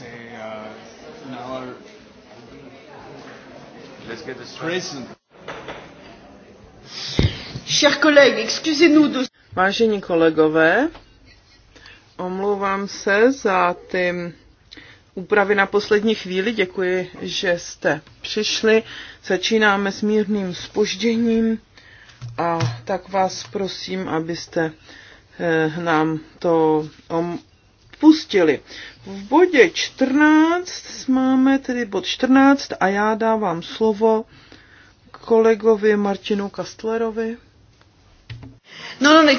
say, uh, in our Let's get this prison. Chers collègues, excusez-nous de... Vážení kolegové, omlouvám se za ty úpravy na poslední chvíli. Děkuji, že jste přišli. Začínáme s mírným spožděním a tak vás prosím, abyste eh, nám to spustili. V bodě 14 máme tedy bod 14 a já dávám slovo kolegovi Martinu Kastlerovi. No, no, ne,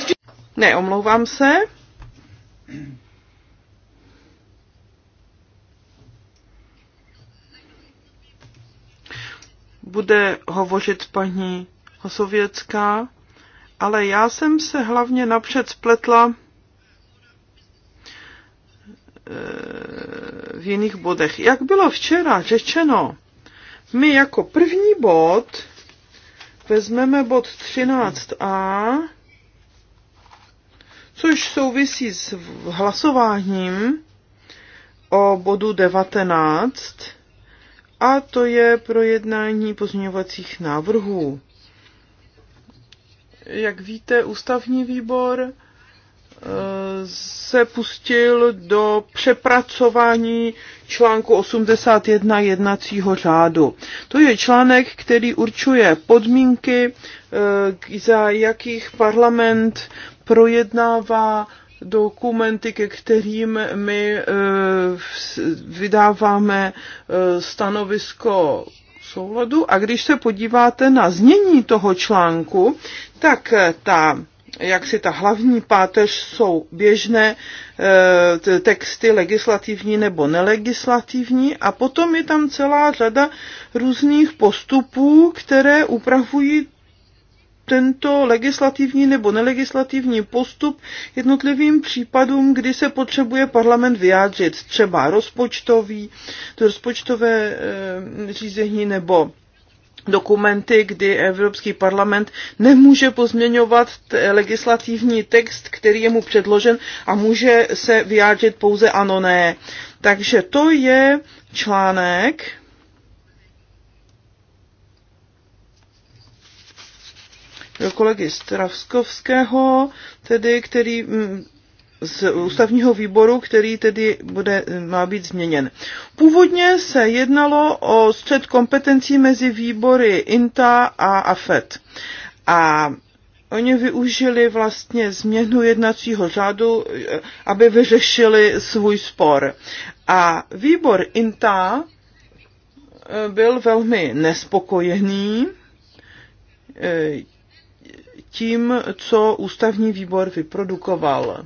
ne, omlouvám se. Bude hovořit paní Hosověcká, ale já jsem se hlavně napřed spletla v jiných bodech. Jak bylo včera řečeno, my jako první bod vezmeme bod 13a, což souvisí s hlasováním o bodu 19, a to je projednání pozměňovacích návrhů. Jak víte, ústavní výbor se pustil do přepracování článku 81 jednacího řádu. To je článek, který určuje podmínky, eh, za jakých parlament projednává dokumenty, ke kterým my eh, vydáváme eh, stanovisko souladu. A když se podíváte na znění toho článku, tak ta jak si ta hlavní páteř jsou běžné e, texty legislativní nebo nelegislativní a potom je tam celá řada různých postupů, které upravují tento legislativní nebo nelegislativní postup jednotlivým případům, kdy se potřebuje parlament vyjádřit, třeba rozpočtový, to rozpočtové e, řízení nebo dokumenty, kdy Evropský parlament nemůže pozměňovat legislativní text, který je mu předložen a může se vyjádřit pouze ano ne. Takže to je článek, kolegy Stravskovského, tedy, který mm, z ústavního výboru, který tedy bude, má být změněn. Původně se jednalo o střed kompetencí mezi výbory INTA a AFET. A oni využili vlastně změnu jednacího řádu, aby vyřešili svůj spor. A výbor INTA eh, byl velmi nespokojený eh, tím, co ústavní výbor vyprodukoval.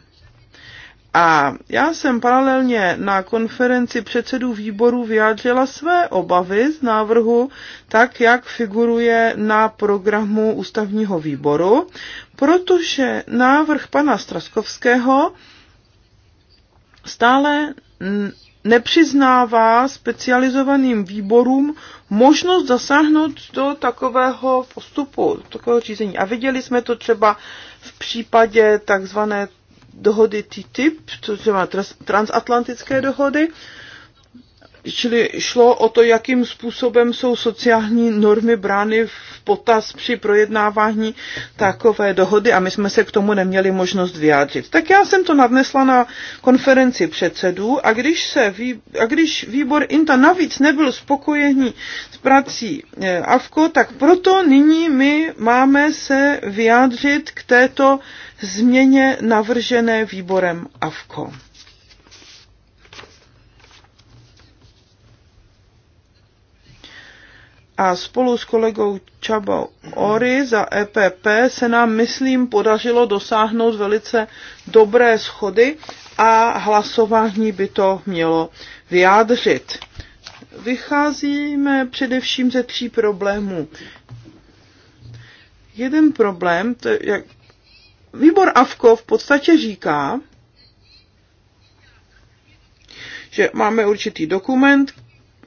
A já jsem paralelně na konferenci předsedů výboru vyjádřila své obavy z návrhu, tak jak figuruje na programu ústavního výboru, protože návrh pana Straskovského stále nepřiznává specializovaným výborům možnost zasáhnout do takového postupu, do takového řízení. A viděli jsme to třeba v případě takzvané dohody TTIP, to znamená transatlantické dohody, Čili šlo o to, jakým způsobem jsou sociální normy brány v potaz při projednávání takové dohody a my jsme se k tomu neměli možnost vyjádřit. Tak já jsem to nadnesla na konferenci předsedů a když, se, vý, a když výbor INTA navíc nebyl spokojený s prací eh, AVKO, tak proto nyní my máme se vyjádřit k této změně navržené výborem AVKO. a spolu s kolegou Čabo Ory za EPP se nám, myslím, podařilo dosáhnout velice dobré schody a hlasování by to mělo vyjádřit. Vycházíme především ze tří problémů. Jeden problém, to je, jak výbor AVKO v podstatě říká, že máme určitý dokument,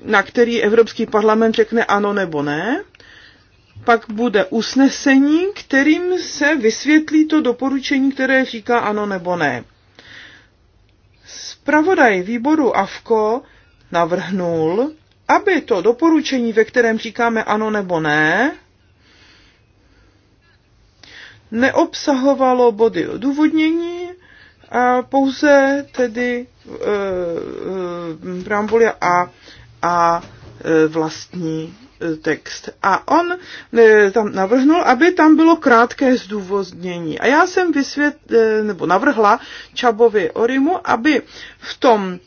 na který Evropský parlament řekne ano nebo ne. Pak bude usnesení, kterým se vysvětlí to doporučení, které říká ano nebo ne. Spravodaj výboru AVKO navrhnul, aby to doporučení, ve kterém říkáme ano nebo ne, neobsahovalo body odůvodnění, a pouze tedy e, eh, e, eh, preambulia a a e, vlastní e, text. A on e, tam navrhnul, aby tam bylo krátké zdůvodnění. A já jsem vysvět, nebo navrhla Čabovi Orimu, aby v tom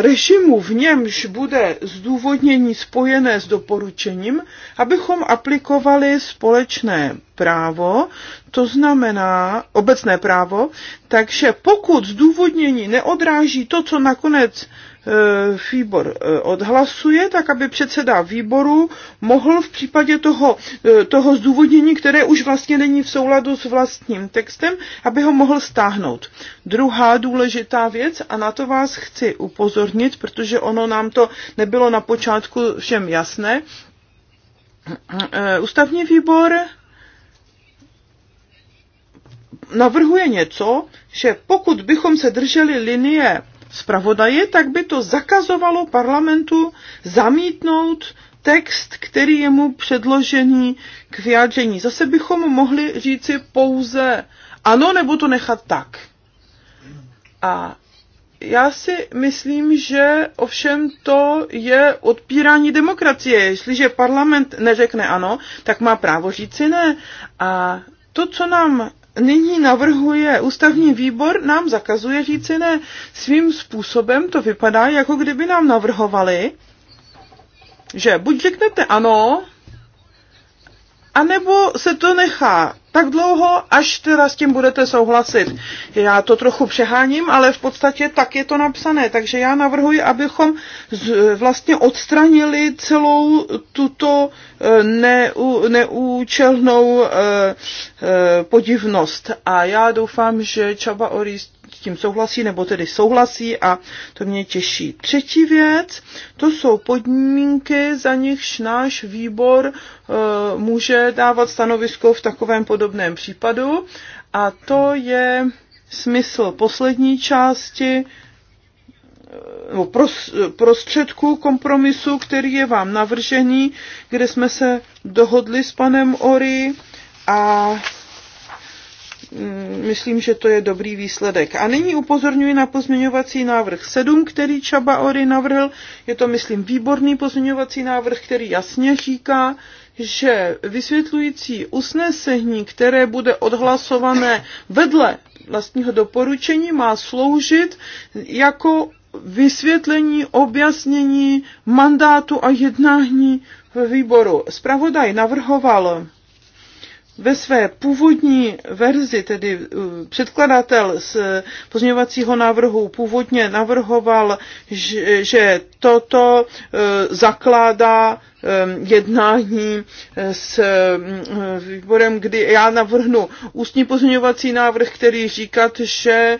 režimu, v němž bude zdůvodnění spojené s doporučením, abychom aplikovali společné právo, to znamená obecné právo, takže pokud zdůvodnění neodráží to, co nakonec E, výbor e, odhlasuje, tak aby předseda výboru mohl v případě toho, e, toho zdůvodnění, které už vlastně není v souladu s vlastním textem, aby ho mohl stáhnout. Druhá důležitá věc, a na to vás chci upozornit, protože ono nám to nebylo na počátku všem jasné, ústavní výbor navrhuje něco, že pokud bychom se drželi linie zpravodaje, tak by to zakazovalo parlamentu zamítnout text, který je mu předložený k vyjádření. Zase bychom mohli říci pouze ano, nebo to nechat tak. A já si myslím, že ovšem to je odpírání demokracie. Jestliže parlament neřekne ano, tak má právo říci ne. A to, co nám nyní navrhuje ústavní výbor, nám zakazuje říci ne. Svým způsobem to vypadá, jako kdyby nám navrhovali, že buď řeknete ano, anebo se to nechá tak dlouho, až teda s tím budete souhlasit. Já to trochu přeháním, ale v podstatě tak je to napsané. Takže já navrhuji, abychom z, vlastně odstranili celou tuto eh, neu, neúčelnou eh, eh, podivnost. A já doufám, že Čaba Orist tím souhlasí, nebo tedy souhlasí a to mě těší. Třetí věc, to jsou podmínky, za nichž náš výbor eh, může dávat stanovisko v takovém podobném případu a to je smysl poslední části eh, prostředku kompromisu, který je vám navržený, kde jsme se dohodli s panem Ory a Mm, myslím, že to je dobrý výsledek. A nyní upozorňuji na pozměňovací návrh 7, který Čaba Ory navrhl. Je to, myslím, výborný pozměňovací návrh, který jasně říká, že vysvětlující usnesení, které bude odhlasované vedle vlastního doporučení, má sloužit jako vysvětlení, objasnění mandátu a jednání ve výboru. Spravodaj navrhoval ve své původní verzi, tedy uh, předkladatel z pozměňovacího návrhu původně navrhoval, že toto uh, zakládá um, jednání uh, s um, výborem, kdy já navrhnu ústní pozměňovací návrh, který říkat, že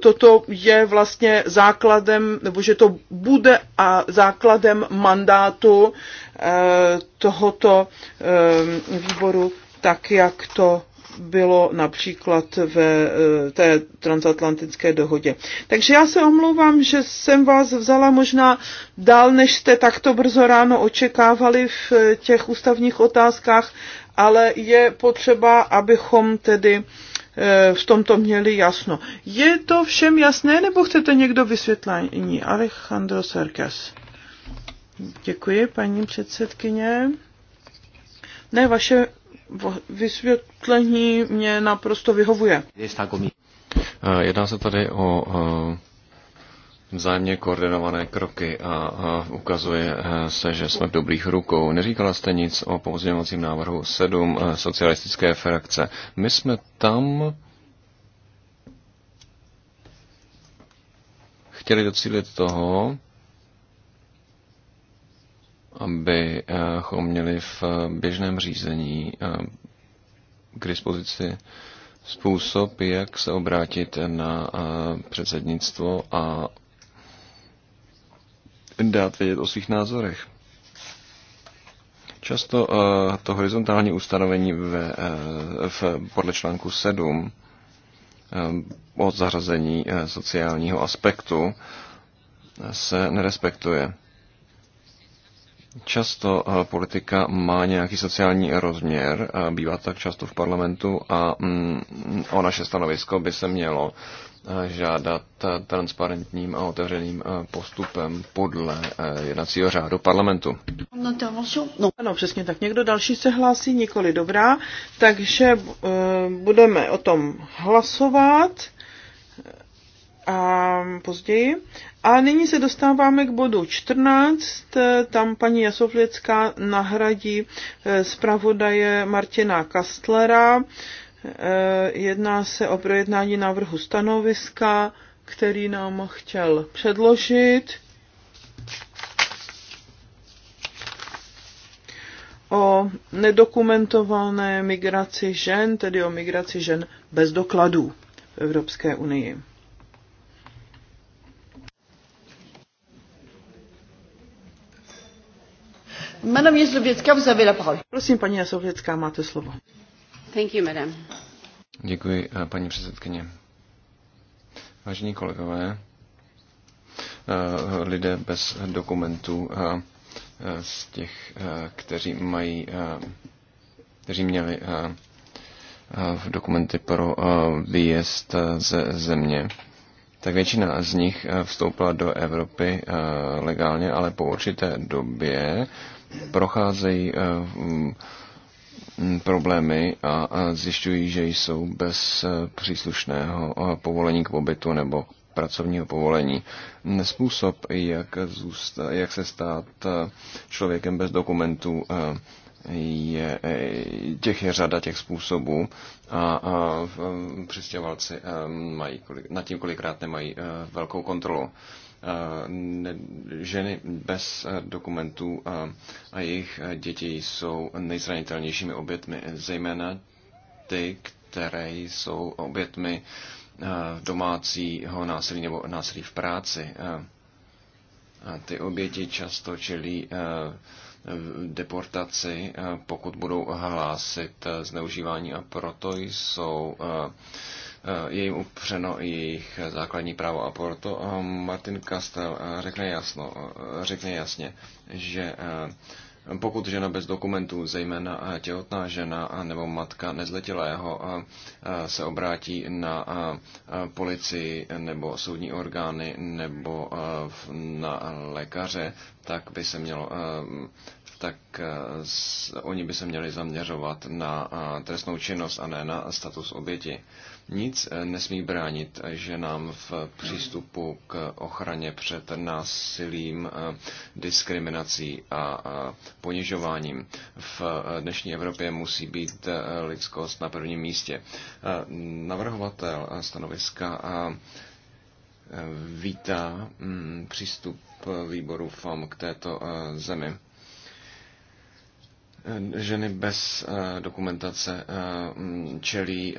toto je vlastně základem, nebo že to bude a základem mandátu tohoto um, výboru tak jak to bylo například ve eh, té transatlantické dohodě. Takže já se omlouvám, že jsem vás vzala možná dál, než jste takto brzo ráno očekávali v eh, těch ústavních otázkách, ale je potřeba, abychom tedy eh, v tomto měli jasno. Je to všem jasné, nebo chcete někdo vysvětlení? Alejandro Serkes. Děkuji, paní předsedkyně. Ne, vaše vysvětlení mě naprosto vyhovuje. Jedná se tady o vzájemně koordinované kroky a ukazuje e, se, že jsme v dobrých rukou. Neříkala jste nic o pozměňovacím návrhu 7 e, socialistické frakce. My jsme tam chtěli docílit toho, abychom měli v běžném řízení eh, k dispozici způsob, jak se obrátit na eh, předsednictvo a dát vědět o svých názorech. Často eh, to horizontální ustanovení ve, v, podle článku 7 o zařazení sociálního aspektu se nerespektuje. Často eh, politika má nějaký sociální rozměr, eh, bývá tak často v parlamentu a mm, o naše stanovisko by se mělo eh, žádat transparentním a otevřeným postupem podle jednacího řádu parlamentu. Ano, přesně tak. Někdo další se hlásí, nikoli dobrá, takže budeme o tom hlasovat a později. A nyní se dostáváme k bodu 14. Tam paní Jasovlická nahradí eh, zpravodaje Martina Kastlera. Eh, jedná se o projednání návrhu stanoviska, který nám chtěl předložit. o nedokumentované migraci žen, tedy o migraci žen bez dokladů v Evropské unii. Madame Jezlověcká, vous avez la parole. Prosím, paní Jezlověcká, máte slovo. Thank you, madame. Děkuji, eh, paní předsedkyně. Vážení kolegové, eh, lidé bez dokumentů eh, z těch, kteří mají, kteří měli dokumenty pro výjezd ze země, tak většina z nich vstoupila do Evropy legálně, ale po určité době procházejí eh, mm, problémy a zjišťují, že jsou bez eh, příslušného eh, povolení k pobytu nebo pracovního povolení. Způsob, jak, zůsta, jak se stát člověkem bez dokumentů, je, těch je řada těch způsobů a, a přistěhovalci mají, nad tím kolikrát nemají velkou kontrolu ženy bez eh, dokumentů eh, a jejich eh, děti jsou nejzranitelnějšími obětmi, zejména ty, které jsou obětmi domácího násilí nebo násilí v práci. A ty oběti často čelí deportaci, pokud budou hlásit zneužívání a proto jsou Eh, je jim upřeno jejich základní právo. A proto Martin Kastel eh, řekne, jasno, eh, řekne jasně, že pokud žena bez dokumentů, zejména těhotná žena nebo matka nezletilého, se obrátí na policii nebo soudní orgány nebo na lékaře, tak by se mělo tak oni by se měli zaměřovat na trestnou činnost a ne na status oběti. Nic eh, nesmí bránit eh, že nám v přístupu k ochraně před násilím, eh, diskriminací a ponižováním. V dnešní Evropě musí být lidskost na prvním místě. Navrhovatel stanoviska vítá mm, přístup výboru FAM k této zemi. Eh, ženy bez eh, dokumentace eh, mm, čelí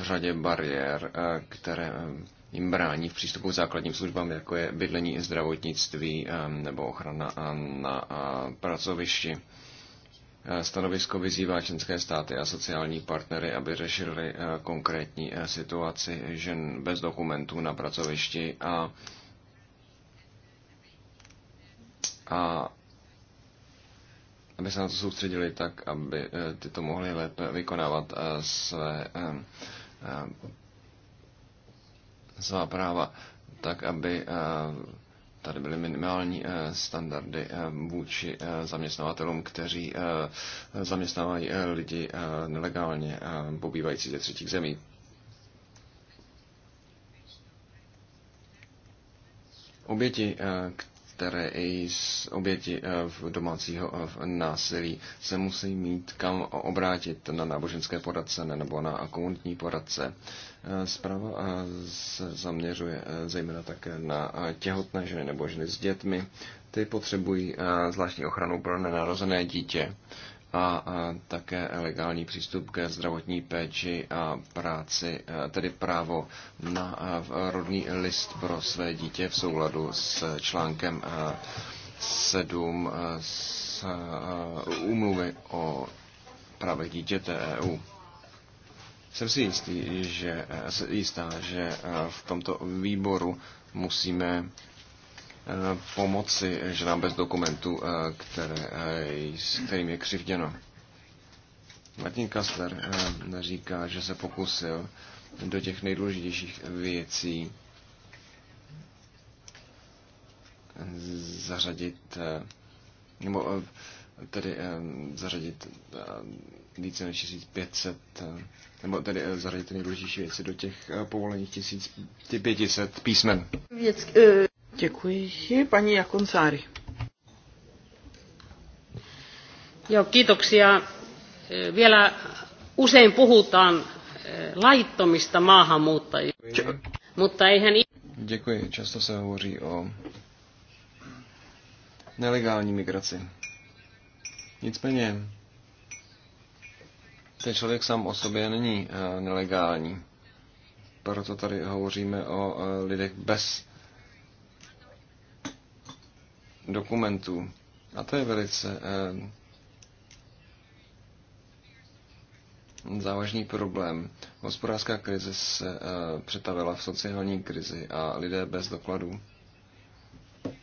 řadě bariér, které jim brání v přístupu k základním službám, jako je bydlení, zdravotnictví nebo ochrana na pracovišti. Stanovisko vyzývá členské státy a sociální partnery, aby řešili konkrétní situaci žen bez dokumentů na pracovišti a, a aby se na to soustředili tak, aby eh, ty to mohli lépe vykonávat eh, své, eh, svá práva, tak, aby tady byly minimální standardy vůči zaměstnavatelům, kteří zaměstnávají lidi nelegálně pobývající ze třetích zemí. Oběti, které i z oběti eh, v domácího eh, násilí se musí mít kam obrátit na náboženské poradce nebo na komunitní poradce. Eh, zpráva se zaměřuje zejména také na těhotné ženy nebo ženy s dětmi. Ty potřebují zvláštní ochranu pro nenarozené dítě a také legální přístup ke zdravotní péči a práci, tedy právo na rodný list pro své dítě v souladu s článkem 7 z úmluvy o právě dítěte EU. Jsem si jistý, že, jistá, že v tomto výboru musíme pomoci ženám bez dokumentů, eh, které, eh, kterým je křivděno. Martin Kastler eh, říká, že se pokusil do těch nejdůležitějších věcí zařadit nebo tedy zařadit více než 1500, nebo tedy zařadit nejdůležitější věci do těch povolených 1500 písmen. Věc, Děkuji. Paní Jakonsári. Joo, kiitoksia. Eh, vielä usein puhutaan eh, laittomista maahanmuuttajista, Děkuji. mutta eihän... Děkuji. Často se hovoří o nelegální migraci. Nicméně, ten člověk sám o sobě není eh, nelegální. Proto tady hovoříme o lidech bez dokumentů. A to je velice eh, závažný problém. Hospodářská krize se eh, přetavila v sociální krizi a lidé bez dokladů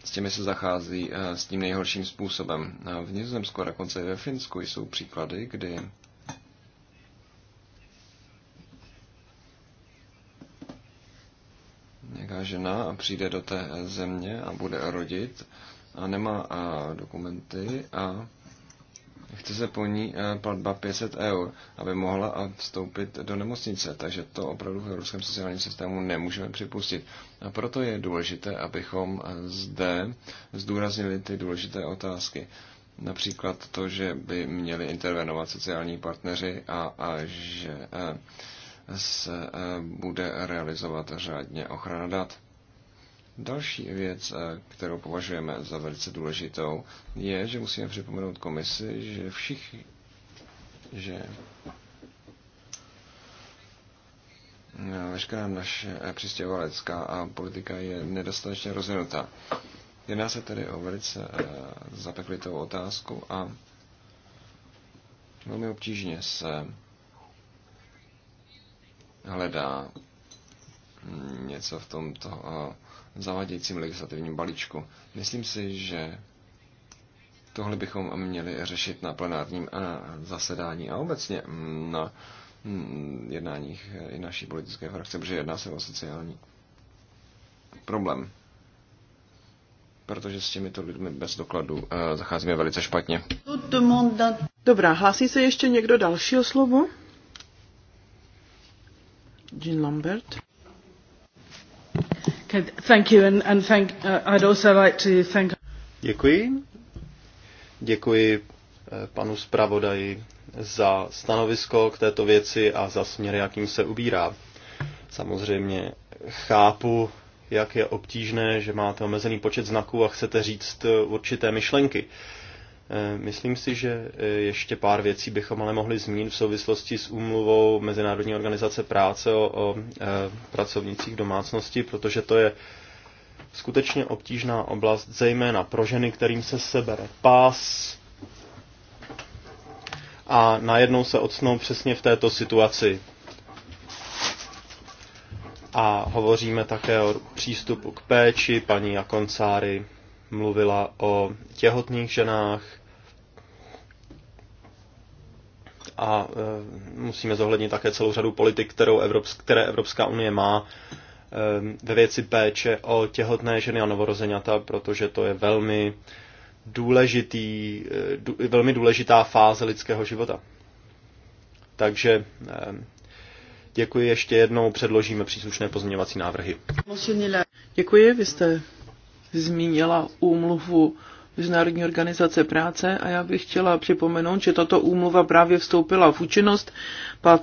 s těmi se zachází eh, s tím nejhorším způsobem. V Nizozemsku a dokonce i ve Finsku jsou příklady, kdy nějaká žena přijde do té země a bude rodit a nemá a, dokumenty a chce se po ní platba 500 eur, aby mohla vstoupit do nemocnice. Takže to opravdu v evropském sociálním systému nemůžeme připustit. A proto je důležité, abychom zde zdůraznili ty důležité otázky. Například to, že by měli intervenovat sociální partneři a, a že se bude realizovat řádně ochrana dat. Další věc, eh, kterou považujeme za velice důležitou, je, že musíme připomenout komisi, že všichni, že veškerá naše přistěhovalecká a politika je nedostatečně rozvinutá. Jedná se tedy o velice eh, zapeklitou otázku a velmi obtížně se hledá mm, něco v tomto eh, zavadějícím legislativním balíčku. Myslím si, že tohle bychom měli řešit na plenárním eh, zasedání a obecně mm, na mm, jednáních eh, i naší politické frakce, protože jedná se o sociální problém. Protože s těmito lidmi bez dokladu eh, zacházíme velice špatně. Dobrá, hlásí se ještě někdo dalšího slovo? Jean Lambert. Děkuji. Děkuji eh, panu zpravodaji za stanovisko k této věci a za směr, jakým se ubírá. Samozřejmě chápu, jak je obtížné, že máte omezený počet znaků a chcete říct eh, určité myšlenky. Uh, Eh, myslím si, že eh, ještě pár věcí bychom ale mohli zmínit v souvislosti s úmluvou Mezinárodní organizace práce o, o eh, pracovnicích domácnosti, protože to je skutečně obtížná oblast, zejména pro ženy, kterým se sebere pás a najednou se odsnou přesně v této situaci. A hovoříme také o přístupu k péči. Paní Jakoncáry mluvila o těhotných ženách, a e, musíme zohlednit také celou řadu politik, kterou Evropsk, které Evropská unie má e, ve věci péče o těhotné ženy a novorozeňata, protože to je velmi, důležitý, e, dů, velmi důležitá fáze lidského života. Takže děkuji ještě jednou, předložíme příslušné pozměňovací návrhy. Děkuji, vy jste zmínila úmluvu Mezinárodní organizace práce a já bych chtěla připomenout, že tato úmluva právě vstoupila v účinnost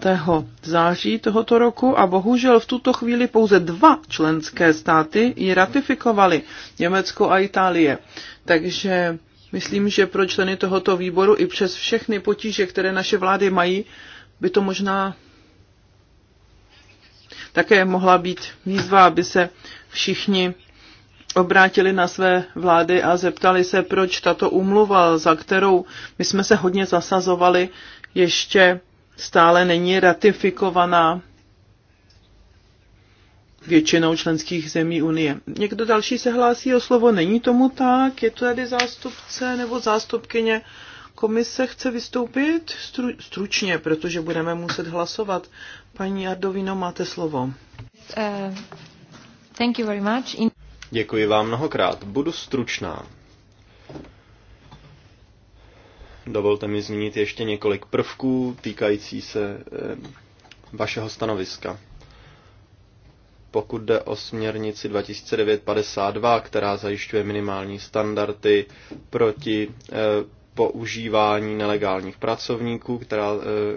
5. září tohoto roku a bohužel v tuto chvíli pouze dva členské státy ji ratifikovaly, Německo a Itálie. Takže myslím, že pro členy tohoto výboru i přes všechny potíže, které naše vlády mají, by to možná také mohla být výzva, aby se všichni obrátili na své vlády a zeptali se, proč tato umluva, za kterou my jsme se hodně zasazovali, ještě stále není ratifikovaná většinou členských zemí Unie. Někdo další se hlásí o slovo? Není tomu tak? Je to tady zástupce nebo zástupkyně komise chce vystoupit? Stru, stručně, protože budeme muset hlasovat. Paní Ardovino, máte slovo. Uh, thank you very much. In... Děkuji vám mnohokrát. Budu stručná. Dovolte mi zmínit ještě několik prvků týkající se eh, vašeho stanoviska. Pokud jde o směrnici 2952, která zajišťuje minimální standardy proti eh, používání nelegálních pracovníků, která,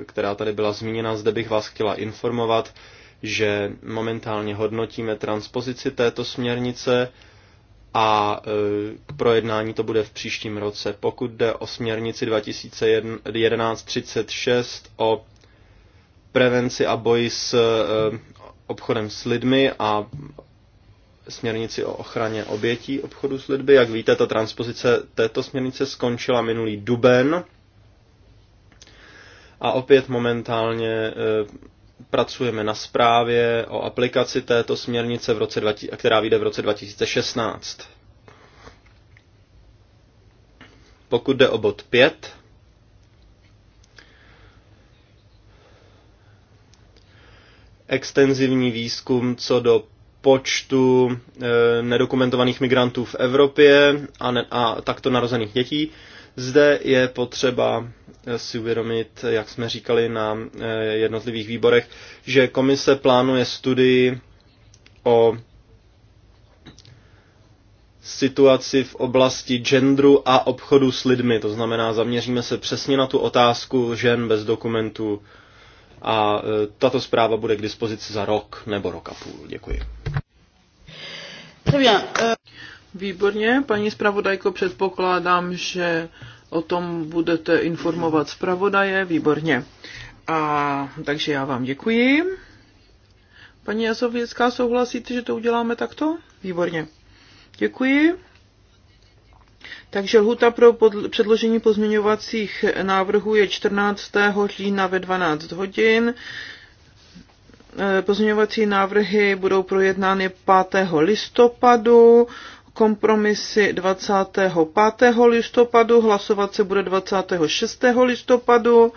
eh, která tady byla zmíněna, zde bych vás chtěla informovat, že momentálně hodnotíme transpozici této směrnice a e, k projednání to bude v příštím roce. Pokud jde o směrnici 2011-36 o prevenci a boji s e, obchodem s lidmi a směrnici o ochraně obětí obchodu s lidmi, jak víte, ta transpozice této směrnice skončila minulý duben a opět momentálně e, pracujeme na zprávě o aplikaci této směrnice, v roce 20, která vyjde v roce 2016. Pokud jde o bod 5, extenzivní výzkum co do počtu e, nedokumentovaných migrantů v Evropě a, ne, a takto narozených dětí. Zde je potřeba eh, si uvědomit, jak jsme říkali na eh, jednotlivých výborech, že komise plánuje studii o situaci v oblasti genderu a obchodu s lidmi. To znamená, zaměříme se přesně na tu otázku žen bez dokumentů a eh, tato zpráva bude k dispozici za rok nebo rok a půl. Děkuji. Euh, Výborně, paní zpravodajko, předpokládám, že o tom budete informovat zpravodaje, výborně. A takže já vám děkuji. Paní Jasověcká, souhlasíte, že to uděláme takto? Výborně. Děkuji. Takže lhuta pro předložení pozměňovacích návrhů je 14. října ve 12 hodin. E, pozměňovací návrhy budou projednány 5. listopadu kompromisy 25. listopadu, hlasovat se bude 26. listopadu,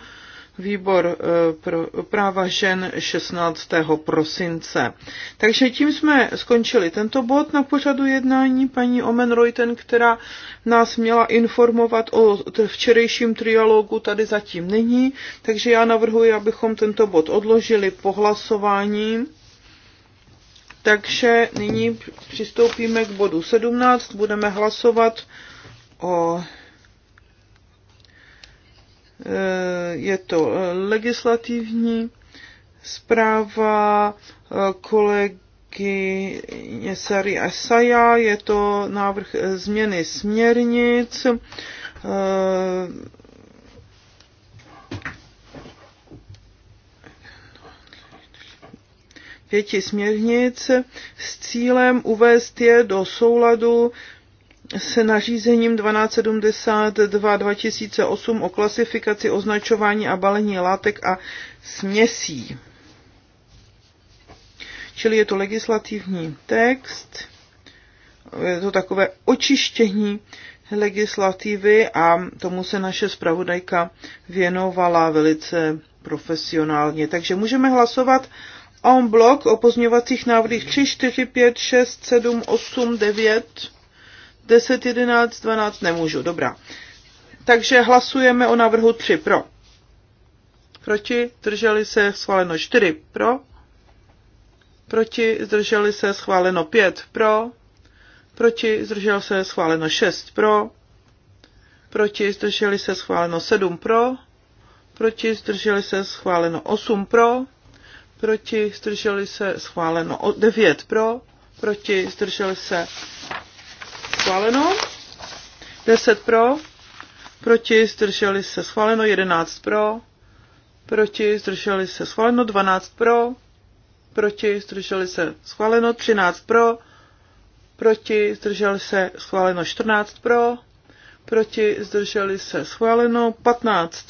výbor eh, pro práva žen 16. prosince. Takže tím jsme skončili tento bod na pořadu jednání paní Omen Reuten, která nás měla informovat o včerejším trialogu, tady zatím není, takže já navrhuji, abychom tento bod odložili po hlasování takže nyní přistoupíme k bodu 17. Budeme hlasovat o eh, je to legislativní zpráva eh, kolegy Sary Asaja, je to návrh eh, změny směrnic pěti směrnic s cílem uvést je do souladu se nařízením 1272-2008 o klasifikaci, označování a balení látek a směsí. Čili je to legislativní text, je to takové očištění legislativy a tomu se naše zpravodajka věnovala velice profesionálně. Takže můžeme hlasovat en blok o pozměňovacích návrhích 3, 4, 5, 6, 7, 8, 9, 10, 11, 12, nemůžu, dobrá. Takže hlasujeme o návrhu 3 pro. Proti, zdrželi se, schváleno 4 pro. Proti, zdrželi se, schváleno 5 pro. Proti, zdržel se, schváleno 6 pro. Proti, zdrželi se, schváleno 7 pro. Proti, zdrželi se, schváleno 8 pro proti, zdrželi se, schváleno. O, 9 pro, proti, zdrželi se, schváleno. 10 pro, proti, zdrželi se, schváleno. 11 pro, proti, zdrželi se, schváleno. 12 pro, proti, zdrželi se, schváleno. 13 pro, proti, zdrželi se, schváleno. 14 pro, proti, zdrželi se, schváleno. 15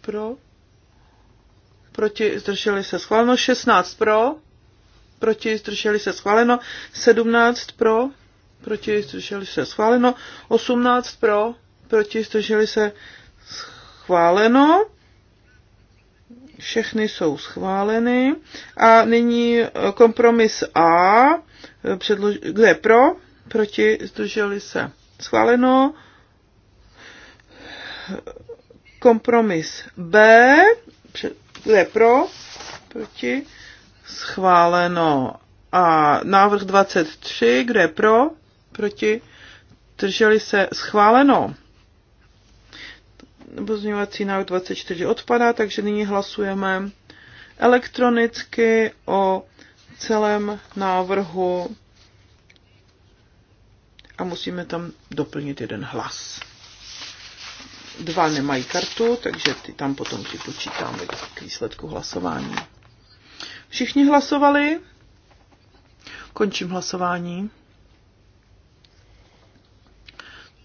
pro, proti, zdrželi se schváleno, 16 pro, proti, zdrželi se schváleno, 17 pro, proti, zdrželi se schváleno, 18 pro, proti, zdrželi se schváleno, všechny jsou schváleny a nyní eh, kompromis A, předlož, kde je pro, proti, zdrželi se schváleno, kompromis B, před, kdo je pro? Proti? Schváleno. A návrh 23, kdo je pro? Proti? Drželi se? Schváleno. Pozměňovací návrh 24 odpadá, takže nyní hlasujeme elektronicky o celém návrhu a musíme tam doplnit jeden hlas dva nemají kartu, takže ty tam potom připočítáme k výsledku hlasování. Všichni hlasovali? Končím hlasování.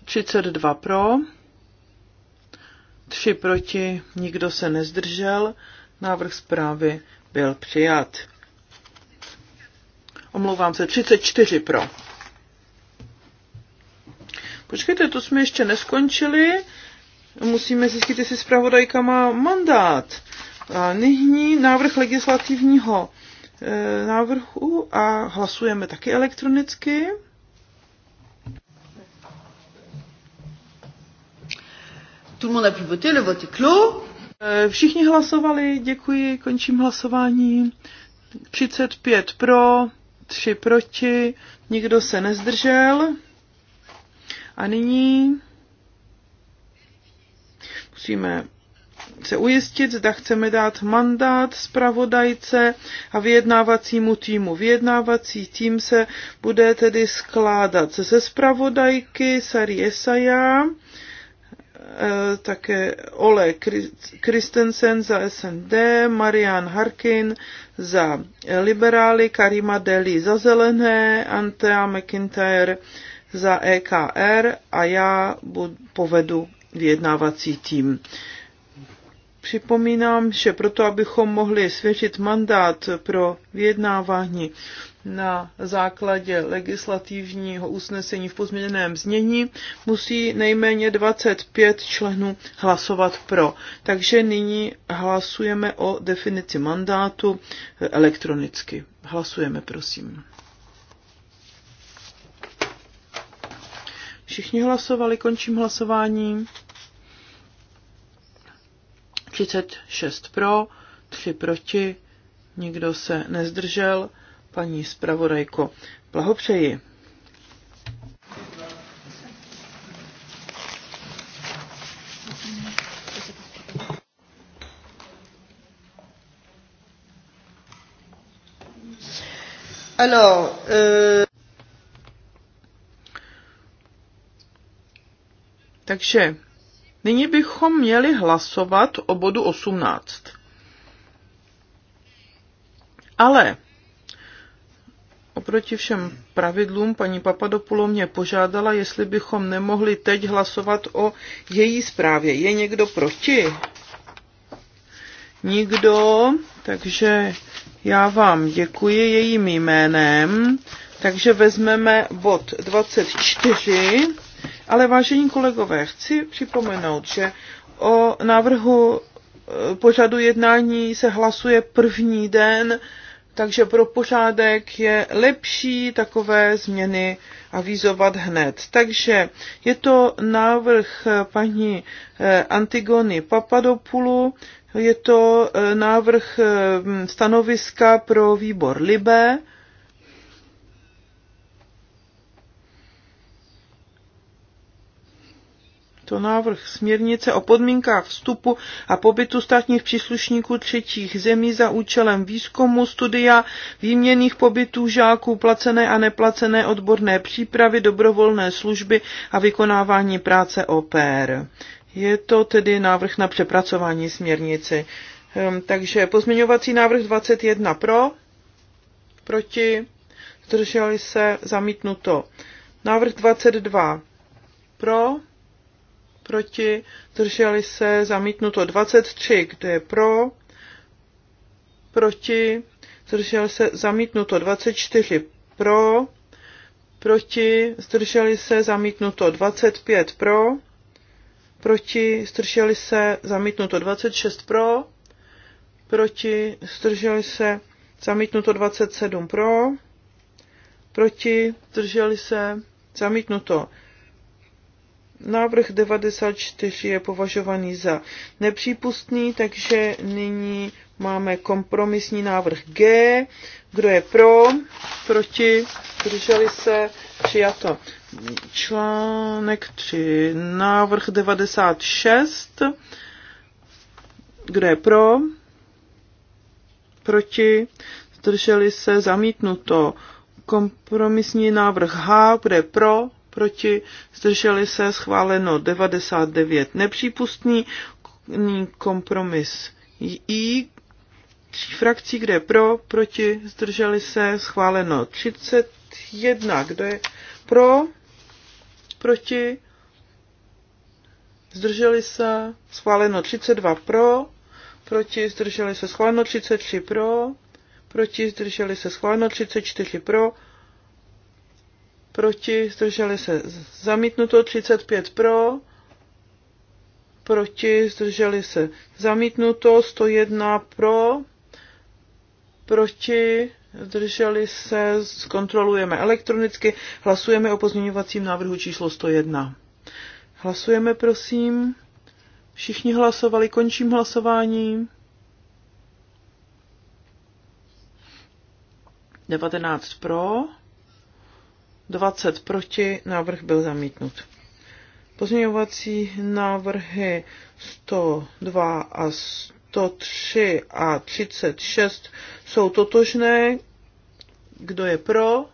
32 pro, 3 proti, nikdo se nezdržel, návrh zprávy byl přijat. Omlouvám se, 34 pro. Počkejte, to jsme ještě neskončili musíme zjistit, jestli zpravodajka má mandát. A nyní návrh legislativního e, návrhu a hlasujeme taky elektronicky. Tout le monde a pu voter, le vote est clos. E, všichni hlasovali, děkuji, končím hlasování. 35 pro, 3 proti, nikdo se nezdržel. A nyní Musíme se ujistit, zda chceme dát mandát zpravodajce a vyjednávacímu týmu. Vyjednávací tým se bude tedy skládat ze zpravodajky Sari Esaja, eh, také Ole Kristensen za SND, Marian Harkin za liberály, Karima Deli za zelené, Antea McIntyre za EKR a já povedu vyjednávací tým. Připomínám, že proto, abychom mohli svěřit mandát pro vyjednávání na základě legislativního usnesení v pozměněném znění, musí nejméně 25 členů hlasovat pro. Takže nyní hlasujeme o definici mandátu elektronicky. Hlasujeme, prosím. Všichni hlasovali, končím hlasování. 36 pro, 3 proti, nikdo se nezdržel. Paní zpravodajko, blahopřeji. Alors, euh... Takže nyní bychom měli hlasovat o bodu 18. Ale oproti všem pravidlům paní Papadopulo mě požádala, jestli bychom nemohli teď hlasovat o její zprávě. Je někdo proti? Nikdo, takže já vám děkuji jejím jménem. Takže vezmeme bod 24. Ale vážení kolegové, chci připomenout, že o návrhu e, pořadu jednání se hlasuje první den, takže pro pořádek je lepší takové změny avizovat hned. Takže je to návrh paní e, Antigony Papadopulu, je to e, návrh stanoviska pro výbor Libé to návrh směrnice o podmínkách vstupu a pobytu státních příslušníků třetích zemí za účelem výzkumu, studia, výměných pobytů žáků, placené a neplacené odborné přípravy, dobrovolné služby a vykonávání práce OPR. Je to tedy návrh na přepracování směrnici. Ehm, takže pozměňovací návrh 21 pro, proti, zdrželi se, zamítnuto. Návrh 22 pro, proti, zdrželi se, zamítnuto 23, kdo je pro, proti, zdrželi se, zamítnuto 24, pro, proti, zdrželi se, zamítnuto 25, pro, proti, zdrželi se, zamítnuto 26, pro, proti, zdrželi se, zamítnuto 27, pro, proti, zdrželi se, zamítnuto Návrh 94 je považovaný za nepřípustný, takže nyní máme kompromisní návrh G. Kdo je pro? Proti? Drželi se? Přijato. Článek 3. Návrh 96. Kdo je pro? Proti? Zdrželi se? Zamítnuto. Kompromisní návrh H. Kdo je pro? proti, zdrželi se, schváleno 99 nepřípustný, kompromis I, tří frakcí, kde je pro, proti, zdrželi se, schváleno 31, kde je pro, proti, zdrželi se, schváleno 32 pro, proti, zdrželi se, schváleno 33 pro, proti, zdrželi se, schváleno 34 pro, proti, zdrželi se zamítnuto, 35 pro, proti, zdrželi se zamítnuto, 101 pro, proti, zdrželi se, zkontrolujeme elektronicky, hlasujeme o pozměňovacím návrhu číslo 101. Hlasujeme, prosím. Všichni hlasovali, končím hlasování. 19 pro, 20 proti, návrh byl zamítnut. Pozměňovací návrhy 102 a 103 a 36 jsou totožné. Kdo je pro?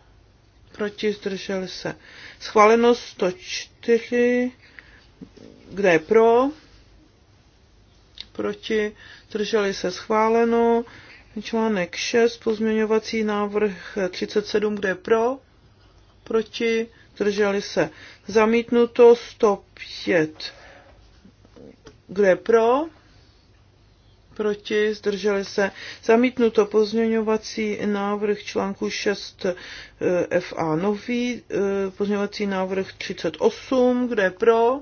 Proti zdržel se. Schváleno 104. Kdo je pro? Proti zdrželi se. Schváleno. Článek 6, pozměňovací návrh 37, kde je pro? proti, zdrželi se. Zamítnuto 105. Kdo je pro? Proti, zdrželi se. Zamítnuto pozměňovací návrh článku 6 eh, FA nový, eh, pozměňovací návrh 38. Kdo je pro?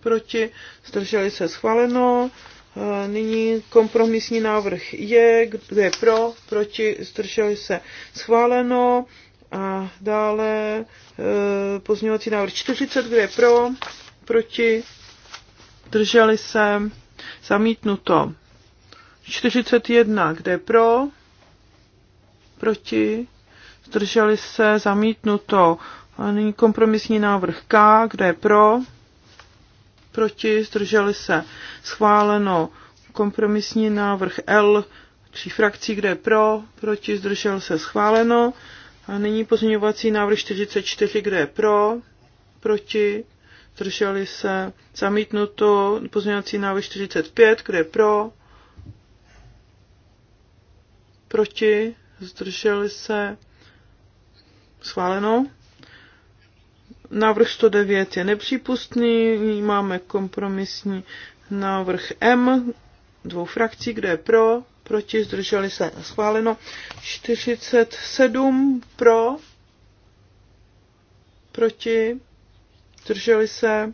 Proti, zdrželi se. Schváleno. Eh, nyní kompromisní návrh je, kdo je pro, proti, zdrželi se schváleno. A dále eh, pozměňovací návrh 40, kde je pro, proti, drželi se, zamítnuto. 41, kde je pro, proti, zdrželi se, zamítnuto. A nyní kompromisní návrh K, kde je pro, proti, zdrželi se, schváleno. Kompromisní návrh L, tří frakcí, kde je pro, proti, zdržel se, schváleno. A nyní pozměňovací návrh 44, kde je pro, proti, zdrželi se, zamítnuto, pozměňovací návrh 45, kde je pro, proti, zdrželi se, schváleno. Návrh 109 je nepřípustný, máme kompromisní návrh M dvou frakcí, kde je pro, proti, zdrželi se, schváleno. 47 pro, proti, zdrželi se.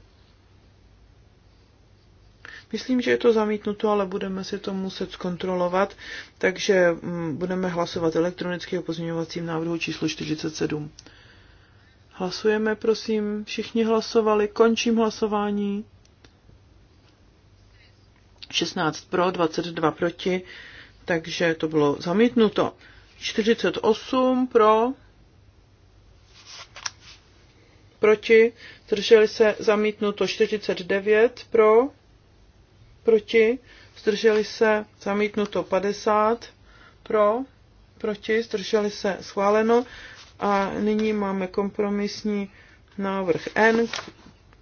Myslím, že je to zamítnuto, ale budeme si to muset zkontrolovat, takže mm, budeme hlasovat elektronicky o pozměňovacím návrhu číslo 47. Hlasujeme, prosím. Všichni hlasovali. Končím hlasování. 16 pro, 22 proti takže to bylo zamítnuto. 48 pro, proti, zdrželi se zamítnuto 49 pro, proti, zdrželi se zamítnuto 50 pro, proti, zdrželi se schváleno a nyní máme kompromisní návrh N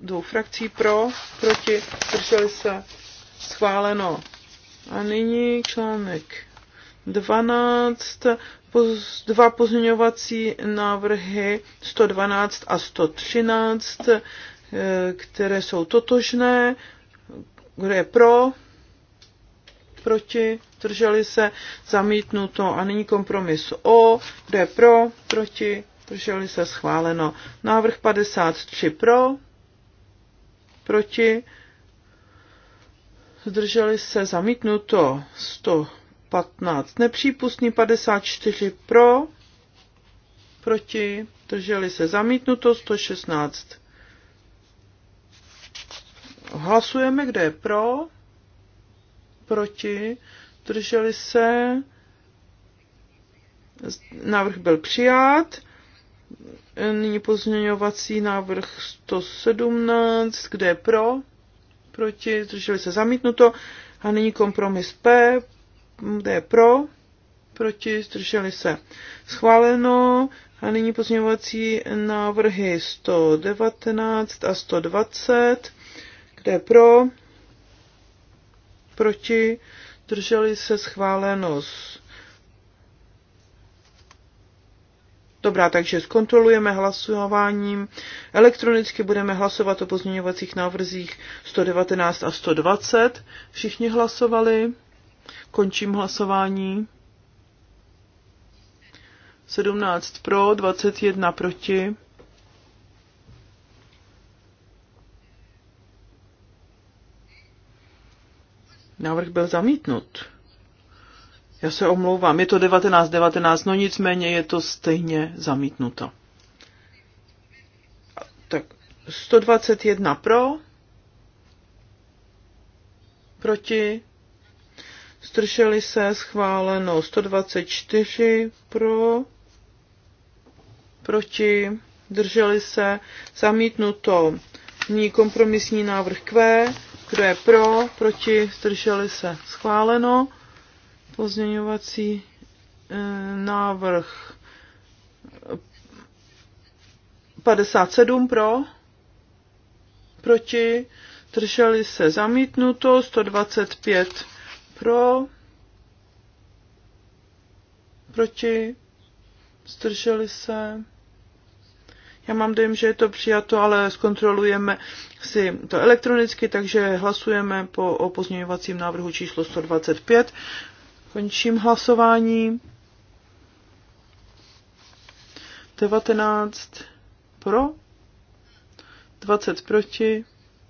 dvou frakcí pro, proti, zdrželi se schváleno a nyní článek 12, poz, dva pozměňovací návrhy 112 a 113, eh, které jsou totožné. Kdo je pro? Proti? Drželi se? Zamítnuto. A nyní kompromis O. Kdo je pro? Proti? Drželi se? Schváleno. Návrh 53 pro? Proti? zdrželi se zamítnuto 115 nepřípustný, 54 pro, proti, zdrželi se zamítnuto 116. Hlasujeme, kde je pro, proti, zdrželi se, návrh byl přijat, nyní pozměňovací návrh 117, kde je pro, proti, zdrželi se zamítnuto. A nyní kompromis P, D pro, proti, zdrželi se schváleno. A nyní pozměňovací návrhy 119 a 120, kde pro, proti, zdrželi se schváleno Dobrá, takže zkontrolujeme hlasováním. Elektronicky budeme hlasovat o pozměňovacích návrzích 119 a 120. Všichni hlasovali. Končím hlasování. 17 pro, 21 proti. Návrh byl zamítnut. Já se omlouvám, je to 19.19, no nicméně je to stejně zamítnuto. Tak 121 pro, proti, Stršeli se, schváleno 124 pro, proti, drželi se, zamítnuto. Nyní kompromisní návrh Q, kdo je pro, proti, strželi se, schváleno. Pozměňovací eh, návrh 57 pro, proti, drželi se zamítnuto, 125 pro, proti, zdrželi se. Já mám dojem, že je to přijato, ale zkontrolujeme si to elektronicky, takže hlasujeme po, o pozměňovacím návrhu číslo 125. Končím hlasování. 19 pro, 20 proti,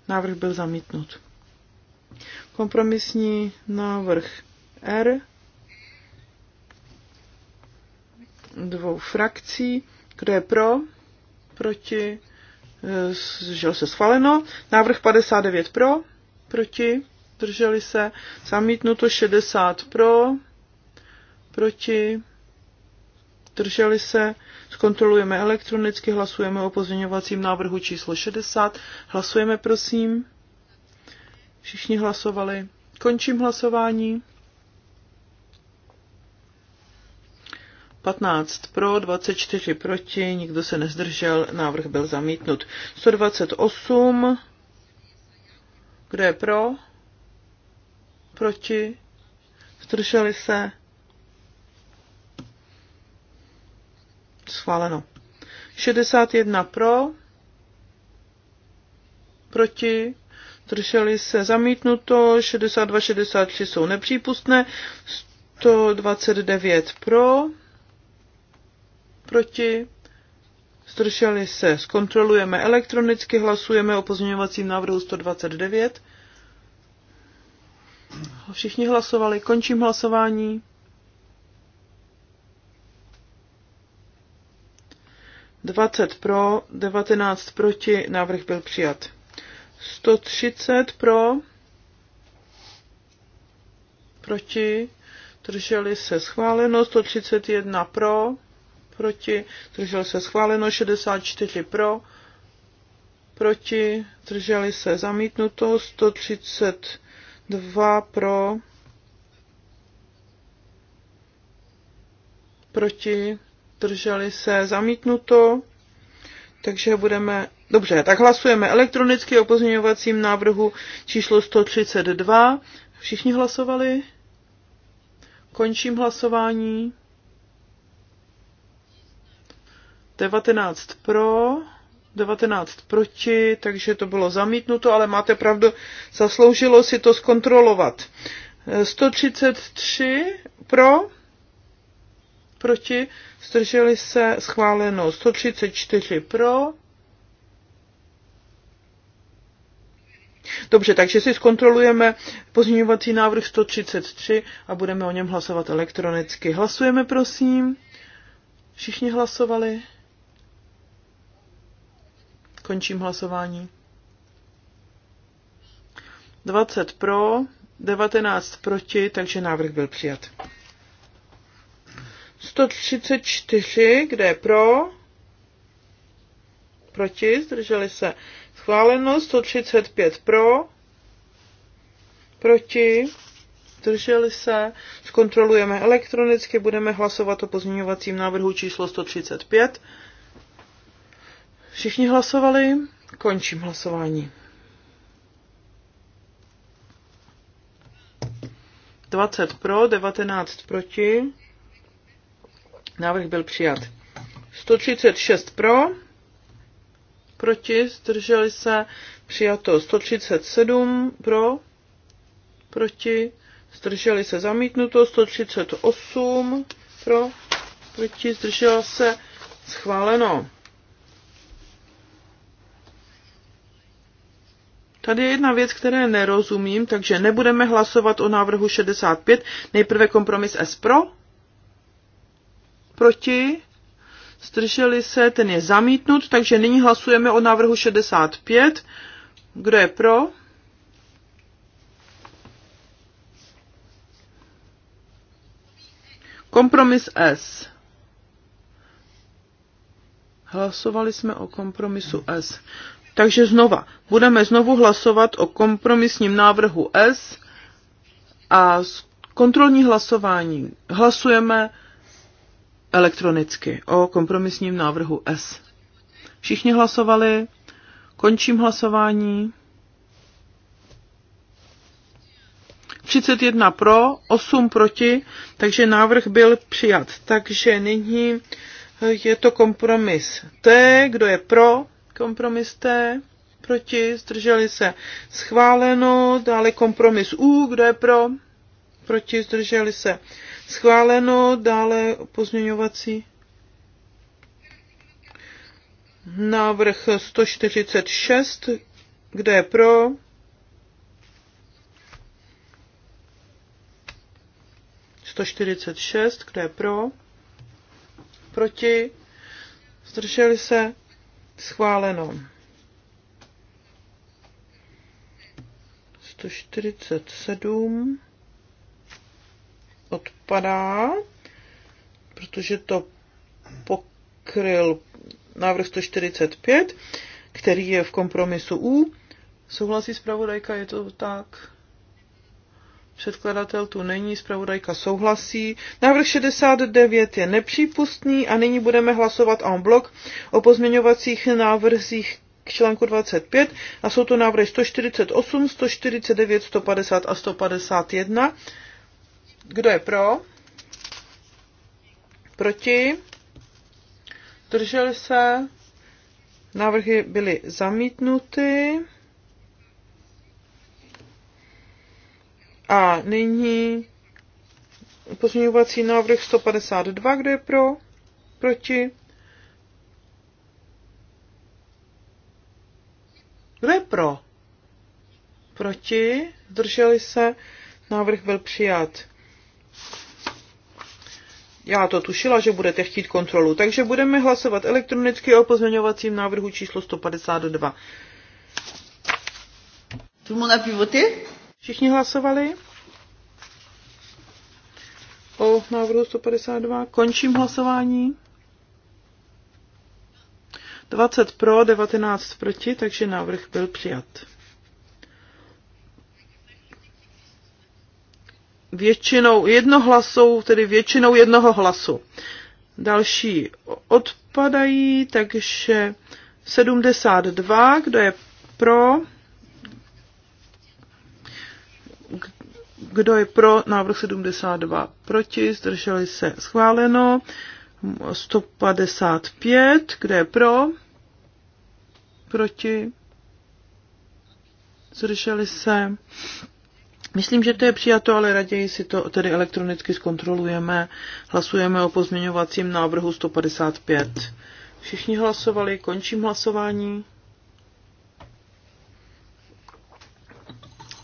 návrh byl zamítnut. Kompromisní návrh R dvou frakcí. Kdo je pro? Proti? Eh, že se schváleno. Návrh 59 pro? Proti? zdrželi se, zamítnuto 60 pro, proti, zdrželi se, zkontrolujeme elektronicky, hlasujeme o pozměňovacím návrhu číslo 60, hlasujeme prosím, všichni hlasovali, končím hlasování. 15 pro, 24 proti, nikdo se nezdržel, návrh byl zamítnut. 128, kdo je pro? proti, zdrželi se, schváleno. 61 pro, proti, zdrželi se, zamítnuto, 62, 63 jsou nepřípustné, 129 pro, proti, zdrželi se, zkontrolujeme elektronicky, hlasujeme o pozměňovacím návrhu 129, Všichni hlasovali. Končím hlasování. 20 pro, 19 proti, návrh byl přijat. 130 pro, proti, drželi se schváleno, 131 pro, proti, drželi se schváleno, 64 pro, proti, drželi se zamítnuto, 130 2 pro, proti, drželi se zamítnuto, takže budeme, dobře, tak hlasujeme elektronicky o pozměňovacím návrhu číslo 132. Všichni hlasovali? Končím hlasování. 19 pro, 19 proti, takže to bylo zamítnuto, ale máte pravdu, zasloužilo si to zkontrolovat. 133 eh, pro, proti, zdrželi se, schváleno 134 pro. Dobře, takže si zkontrolujeme pozměňovací návrh 133 a budeme o něm hlasovat elektronicky. Hlasujeme, prosím. Všichni hlasovali? Končím hlasování. 20 pro, 19 proti, takže návrh byl přijat. 134, kde je pro, proti, zdrželi se. Schváleno 135 pro, proti, zdrželi se. Zkontrolujeme elektronicky, budeme hlasovat o pozměňovacím návrhu číslo 135. Všichni hlasovali? Končím hlasování. 20 pro, 19 proti. Návrh byl přijat. 136 pro, proti, zdrželi se, přijato 137 pro, proti, zdrželi se, zamítnuto 138 pro, proti, zdržela se, schváleno. Tady je jedna věc, které nerozumím, takže nebudeme hlasovat o návrhu 65. Nejprve kompromis S pro, proti, zdrželi se, ten je zamítnut, takže nyní hlasujeme o návrhu 65. Kdo je pro? Kompromis S. Hlasovali jsme o kompromisu S. Takže znova, budeme znovu hlasovat o kompromisním návrhu S a kontrolní hlasování hlasujeme elektronicky o kompromisním návrhu S. Všichni hlasovali, končím hlasování. 31 pro, 8 proti, takže návrh byl přijat. Takže nyní je to kompromis T, kdo je pro, Kompromis proti, zdrželi se, schváleno. Dále kompromis U, kdo je pro, proti, zdrželi se, schváleno. Dále pozměňovací návrh 146, kdo je pro, Sto čtyřicet šest, kdo je pro? Proti? Zdrželi se? Schváleno. 147 odpadá, protože to pokryl návrh 145, který je v kompromisu U. Souhlasí zpravodajka, je to tak? Předkladatel tu není, zpravodajka souhlasí. Návrh 69 je nepřípustný a nyní budeme hlasovat en blok o pozměňovacích návrzích k článku 25 a jsou to návrhy 148, 149, 150 a 151. Kdo je pro? Proti? Držel se? Návrhy byly zamítnuty. A nyní pozměňovací návrh 152, kdo je pro, proti. Kdo je pro? Proti, zdrželi se, návrh byl přijat. Já to tušila, že budete chtít kontrolu, takže budeme hlasovat elektronicky o pozměňovacím návrhu číslo 152. Tout le monde a pu voter? Všichni hlasovali? O návrhu 152. Končím hlasování. 20 pro, 19 proti, takže návrh byl přijat. Většinou jednohlasou, tedy většinou jednoho hlasu. Další odpadají, takže 72, kdo je pro, Kdo je pro návrh 72? Proti? Zdrželi se? Schváleno. 155. Kdo je pro? Proti? Zdrželi se? Myslím, že to je přijato, ale raději si to tedy elektronicky zkontrolujeme. Hlasujeme o pozměňovacím návrhu 155. Všichni hlasovali, končím hlasování.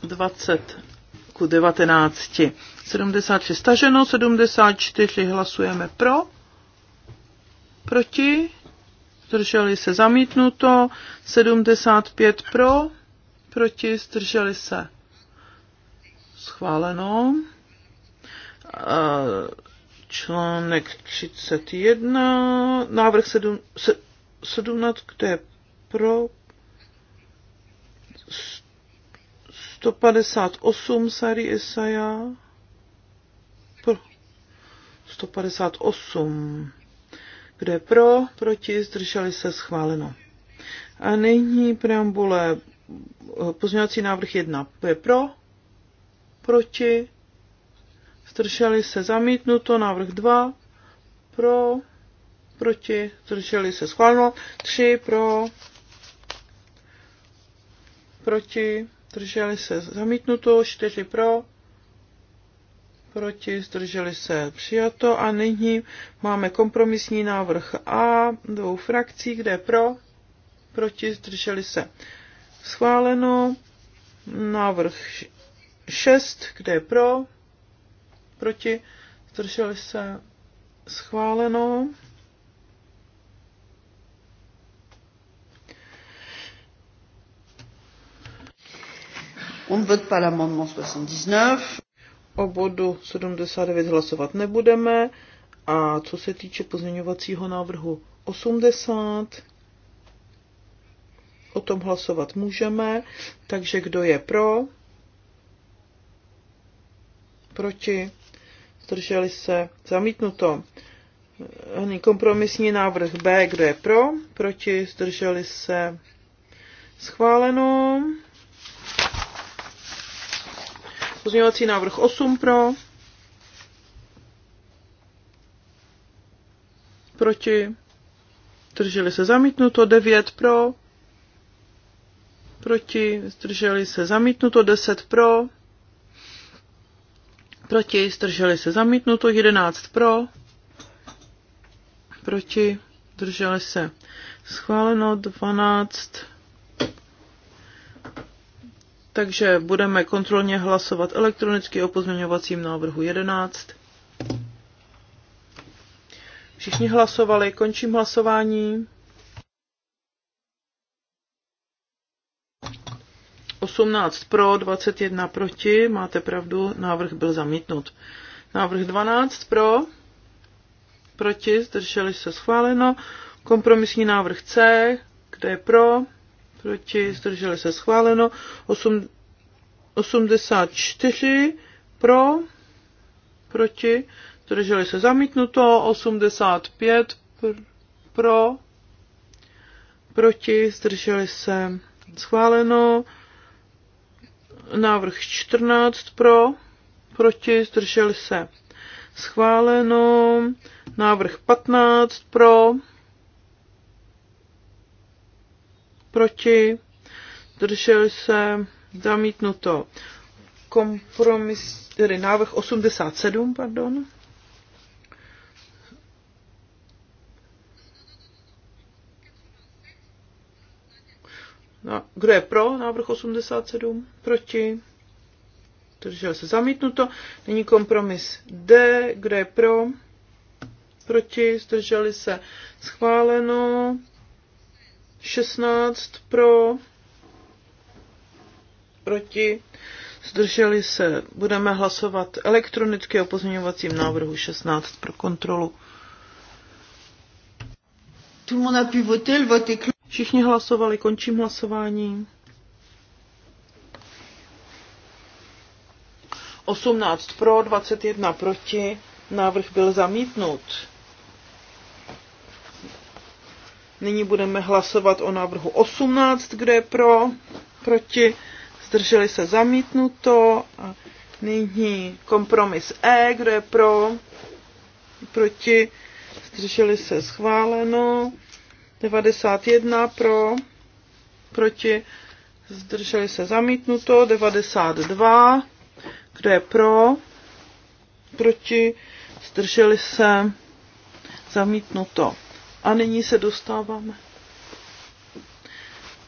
20 ku 19. 76 staženo, 74 hlasujeme pro, proti, zdrželi se zamítnuto, 75 pro, proti, zdrželi se schváleno. Článek 31, návrh 7, 17, kde je pro, 158 Sari Isaja. 158. Kdo je pro, proti, zdrželi se, schváleno. A nyní preambule eh, pozměňovací návrh 1. Je pro, proti, zdrželi se, zamítnuto. Návrh 2. Pro, proti, zdrželi se, schváleno. 3. Pro, proti, zdrželi se zamítnuto, 4 pro, proti, zdrželi se přijato a nyní máme kompromisní návrh A dvou frakcí, kde pro, proti, zdrželi se schváleno, návrh 6, kde pro, proti, zdrželi se schváleno. On ne vote pas l'amendement 79. O bodu 79 hlasovat nebudeme. A co se týče pozměňovacího návrhu 80, o tom hlasovat můžeme. Takže kdo je pro? Proti? Zdrželi se? Zamítnuto. Kompromisní návrh B, kdo je pro? Proti? Zdrželi se? Schváleno. Pozměňovací návrh 8 pro, proti, zdrželi se zamítnuto, 9 pro, proti, zdrželi se zamítnuto, 10 pro, proti, zdrželi se zamítnuto, 11 pro, proti, zdrželi se schváleno, 12 pro takže budeme kontrolně hlasovat elektronicky o pozměňovacím návrhu 11. Všichni hlasovali, končím hlasování. 18 pro, 21 proti, máte pravdu, návrh byl zamítnut. Návrh 12 pro, proti, zdrželi se schváleno. Kompromisní návrh C, kde je pro, proti, zdrželi se schváleno, 8, 84 pro, proti, zdrželi se zamítnuto, 85 pr, pro, proti, zdrželi se schváleno, návrh 14 pro, proti, zdrželi se schváleno, návrh 15 pro, proti, držel se, zamítnuto. Kompromis, tedy návrh 87, pardon. Kdo je pro návrh 87? Proti? Držel se zamítnuto. není kompromis D. Kdo je pro? Proti? Zdrželi se schváleno. 16 pro, proti, zdrželi se. Budeme hlasovat elektronicky o pozměňovacím návrhu 16 pro kontrolu. Všichni hlasovali, končím hlasování. 18 pro, 21 proti. Návrh byl zamítnut. Nyní budeme hlasovat o návrhu 18, kde je pro, proti, zdrželi se zamítnuto. A nyní kompromis E, kde je pro, proti, zdrželi se schváleno. 91 pro, proti, zdrželi se zamítnuto. 92, kde je pro, proti, zdrželi se zamítnuto. A nyní se dostáváme.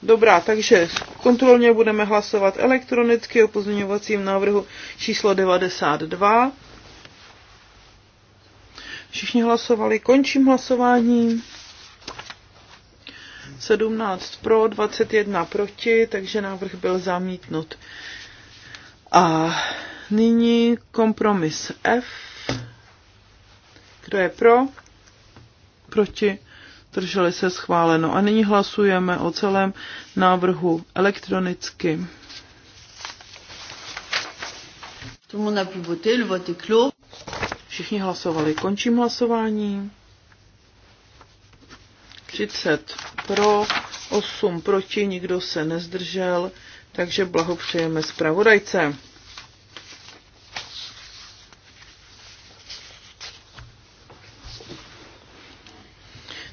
Dobrá, takže kontrolně budeme hlasovat elektronicky o pozměňovacím návrhu číslo 92. Všichni hlasovali, končím hlasování. 17 pro, 21 proti, takže návrh byl zamítnut. A nyní kompromis F. Kdo je pro? proti, drželi se schváleno. A nyní hlasujeme o celém návrhu elektronicky. Všichni hlasovali. Končím hlasování. 30 pro, 8 proti, nikdo se nezdržel, takže blahopřejeme zpravodajce.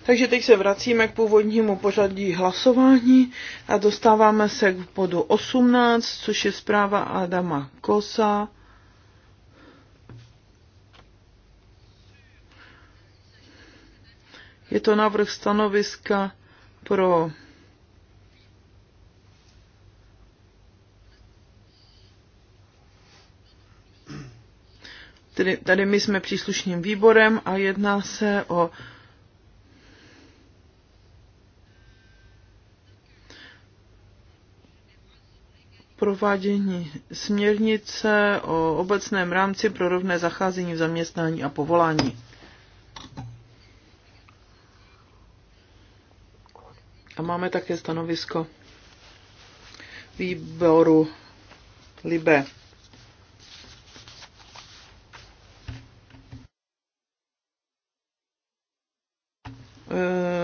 Takže teď se vracíme k původnímu pořadí hlasování a dostáváme se k bodu 18, což je zpráva Adama Kosa. Je to návrh stanoviska pro tady tady my jsme příslušným výborem a jedná se o provádění směrnice o obecném rámci pro rovné zacházení v zaměstnání a povolání. A máme také stanovisko výboru Libe.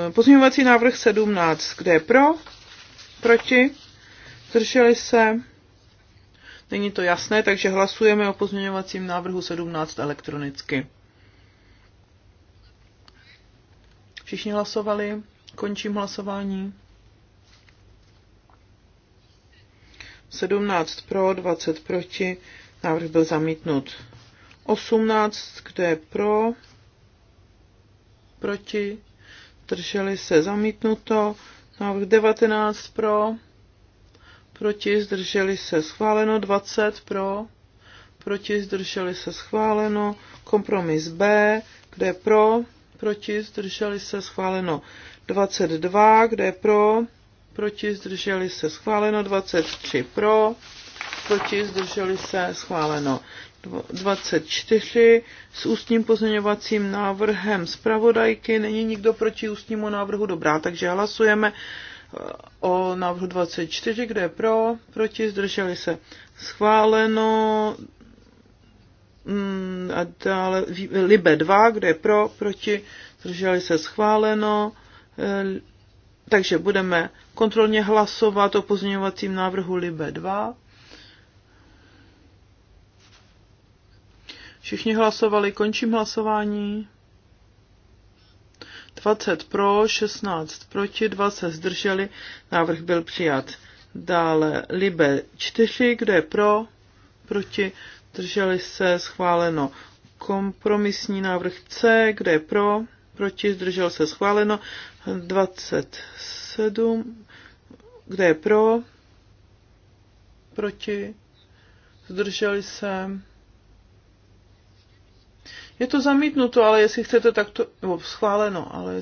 E, pozměňovací návrh 17. Kde je pro? Proti? zdrželi se, není to jasné, takže hlasujeme o pozměňovacím návrhu 17 elektronicky. Všichni hlasovali, končím hlasování. 17 pro, 20 proti, návrh byl zamítnut. 18, kdo je pro, proti, drželi se zamítnuto, návrh 19 pro, proti, zdrželi se schváleno, 20 pro, proti, zdrželi se schváleno, kompromis B, kde je pro, proti, zdrželi se schváleno, 22, kde je pro, proti, zdrželi se schváleno, 23 pro, proti, zdrželi se schváleno. 24 s ústním pozměňovacím návrhem zpravodajky. Není nikdo proti ústnímu návrhu? Dobrá, takže hlasujeme o návrhu 24, kde je pro, proti, zdrželi se. Schváleno mm, a dále Libe 2, kde je pro, proti, zdrželi se schváleno. E, takže budeme kontrolně hlasovat o pozměňovacím návrhu Libe 2. Všichni hlasovali, končím hlasování. 20 pro, 16 proti, 2 se zdrželi, návrh byl přijat. Dále Libe 4, kdo je pro, proti, zdrželi se, schváleno. Kompromisní návrh C, kdo je pro, proti, zdržel se, schváleno. 27, kdo je pro, proti, zdrželi se, je to zamítnuto, ale jestli chcete, tak to... Nebo schváleno, ale...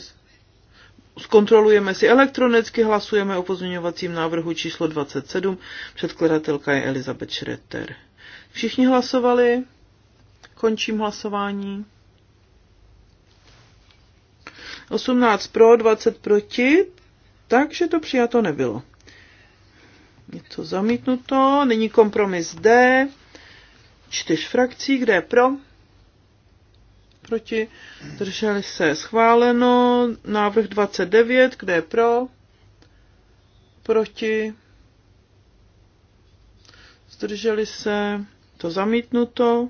Zkontrolujeme si elektronicky, hlasujeme o pozměňovacím návrhu číslo 27. Předkladatelka je Elizabeth Schroeter. Všichni hlasovali? Končím hlasování. 18 pro, 20 proti, takže to přijato nebylo. Je to zamítnuto. Nyní kompromis D. Čtyř frakcí, kde je pro? proti, drželi se schváleno, návrh 29, kde je pro, proti, zdrželi se, to zamítnuto.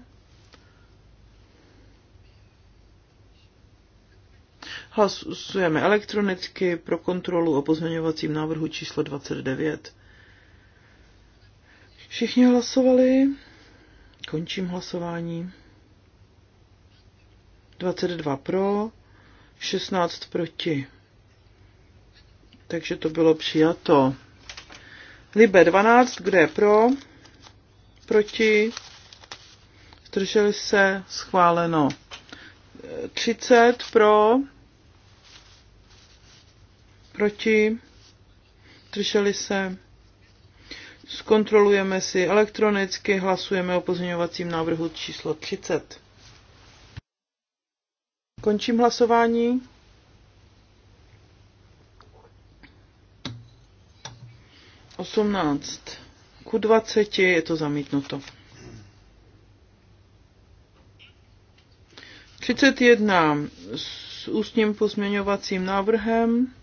Hlasujeme elektronicky pro kontrolu o pozměňovacím návrhu číslo 29. Všichni hlasovali. Končím hlasování. 22 pro, 16 proti. Takže to bylo přijato. Libe 12, kde je pro, proti, zdrželi se, schváleno. 30 pro, proti, zdrželi se. Zkontrolujeme si elektronicky, hlasujeme o pozměňovacím návrhu číslo 30. Končím hlasování. Osmnáct ku dvaceti je to zamítnuto. 31 s ústním pozměňovacím návrhem.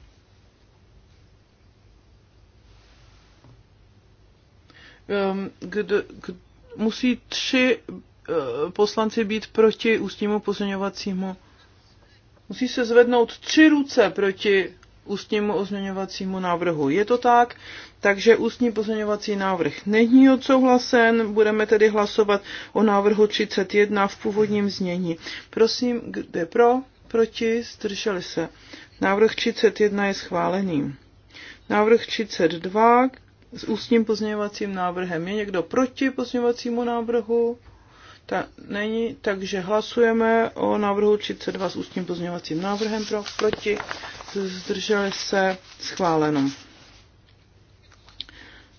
Ehm, kdo, kdo, musí tři eh, poslanci být proti ústnímu pozměňovacímu Musí se zvednout tři ruce proti ústnímu ozměňovacímu návrhu. Je to tak, takže ústní pozměňovací návrh není odsouhlasen, budeme tedy hlasovat o návrhu 31 v původním znění. Prosím, kde pro, proti, zdrželi se. Návrh 31 je schválený. Návrh 32 s ústním pozměňovacím návrhem. Je někdo proti pozměňovacímu návrhu? Ta není, takže hlasujeme o návrhu 32 s ústním pozměňovacím návrhem pro, proti, zdrželi se, schváleno.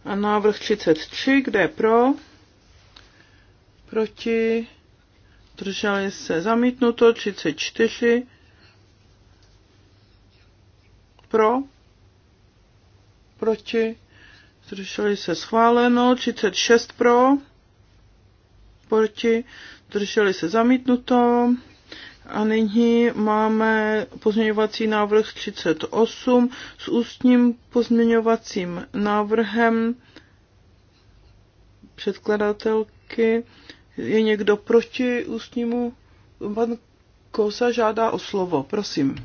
A návrh 33, kde je pro, proti, zdrželi se, zamítnuto, 34, pro, proti, zdrželi se, schváleno, 36 pro, proti, drželi se zamítnuto. A nyní máme pozměňovací návrh 38 s ústním pozměňovacím návrhem předkladatelky. Je někdo proti ústnímu? Pan Kosa žádá o slovo, prosím.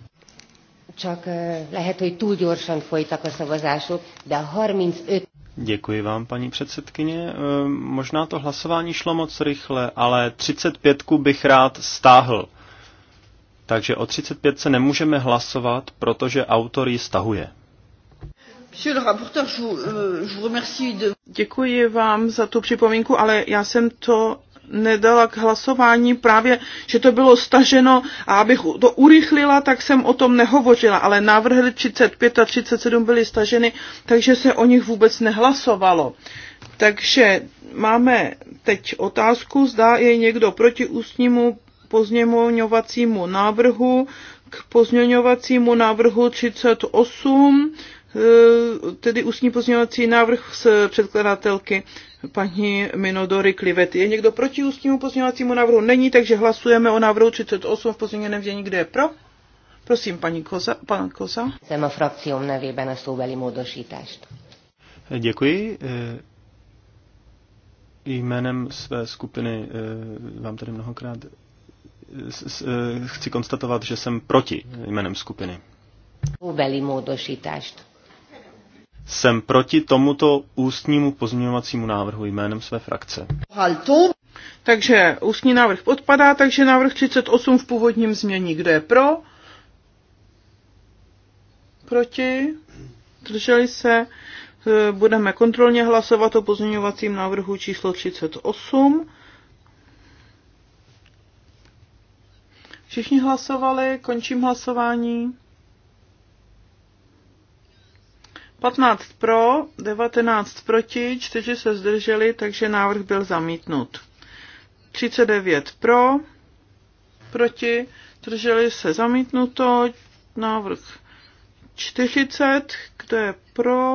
Čak, eh, lehet, hogy túl gyorsan folytak a szavazások, de 35... Děkuji vám, paní předsedkyně. Eh, možná to hlasování šlo moc rychle, ale 35 bych rád stáhl. Takže o 35 se nemůžeme hlasovat, protože autor ji stahuje. Euh, Děkuji vám za tu připomínku, ale já jsem to nedala k hlasování právě, že to bylo staženo a abych to urychlila, tak jsem o tom nehovořila, ale návrhy 35 a 37 byly staženy, takže se o nich vůbec nehlasovalo. Takže máme teď otázku, zda je někdo proti ústnímu pozměňovacímu návrhu k pozměňovacímu návrhu 38 Eh, tedy ústní pozměňovací návrh z předkladatelky paní Minodory Klivet. Je někdo proti ústnímu pozměňovacímu návrhu? Není, takže hlasujeme o návrhu 38 v pozměněném vzdění, Kde je pro? Prosím, paní Koza. Pan Koza. Jsem a frakciom nevében a szóbeli Děkuji. Eh, jménem své skupiny eh, vám tady mnohokrát chci konstatovat, že jsem proti jménem skupiny. Szóbeli módosítást jsem proti tomuto ústnímu pozměňovacímu návrhu jménem své frakce. Takže ústní návrh odpadá, takže návrh 38 v původním změní. Kdo je pro? Proti? Drželi se? Eh, budeme kontrolně hlasovat o pozměňovacím návrhu číslo 38. Všichni hlasovali, končím hlasování. 15 pro, 19 proti, 4 se zdrželi, takže návrh byl zamítnut. 39 pro, proti, zdrželi se zamítnuto, návrh 40, kdo je pro,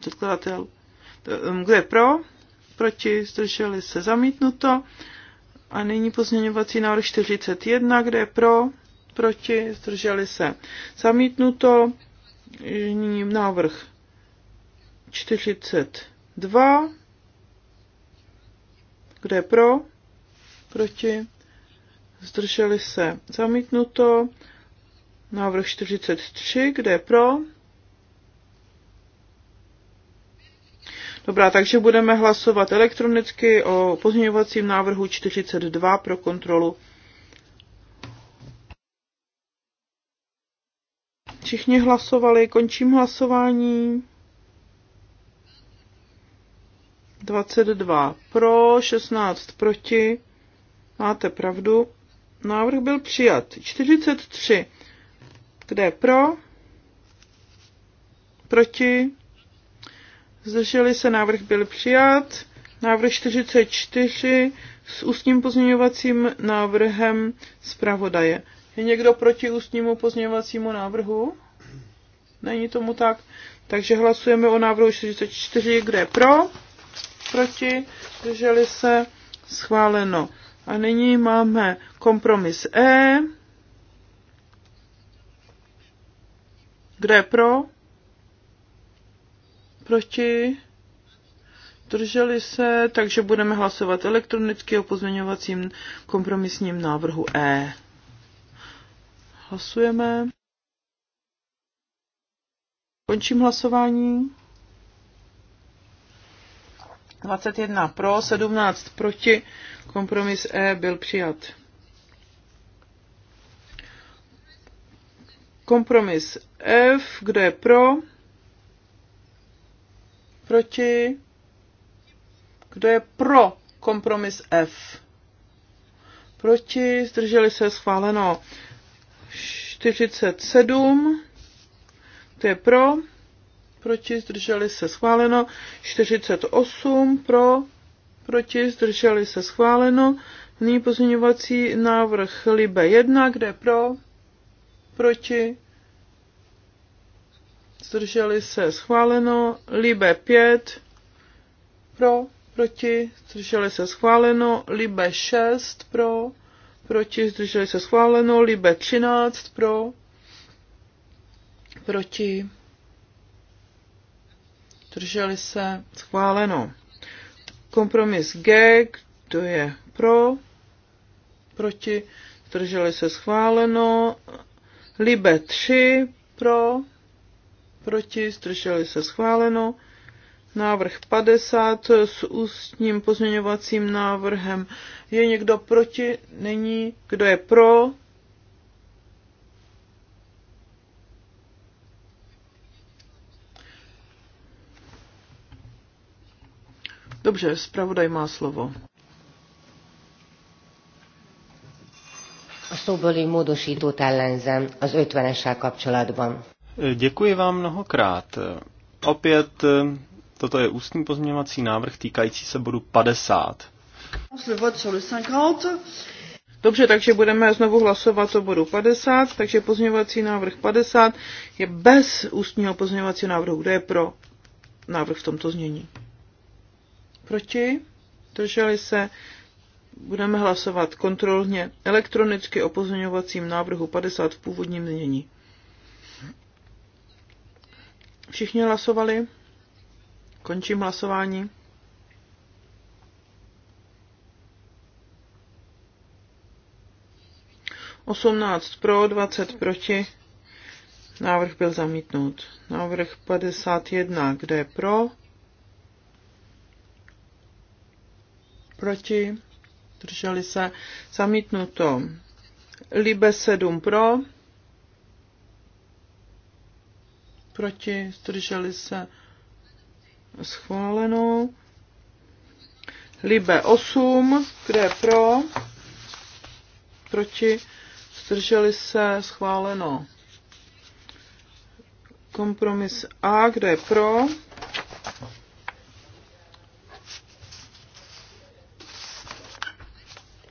předkladatel, ehm, kdo je pro, proti, zdrželi se zamítnuto. A nyní pozměňovací návrh 41, kde je pro, proti, zdrželi se zamítnuto návrh 42. Kdo je pro? Proti? Zdrželi se. Zamítnuto. Návrh 43. Kde je pro? Dobrá, takže budeme hlasovat elektronicky o pozměňovacím návrhu 42 pro kontrolu Všichni hlasovali, končím hlasování. 22 pro, 16 proti. Máte pravdu. Návrh byl přijat. 43. Kde je pro? Proti? Zdrželi se, návrh byl přijat. Návrh 44 s ústním pozměňovacím návrhem zpravodaje. Je někdo proti ústnímu pozměňovacímu návrhu? Není tomu tak. Takže hlasujeme o návrhu 44, kde je pro, proti, drželi se, schváleno. A nyní máme kompromis E. Kde je pro? Proti? Drželi se, takže budeme hlasovat elektronicky o pozměňovacím kompromisním návrhu E. Hlasujeme. Končím hlasování. 21 pro, 17 proti. Kompromis E byl přijat. Kompromis F, kdo je pro? Proti? Kdo je pro kompromis F? Proti? Zdrželi se schváleno. 47, to je pro, proti, zdrželi se schváleno, 48 pro, proti, zdrželi se schváleno, nyní pozměňovací návrh Libe 1, kde pro, proti, zdrželi se schváleno, Libe 5, pro, proti, zdrželi se schváleno, Libe 6, pro, proti, zdrželi se schváleno, Libe 13 pro, proti, zdrželi se schváleno. Kompromis G, to je pro, proti, zdrželi se schváleno, Libe 3 pro, proti, zdrželi se schváleno, návrh 50 s ústním pozměňovacím návrhem. Je někdo proti? Není. Kdo je pro? Dobře, zpravodaj má slovo. A szóbeli módosítót ellenzem az 50-essel kapcsolatban. Děkuji vám mnohokrát. Opět Toto je ústní pozměňovací návrh týkající se bodu 50. Dobře, takže budeme znovu hlasovat o bodu 50, takže pozměňovací návrh 50 je bez ústního pozměňovacího návrhu. Kdo je pro návrh v tomto znění? Proti? Drželi se? Budeme hlasovat kontrolně elektronicky o pozměňovacím návrhu 50 v původním znění. Všichni hlasovali? Končím hlasování. Osmnáct pro, dvacet proti. Návrh byl zamítnut. Návrh 51. Kde je pro? Proti? Drželi se. Zamítnuto. Libe 7 pro. Proti? Drželi se schváleno. Libe 8, kde je pro, proti, zdrželi se, schváleno. Kompromis A, kde je pro,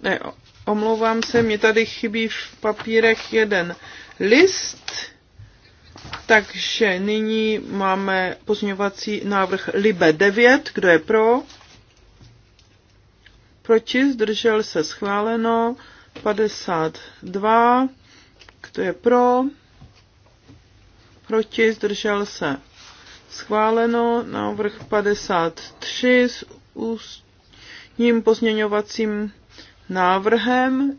ne, omlouvám se, mě tady chybí v papírech jeden list, takže nyní máme pozměňovací návrh Libe 9. Kdo je pro? Proti? Zdržel se schváleno. 52. Kdo je pro? Proti? Zdržel se schváleno. Návrh 53 s ústním pozměňovacím návrhem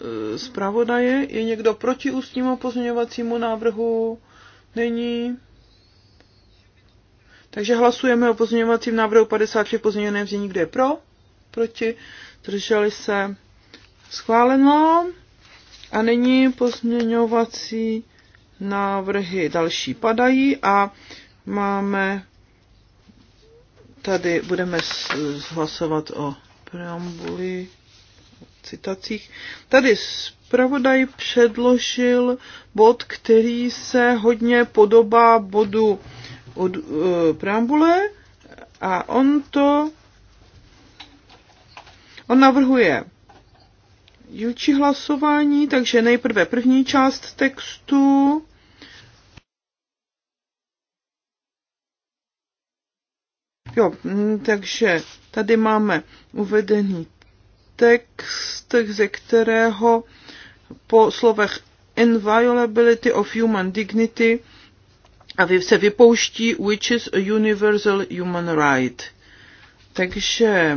E, zpravodaje. Je někdo proti ústnímu pozměňovacímu návrhu? Není. Takže hlasujeme o pozměňovacím návrhu 53 pozměněné znění. Kdo je pro? Proti? Drželi se? Schváleno. A nyní pozměňovací návrhy další padají a máme tady budeme hlasovat o preambuli citacích. Tady zpravodaj předložil bod, který se hodně podobá bodu od e, preambule a on to on navrhuje dílčí hlasování, takže nejprve první část textu, Jo, mm, takže tady máme uvedený text, ze kterého po slovech inviolability of human dignity a se vypouští which is a universal human right. Takže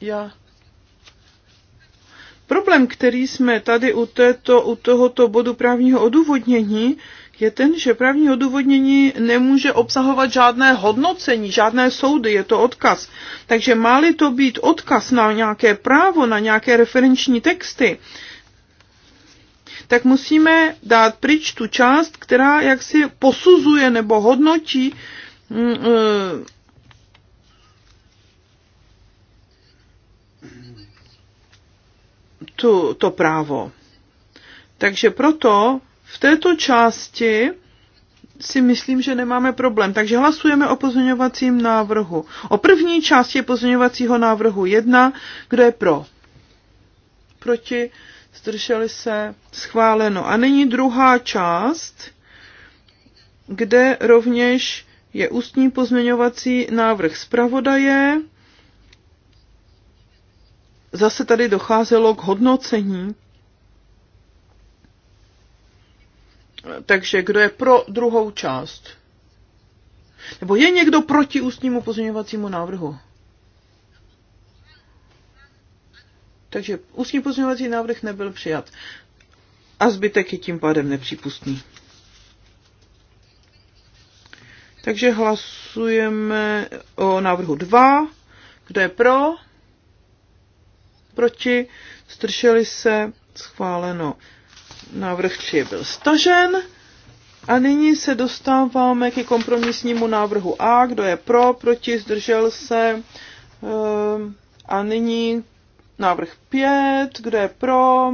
já Problém, který jsme tady u, této, u tohoto bodu právního odůvodnění, je ten, že právní odůvodnění nemůže obsahovat žádné hodnocení, žádné soudy, je to odkaz. Takže má-li to být odkaz na nějaké právo, na nějaké referenční texty, tak musíme dát pryč tu část, která jaksi posuzuje nebo hodnotí mm, eh, tu, to právo. Takže proto v této části si myslím, že nemáme problém. Takže hlasujeme o pozměňovacím návrhu. O první části pozměňovacího návrhu 1, kdo je pro? Proti? Zdrželi se? Schváleno. A nyní druhá část, kde rovněž je ústní pozměňovací návrh zpravodaje zase tady docházelo k hodnocení. Takže kdo je pro druhou část? Nebo je někdo proti ústnímu pozměňovacímu návrhu? Takže ústní pozměňovací návrh nebyl přijat. A zbytek je tím pádem nepřípustný. Takže hlasujeme o návrhu 2. Kdo je pro? proti, zdrželi se, schváleno. Návrh 3 byl stažen. A nyní se dostáváme ke kompromisnímu návrhu A, kdo je pro, proti, zdržel se. Ehm, a nyní návrh 5, kdo je pro,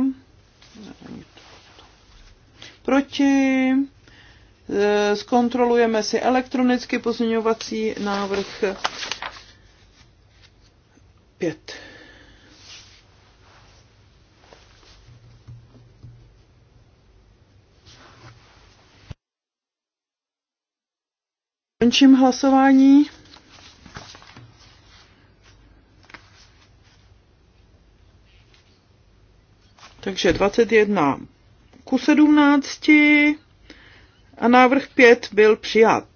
proti. Ehm, zkontrolujeme si elektronicky pozměňovací návrh 5. Končím hlasování. Takže 21 ku 17 a návrh 5 byl přijat.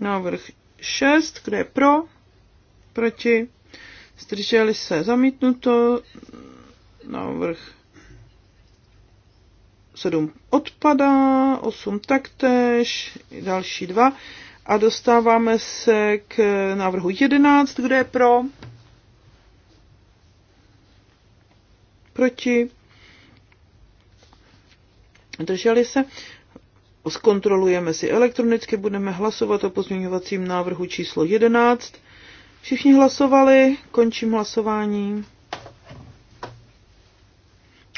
Návrh 6, kde je pro, proti, zdrželi se zamítnuto, návrh 7 odpadá, 8 taktéž, další dva. A dostáváme se k návrhu 11, kde je pro, proti, drželi se. Zkontrolujeme si elektronicky, budeme hlasovat o pozměňovacím návrhu číslo 11. Všichni hlasovali, končím hlasování.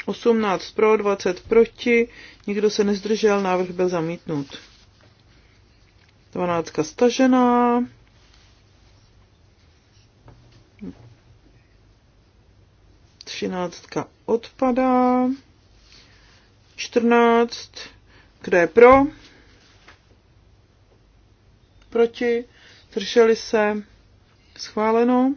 18 pro, 20 proti, nikdo se nezdržel, návrh byl zamítnut. 12 stažená. Třináctka odpadá. 14. Kdo je pro? Proti? Zdrželi se? Schváleno.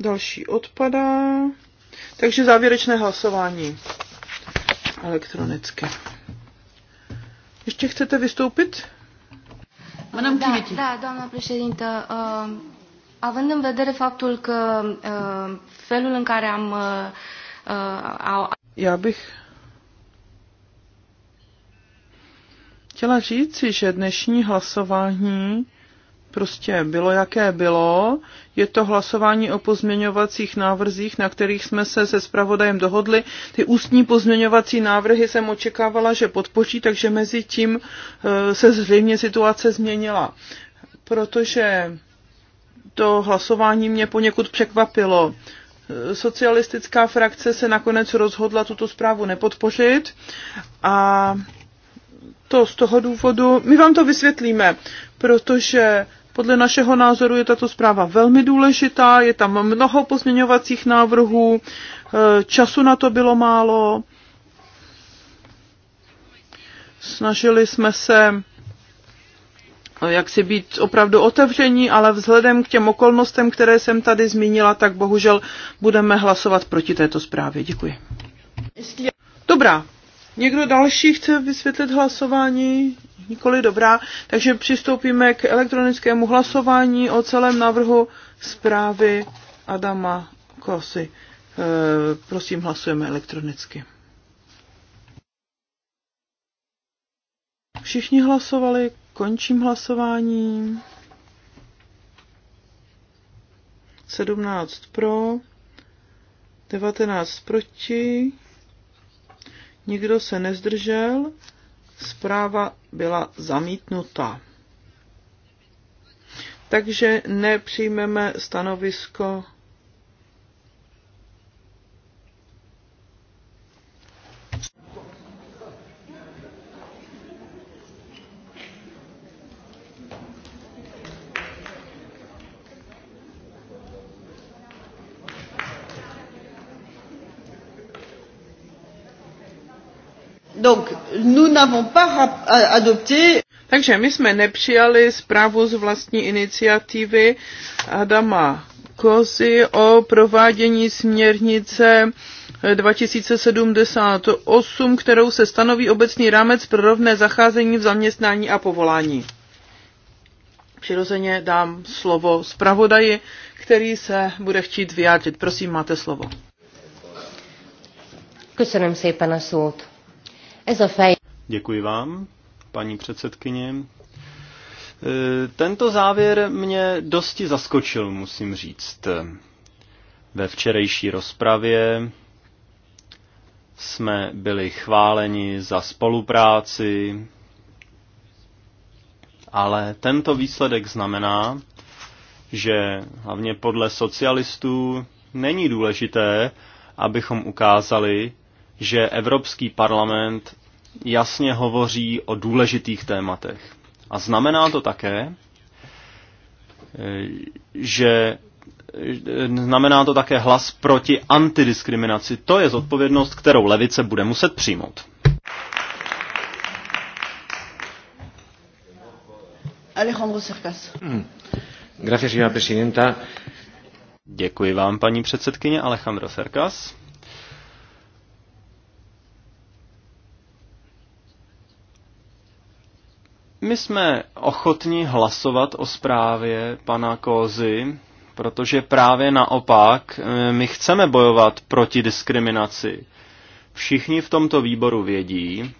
Další odpadá. Takže závěrečné hlasování elektronicky. Ještě chcete vystoupit? Madame da, Da, doamna președintă, uh, având în vedere faptul că uh, felul în care am... Uh, au... Já bych chtěla říci, že dnešní hlasování prostě bylo, jaké bylo. Je to hlasování o pozměňovacích návrzích, na kterých jsme se se zpravodajem dohodli. Ty ústní pozměňovací návrhy jsem očekávala, že podpoří, takže mezi tím eh, se zřejmě situace změnila. Protože to hlasování mě poněkud překvapilo. Eh, socialistická frakce se nakonec rozhodla tuto zprávu nepodpořit a to z toho důvodu, my vám to vysvětlíme, protože podle našeho názoru je tato zpráva velmi důležitá, je tam mnoho pozměňovacích návrhů, e, času na to bylo málo. Snažili jsme se e, jak si být opravdu otevření, ale vzhledem k těm okolnostem, které jsem tady zmínila, tak bohužel budeme hlasovat proti této zprávě. Děkuji. Dobrá. Někdo další chce vysvětlit hlasování? nikoli dobrá, takže přistoupíme k elektronickému hlasování o celém návrhu zprávy Adama Kosy. E, prosím, hlasujeme elektronicky. Všichni hlasovali, končím hlasování. 17 pro, 19 proti, nikdo se nezdržel. Zpráva byla zamítnuta. Takže nepřijmeme stanovisko Donc, nous n'avons pas adopté... Takže my jsme nepřijali zprávu z vlastní iniciativy Adama Kozy o provádění směrnice 2078, kterou se stanoví obecný rámec pro rovné zacházení v zaměstnání a povolání. Přirozeně dám slovo zpravodaji, který se bude chtít vyjádřit. Prosím, máte slovo. Děkuji, szépen a Děkuji vám, paní předsedkyně. E, tento závěr mě dosti zaskočil, musím říct. Ve včerejší rozpravě jsme byli chváleni za spolupráci, ale tento výsledek znamená, že hlavně podle socialistů není důležité, abychom ukázali, že Evropský parlament jasně hovoří o důležitých tématech. A znamená to také, eh, že eh, znamená to také hlas proti antidiskriminaci. To je zodpovědnost, kterou levice bude muset přijmout. Alejandro Cercas. Hmm. Gracias, señora presidenta. Děkuji vám, paní předsedkyně Alejandro Cercas. My jsme ochotni hlasovat o zprávě pana Kózy, protože právě naopak eh, my chceme bojovat proti diskriminaci. Všichni v tomto výboru vědí,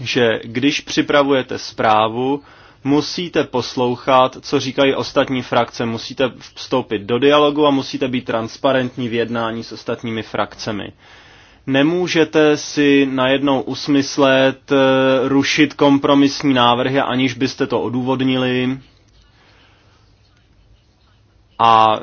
že když připravujete zprávu, musíte poslouchat, co říkají ostatní frakce, musíte vstoupit do dialogu a musíte být transparentní v jednání s ostatními frakcemi. Nemůžete si najednou usmyslet, eh, rušit kompromisní návrhy, aniž byste to odůvodnili. A eh,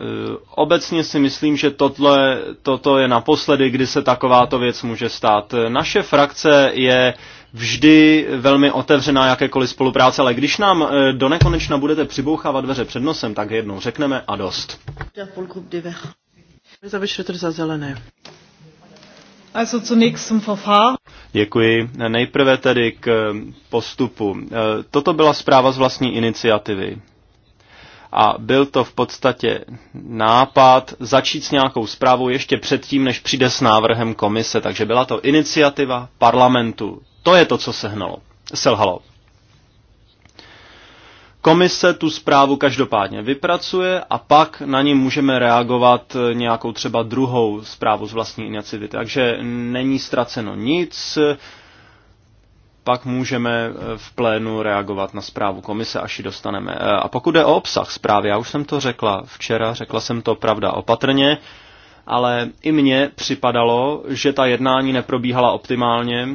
obecně si myslím, že tohle, toto je naposledy, kdy se takováto věc může stát. Naše frakce je vždy velmi otevřená jakékoliv spolupráce, ale když nám eh, do nekonečna budete přibouchávat dveře před nosem, tak jednou řekneme a dost. Završte to za zelené. Also zunächst zum Verfahren. Děkuji. Nejprve tedy k postupu. E, toto byla zpráva z vlastní iniciativy. A byl to v podstatě nápad začít s nějakou zprávou ještě předtím, než přijde s návrhem komise. Takže byla to iniciativa parlamentu. To je to, co se hnalo, selhalo. Komise tu zprávu každopádně vypracuje a pak na ní můžeme reagovat eh, nějakou třeba druhou zprávu z vlastní iniciativy. Takže není ztraceno nic, pak můžeme eh, v plénu reagovat na zprávu komise, až ji dostaneme. Eh, a pokud je o obsah zprávy, já už jsem to řekla včera, řekla jsem to pravda opatrně, ale i mně připadalo, že ta jednání neprobíhala optimálně,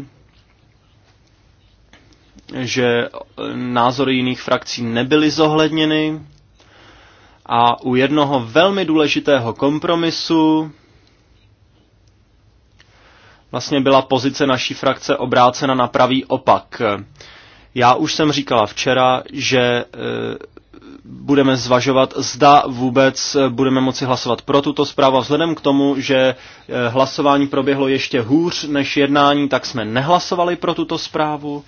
že názory jiných frakcí nebyly zohledněny a u jednoho velmi důležitého kompromisu vlastně byla pozice naší frakce obrácena na pravý opak. Já už jsem říkala včera, že e, budeme zvažovat, zda vůbec budeme moci hlasovat pro tuto zprávu. Vzhledem k tomu, že e, hlasování proběhlo ještě hůř než jednání, tak jsme nehlasovali pro tuto zprávu.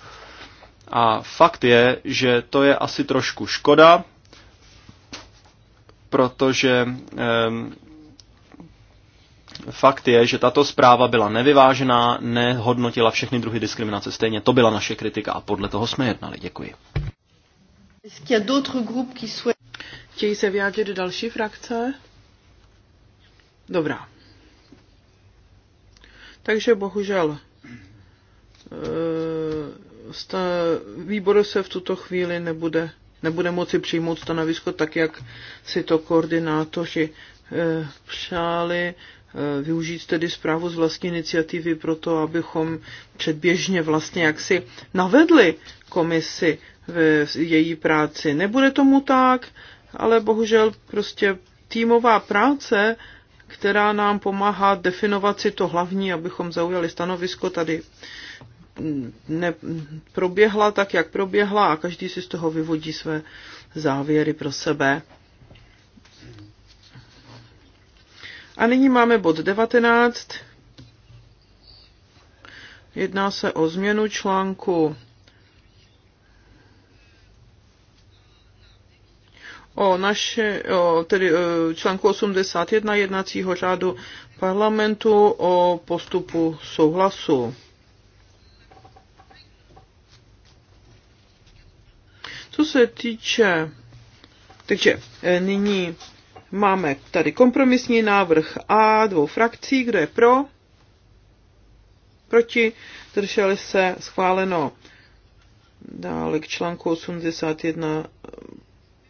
A fakt je, že to je asi trošku škoda, protože ehm, Fakt je, že tato zpráva byla nevyvážená, nehodnotila všechny druhy diskriminace stejně. To byla naše kritika a podle toho jsme jednali. Děkuji. Chtějí se vyjádřit do další frakce? Dobrá. Takže bohužel e Výbor se v tuto chvíli nebude, nebude moci přijmout stanovisko tak, jak si to koordinátoři eh, přáli eh, využít tedy zprávu z vlastní iniciativy pro to, abychom předběžně vlastně jaksi navedli komisi v její práci. Nebude tomu tak, ale bohužel prostě týmová práce, která nám pomáhá definovat si to hlavní, abychom zaujali stanovisko, tady ne, proběhla tak, jak proběhla a každý si z toho vyvodí své závěry pro sebe. A nyní máme bod 19. Jedná se o změnu článku o naše, o, tedy e, článku 81 jednacího řádu parlamentu o postupu souhlasu. Co se týče, takže eh, nyní máme tady kompromisní návrh A dvou frakcí, kdo je pro, proti, drželi se, schváleno dále k článku 81 eh,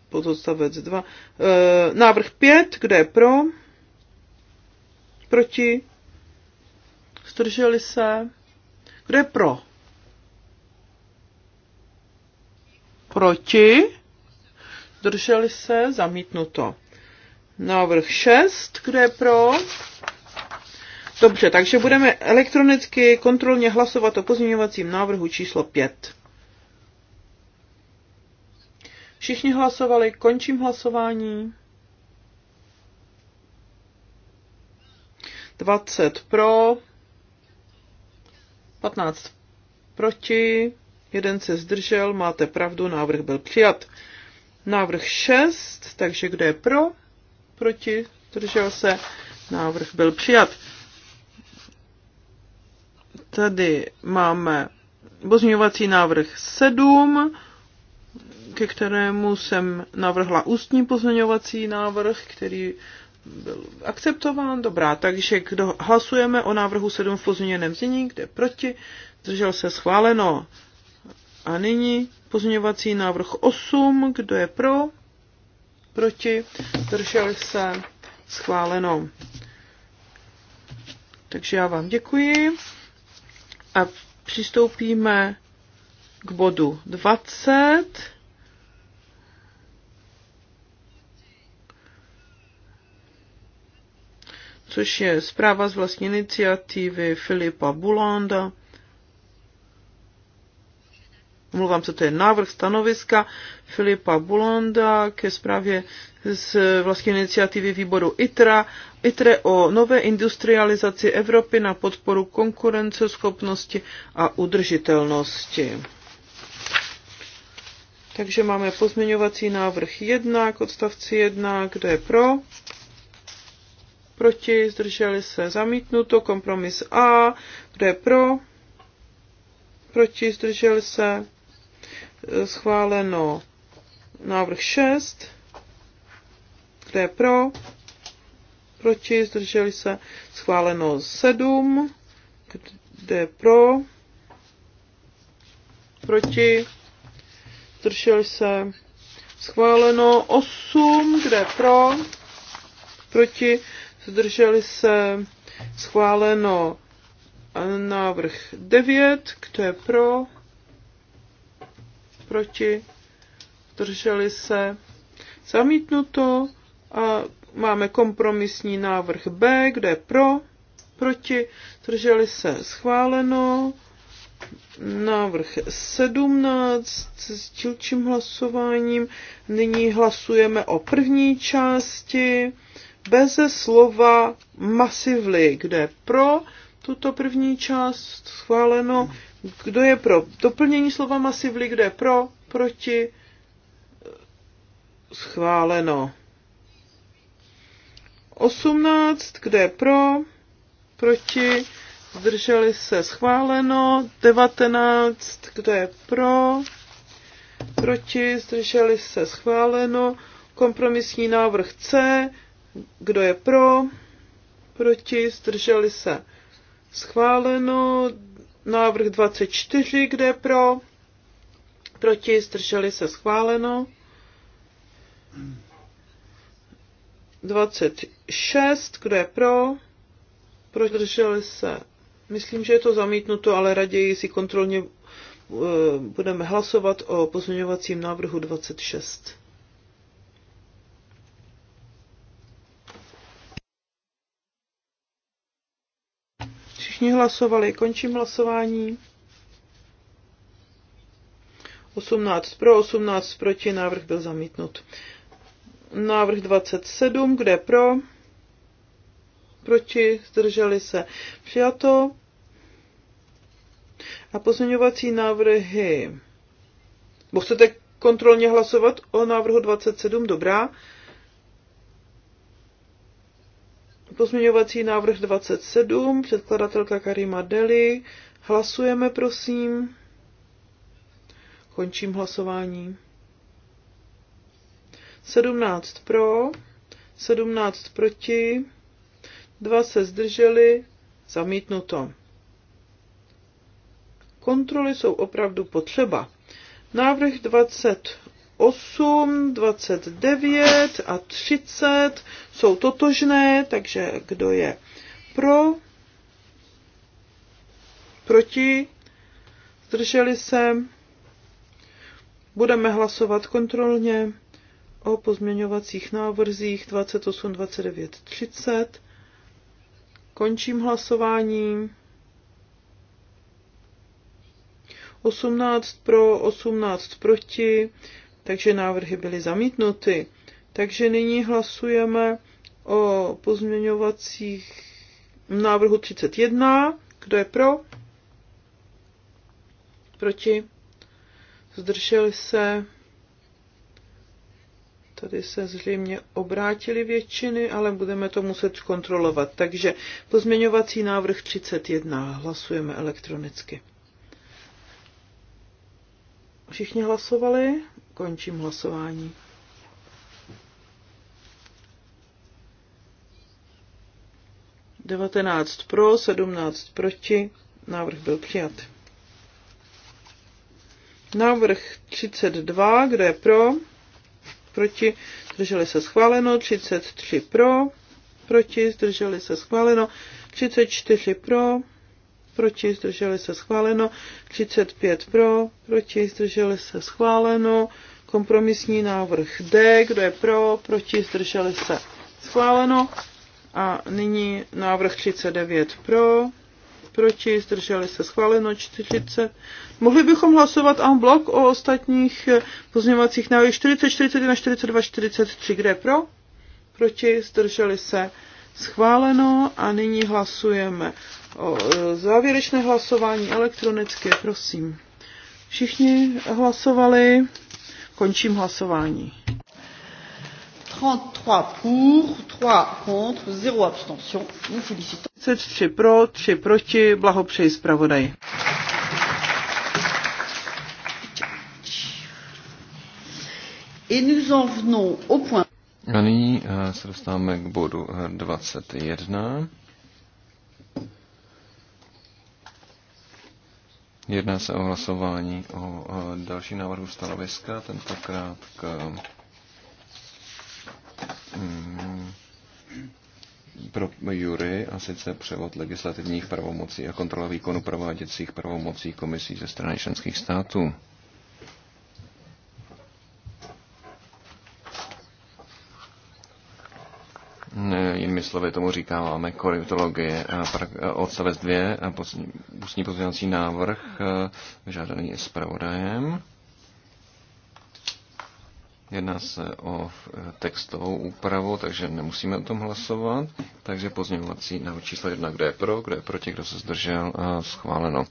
pododstavec 2. E, eh, návrh 5, kde je pro, proti, zdrželi se, kde je pro, Proti? Drželi se? Zamítnuto. Návrh 6, kde je pro? Dobře, takže budeme elektronicky kontrolně hlasovat o pozměňovacím návrhu číslo 5. Všichni hlasovali, končím hlasování. 20 pro, 15 proti jeden se zdržel, máte pravdu, návrh byl přijat. Návrh 6, takže kdo je pro, proti, zdržel se, návrh byl přijat. Tady máme pozměňovací návrh 7, ke kterému jsem navrhla ústní pozměňovací návrh, který byl akceptován. Dobrá, takže kdo hlasujeme o návrhu 7 v pozměněném znění, kde proti, zdržel se schváleno. A nyní pozměňovací návrh 8, kdo je pro, proti, drželi se, schváleno. Takže já vám děkuji a přistoupíme k bodu 20. což je zpráva z vlastní iniciativy Filipa Bulanda omlouvám se, to je návrh stanoviska Filipa Bulonda ke zprávě z vlastní iniciativy výboru ITRA, ITRE o nové industrializaci Evropy na podporu konkurenceschopnosti a udržitelnosti. Takže máme pozměňovací návrh 1 k odstavci 1, kdo je pro, proti, zdrželi se, zamítnuto, kompromis A, kdo je pro, proti, zdrželi se, Eh, schváleno návrh 6, kde je pro, proti, zdrželi se, schváleno 7, kde je pro, proti, zdrželi se, schváleno 8, kde je pro, proti, zdrželi se, schváleno eh, návrh 9, kde je pro, proti, drželi se, zamítnuto a máme kompromisní návrh B, kde je pro, proti, drželi se, schváleno, návrh 17 s dílčím hlasováním. Nyní hlasujeme o první části beze slova masivly, kde pro tuto první část schváleno, kdo je pro doplnění slova masivly, kdo je pro, proti, schváleno. 18, kdo je pro, proti, zdrželi se, schváleno. 19, kdo je pro, proti, zdrželi se, schváleno. Kompromisní návrh C, kdo je pro, proti, zdrželi se, schváleno. Návrh 24, kde je pro? Proti, zdrželi se schváleno. 26, kdo je pro? Proč zdrželi se? Myslím, že je to zamítnuto, ale raději si kontrolně eh, budeme hlasovat o pozměňovacím návrhu 26. Všichni hlasovali, končím hlasování. 18 pro, 18 proti, návrh byl zamítnut. Návrh 27, kde pro? Proti, zdrželi se. Přijato. A pozměňovací návrhy. Bo chcete kontrolně hlasovat o návrhu 27, dobrá. Pozměňovací návrh 27, předkladatelka Karima Deli. Hlasujeme, prosím. Končím hlasování. 17 pro, 17 proti, 2 se zdrželi, zamítnuto. Kontroly jsou opravdu potřeba. Návrh 28 8, 29 a 30 jsou totožné, takže kdo je pro, proti, zdrželi se, budeme hlasovat kontrolně o pozměňovacích návrzích 28, 29, 30. Končím hlasování. 18 pro, 18 proti, takže návrhy byly zamítnuty. Takže nyní hlasujeme o pozměňovacích návrhu 31. Kdo je pro? Proti? Zdrželi se? Tady se zřejmě obrátili většiny, ale budeme to muset kontrolovat. Takže pozměňovací návrh 31. Hlasujeme elektronicky. Všichni hlasovali? Končím hlasování. Devatenáct pro, sedmnáct proti. Návrh byl přijat. Návrh 32, kde je pro, proti, zdrželi se schváleno, 33 pro, proti, zdrželi se schváleno, 34 pro, proti, zdrželi se schváleno, 35 pro, proti, zdrželi se schváleno, Kompromisní návrh D, kdo je pro, proti, zdrželi se. Schváleno. A nyní návrh 39 pro, proti, zdrželi se. Schváleno 40. Mohli bychom hlasovat en blok o ostatních eh, pozměňovacích návrhy 40, 41, 42, 43. Kde je pro? Proti, zdrželi se. Schváleno a nyní hlasujeme o eh, závěrečné hlasování elektronické, prosím. Všichni hlasovali. Končím hlasování. 33 pro, 3 proti, blahopřeji zpravodaji. Et nous en venons au point. A nyní eh, se dostáváme k bodu 21. Eh, Jedná se o hlasování o další návrhu stanoviska, tentokrát k mm, pro jury, a sice převod legislativních pravomocí a kontrola výkonu prováděcích pravomocí komisí ze strany členských států. jinými slovy tomu říkáváme koryptologie, odstavec 2, ústní pozměňovací návrh, e, vyžádaný zpravodajem. Jedná se o e, textovou úpravu, takže nemusíme o tom hlasovat. Takže pozměňovací návrh číslo 1, kdo je pro, kdo je proti, kdo se zdržel, e, schváleno.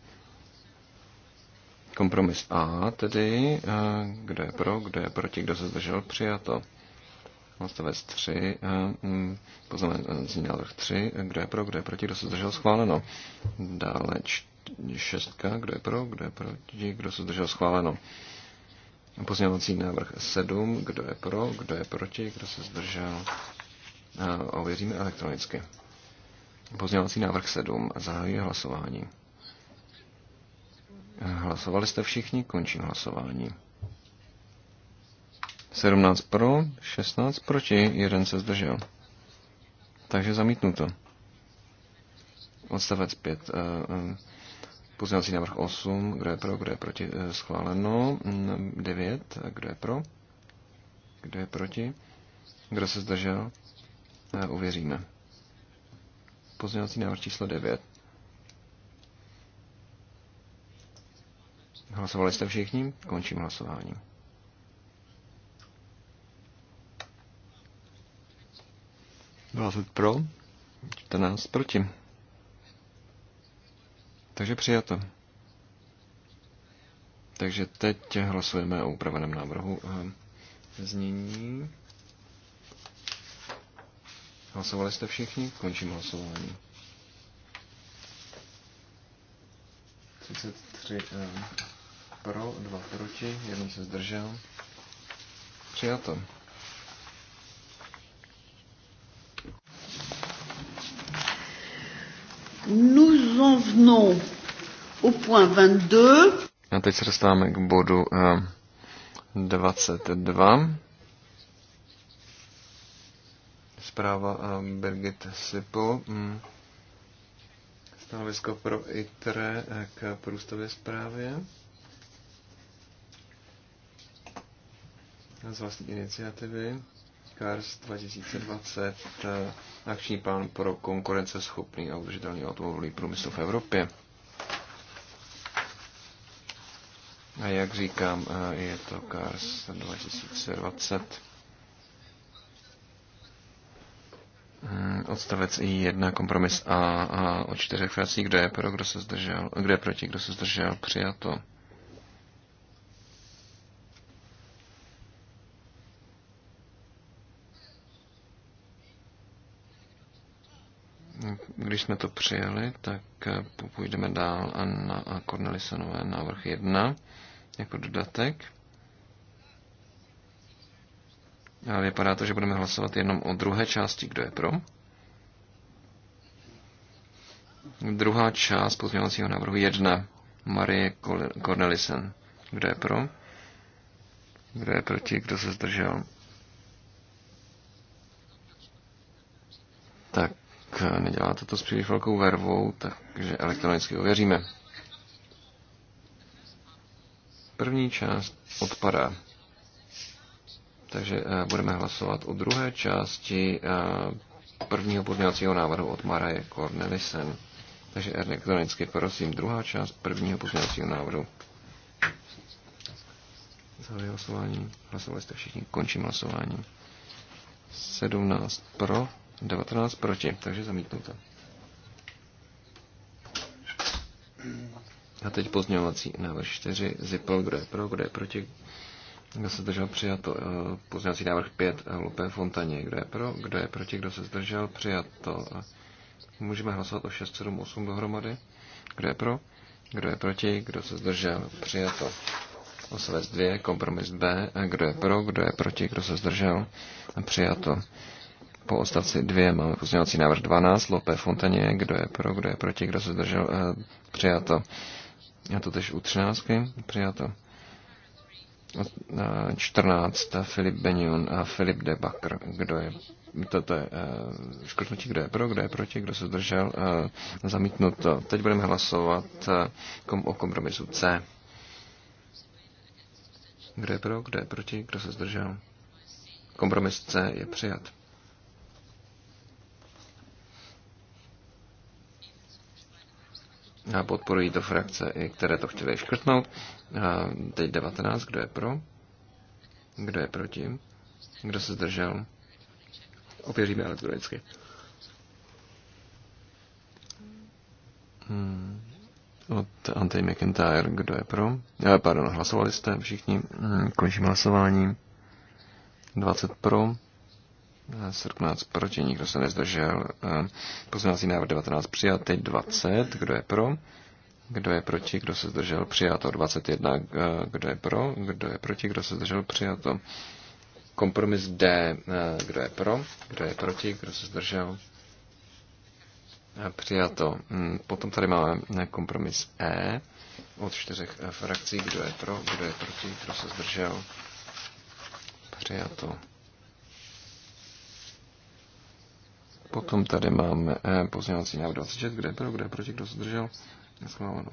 Kompromis A tedy, kdo je pro, kdo je proti, kdo se zdržel, přijato odstavec 3, poznací návrh 3, kdo je pro, kdo je proti, kdo se zdržel schváleno. Dále 6, kdo je pro, kdo je proti, kdo se zdržel schváleno. Pozměňovací návrh 7, kdo je pro, kdo je proti, kdo se zdržel, eh, ověříme elektronicky. Pozměňovací návrh 7, zahajuji hlasování. Hlasovali jste všichni, končím hlasování. 17 pro, 16 proti, jeden se zdržel. Takže zamítnuto. Odstavec 5. Eh, eh, pozměňovací návrh 8. Kdo je pro, kdo je proti? Eh, schváleno. 9. Mm, kdo je pro? Kdo je proti? Kdo se zdržel? Uvěříme. Pozměňovací návrh číslo 9. Hlasovali jste všichni? Končím hlasováním. 20 pro, 14 proti. Takže přijato. Takže teď hlasujeme o upraveném návrhu eh, znění. Hlasovali jste všichni? Končím hlasování. 33 eh, pro, 2 proti, jeden se zdržel. Přijato. Nous en venons au point 22. A teď se dostáváme k bodu uh, eh, 22. Zpráva uh, Birgit Sipl. Mm. Stanovisko pro ITRE eh, k průstavě zprávě. Z vlastní iniciativy. Cars 2020, eh, akční plán pro konkurenceschopný a udržitelný automobilový průmysl v Evropě. A jak říkám, eh, je to Cars 2020. Eh, odstavec I1, kompromis A, a o čtyřech fracích, kdo je pro, kdo se zdržel, kde je proti, kdo se zdržel, přijato. když jsme to přijeli, tak eh, půjdeme dál a na Cornelisonové návrh 1 jako dodatek. Ale vypadá to, že budeme hlasovat jenom o druhé části, kdo je pro. Druhá část pozměňovacího návrhu 1 Marie Cornelisen. Kdo je pro? Kdo je proti? Kdo se zdržel? Tak neděláte to s příliš velkou vervou, takže elektronicky ověříme. První část odpadá. Takže eh, budeme hlasovat o druhé části eh, prvního pozměňovacího návrhu od Maraje Cornelisen. Takže elektronicky prosím, druhá část prvního pozměňovacího návrhu. Zahajuji hlasování. Hlasovali jste všichni. Končím hlasování. 17 pro, 19 proti, takže zamítnuto. A teď pozměňovací návrh 4, Zipl, kdo je pro, kdo je proti, kdo se zdržel, přijato. Eh, pozměňovací návrh 5, eh, Lupé Fontaně, kdo je pro, kdo je proti, kdo se zdržel, přijato. Eh, můžeme hlasovat o 6, 7, 8 dohromady. Kdo je pro, kdo je proti, kdo se zdržel, přijato. Osvec 2, kompromis B, kdo je pro, kdo je proti, kdo se zdržel, přijato po odstavci 2 máme pozměňovací návrh 12, Lope Fontaně, kdo je pro, kdo je proti, kdo se zdržel, eh, přijato. A to tež u 13, přijato. 14, eh, eh, Filip Benion a Filip de Bakr, kdo je to je škrtnutí, kdo je pro, kdo je proti, kdo se zdržel, zamítnuto. Teď budeme hlasovat o kompromisu C. Kdo je pro, kdo je proti, kdo se zdržel? Kompromis C je přijat. A podporují to frakce, které to chtěly škrtnout. A teď 19, kdo je pro? Kdo je proti? Kdo se zdržel? Ověříme elektronicky. Hmm. Od Antej McIntyre, kdo je pro? Já, eh, pardon, hlasovali jste všichni. Hmm, končím hlasování. 20 pro, 17 proti, nikdo se nezdržel. E, pozměňovací návrh 19 přijat, teď 20, kdo je pro? Kdo je proti, kdo se zdržel, přijato 21, e, kdo je pro, kdo je proti, kdo se zdržel, přijato. Kompromis D, e, kdo je pro, kdo je proti, kdo se zdržel, přijato. Mm, potom tady máme kompromis E od čtyřech frakcí, kdo je pro, kdo je proti, kdo se zdržel, přijato. Potom tady máme eh, pozměňovací návrh 26, kde je pro, kde je proti, kdo se zdržel. Neschválenou.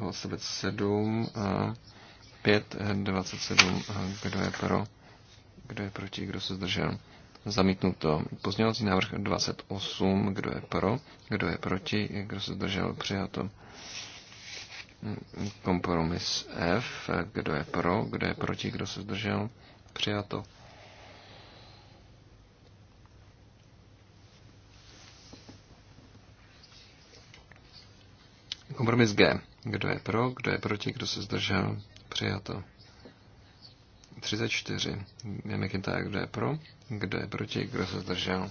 Odstavec 7, 5, 27, kdo je pro, kdo je proti, kdo se zdržel. Zamítnuto. Pozměňovací návrh 28, kdo je pro, kdo je proti, kdo se zdržel, přijato. Kompromis F, kdo je pro, kdo je proti, kdo se zdržel, přijato. Kompromis G. Kdo je pro, kdo je proti, kdo se zdržel? Přijato. 34. Je McIntyre, kdo je pro, kdo je proti, kdo se zdržel?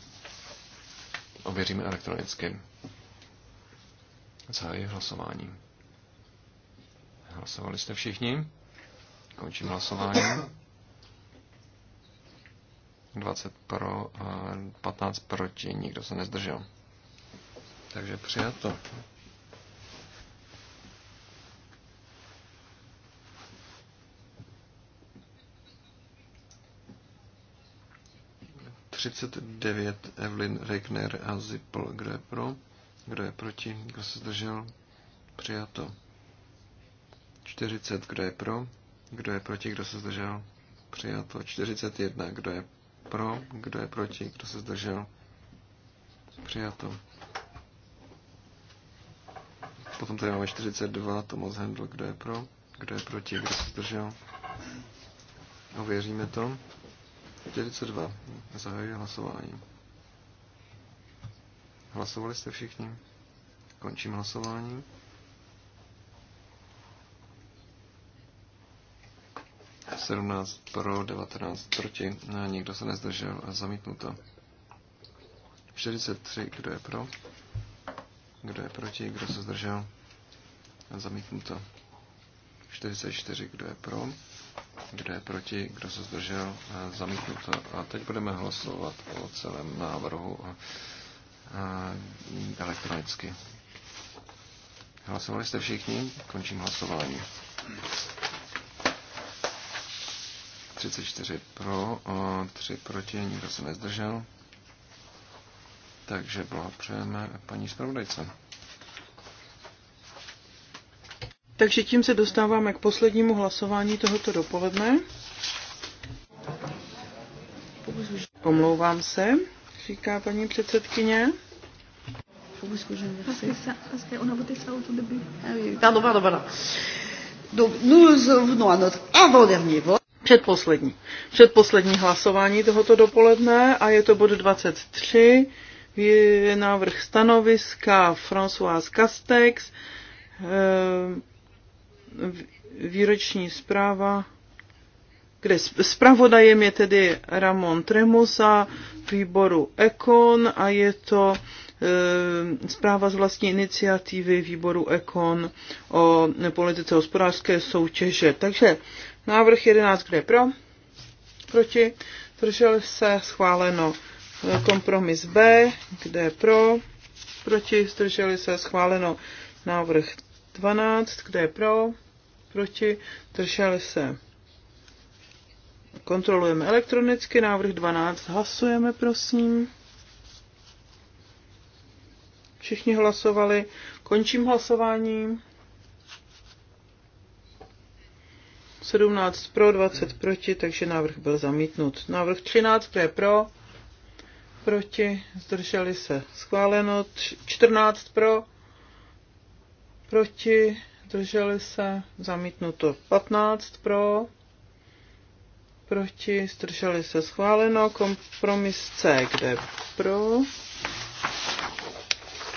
Ověříme elektronicky. Zahajuji hlasování. Hlasovali jste všichni? Končím hlasování. 20 pro, 15 eh, proti, nikdo se nezdržel. Takže přijato. 39 Evelyn Regner a Zippel. Kdo je pro? Kdo je proti? Kdo se zdržel? Přijato. 40. Kdo je pro? Kdo je proti? Kdo se zdržel? Přijato. 41. Kdo je pro? Kdo je proti? Kdo se zdržel? Přijato. Potom tady máme 42, Tomas Hendl, kdo je pro, kdo je proti, kdo se zdržel. Ověříme to. 42. Zahajuji hlasování. Hlasovali jste všichni? Končím hlasování. Sedmnáct pro, 19 proti. Nikdo se nezdržel. Zamítnuto. 43. Kdo je pro? Kdo je proti? Kdo se zdržel? Zamítnuto. 44. Kdo je pro? Kdo je proti? Kdo se zdržel? E, zamítnuto. A teď budeme hlasovat o celém návrhu e, e, elektronicky. Hlasovali jste všichni? Končím hlasování. 34 pro, 3 proti, nikdo se nezdržel. Takže blahopřejeme paní zpravodajce. Takže tím se dostáváme k poslednímu hlasování tohoto dopoledne. Omlouvám se, říká paní předsedkyně. Předposlední. Předposlední hlasování tohoto dopoledne a je to bod 23. Je návrh stanoviska François Castex. Ehm výroční zpráva, kde zpravodajem je tedy Ramon Tremosa výboru Econ a je to eh, zpráva z vlastní iniciativy výboru Econ o politice hospodářské soutěže. Takže návrh 11, kde je pro, proti, držel se, schváleno kompromis B, kde je pro, proti, zdrželi se, schváleno návrh 12, kde je pro, proti, drželi se. Kontrolujeme elektronicky, návrh 12, hlasujeme, prosím. Všichni hlasovali, končím hlasování. 17 pro, 20 proti, takže návrh byl zamítnut. Návrh 13, to je pro, proti, zdrželi se, schváleno, 14 pro, proti, zdrželi se, zamítnuto 15 pro, proti, zdrželi se, schváleno, kompromis C, kde pro,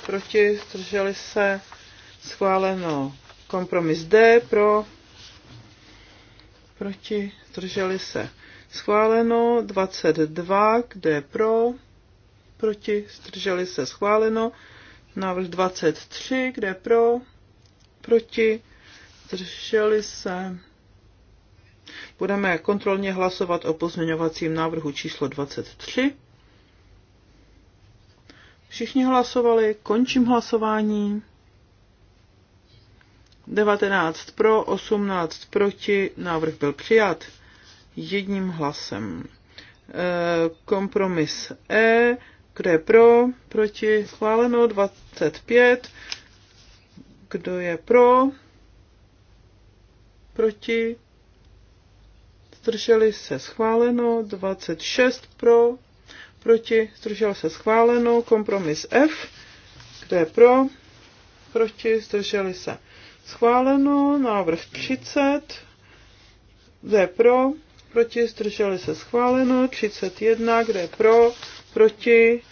proti, zdrželi se, schváleno, kompromis D, pro, proti, zdrželi se, schváleno, 22, kde pro, proti, zdrželi se, schváleno, návrh 23, kde pro, proti, zdrželi se. Budeme kontrolně hlasovat o pozměňovacím návrhu číslo 23. Všichni hlasovali, končím hlasování. 19 pro, 18 proti, návrh byl přijat jedním hlasem. E, kompromis E, kde pro, proti, schváleno 25, kdo je pro? Proti? Zdrželi se schváleno. 26 pro. Proti? Zdržel se schváleno. Kompromis F. Kdo je pro? Proti? Zdrželi se schváleno. Návrh 30. Kdo je pro? Proti? Zdrželi se schváleno. 31. Kdo je pro? Proti?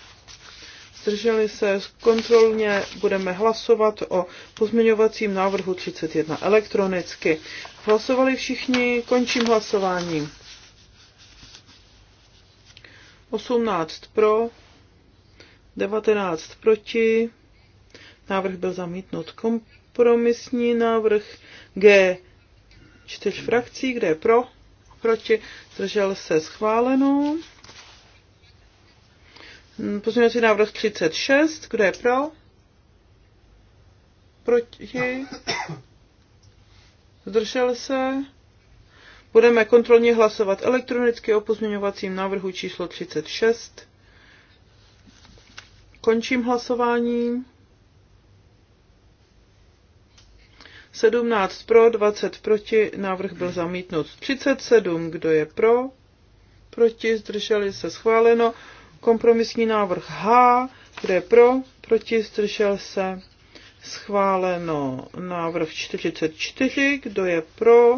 zdrželi se, kontrolně budeme hlasovat o pozměňovacím návrhu 31 elektronicky. Hlasovali všichni, končím hlasování. 18 pro, 19 proti, návrh byl zamítnut kompromisní návrh G čtyř frakcí, kde je pro, proti, zdržel se schváleno. Hm, pozměňovací návrh 36, kdo je pro? Proti? Zdržel se? Budeme kontrolně hlasovat elektronicky o pozměňovacím návrhu číslo 36. Končím hlasování. 17 pro, 20 proti, návrh byl zamítnut. 37, kdo je pro? Proti, zdrželi se schváleno. Kompromisní návrh H, kde je pro, proti, zdržel se, schváleno návrh 44, kdo je pro,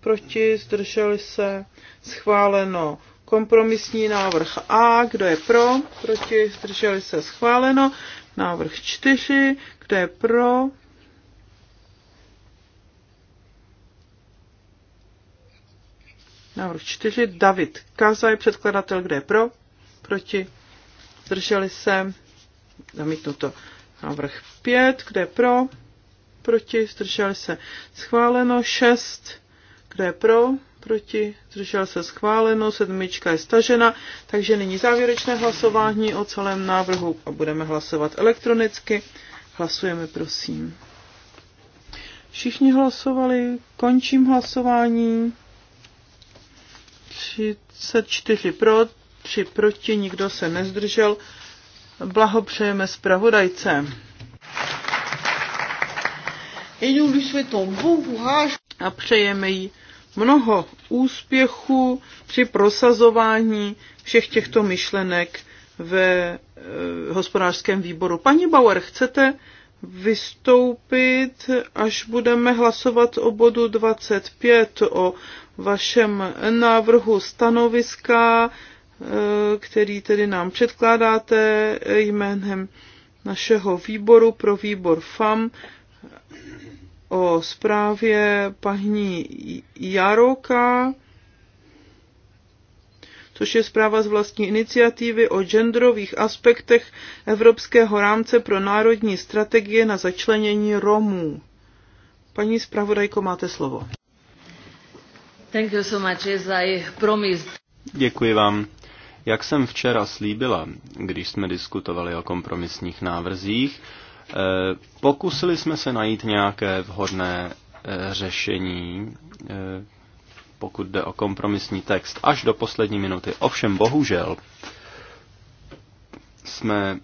proti, zdrželi se, schváleno kompromisní návrh A, kdo je pro, proti, zdrželi se, schváleno, návrh 4, kdo je pro, Návrh čtyři, David Kaza je předkladatel, kde je pro, proti, zdrželi se, zamítnuto. Návrh pět, kde je pro, proti, zdrželi se, schváleno. šest, kde je pro, proti, Zdrželi se schváleno, sedmička je stažena, takže nyní závěrečné hlasování o celém návrhu a budeme hlasovat elektronicky. Hlasujeme, prosím. Všichni hlasovali, končím hlasování. 34 pro, 3 proti, nikdo se nezdržel. Blahopřejeme zpravodajce. A přejeme jí mnoho úspěchů při prosazování všech těchto myšlenek ve e, hospodářském výboru. Paní Bauer, chcete vystoupit, až budeme hlasovat o bodu 25 o vašem návrhu stanoviska, eh, který tedy nám předkládáte jménem našeho výboru pro výbor FAM o zprávě paní Jaroka, což je zpráva z vlastní iniciativy o genderových aspektech Evropského rámce pro národní strategie na začlenění Romů. Paní zpravodajko, máte slovo. Děkuji vám. Jak jsem včera slíbila, když jsme diskutovali o kompromisních návrzích, eh, pokusili jsme se najít nějaké vhodné eh, řešení, eh, pokud jde o kompromisní text, až do poslední minuty. Ovšem, bohužel, jsme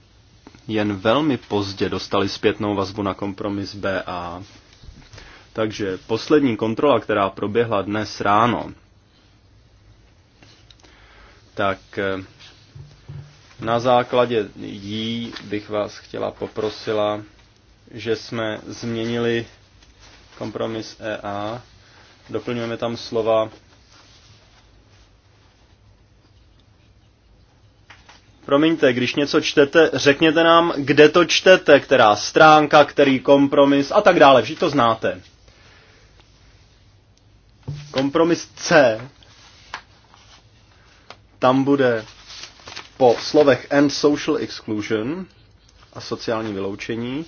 jen velmi pozdě dostali zpětnou vazbu na kompromis BA takže poslední kontrola, která proběhla dnes ráno, tak eh, na základě jí bych vás chtěla poprosila, že jsme změnili kompromis EA, doplňujeme tam slova Promiňte, když něco čtete, řekněte nám, kde to čtete, která stránka, který kompromis a tak dále. Vždyť to znáte. Kompromis C. Tam bude po slovech and social exclusion a sociální vyloučení.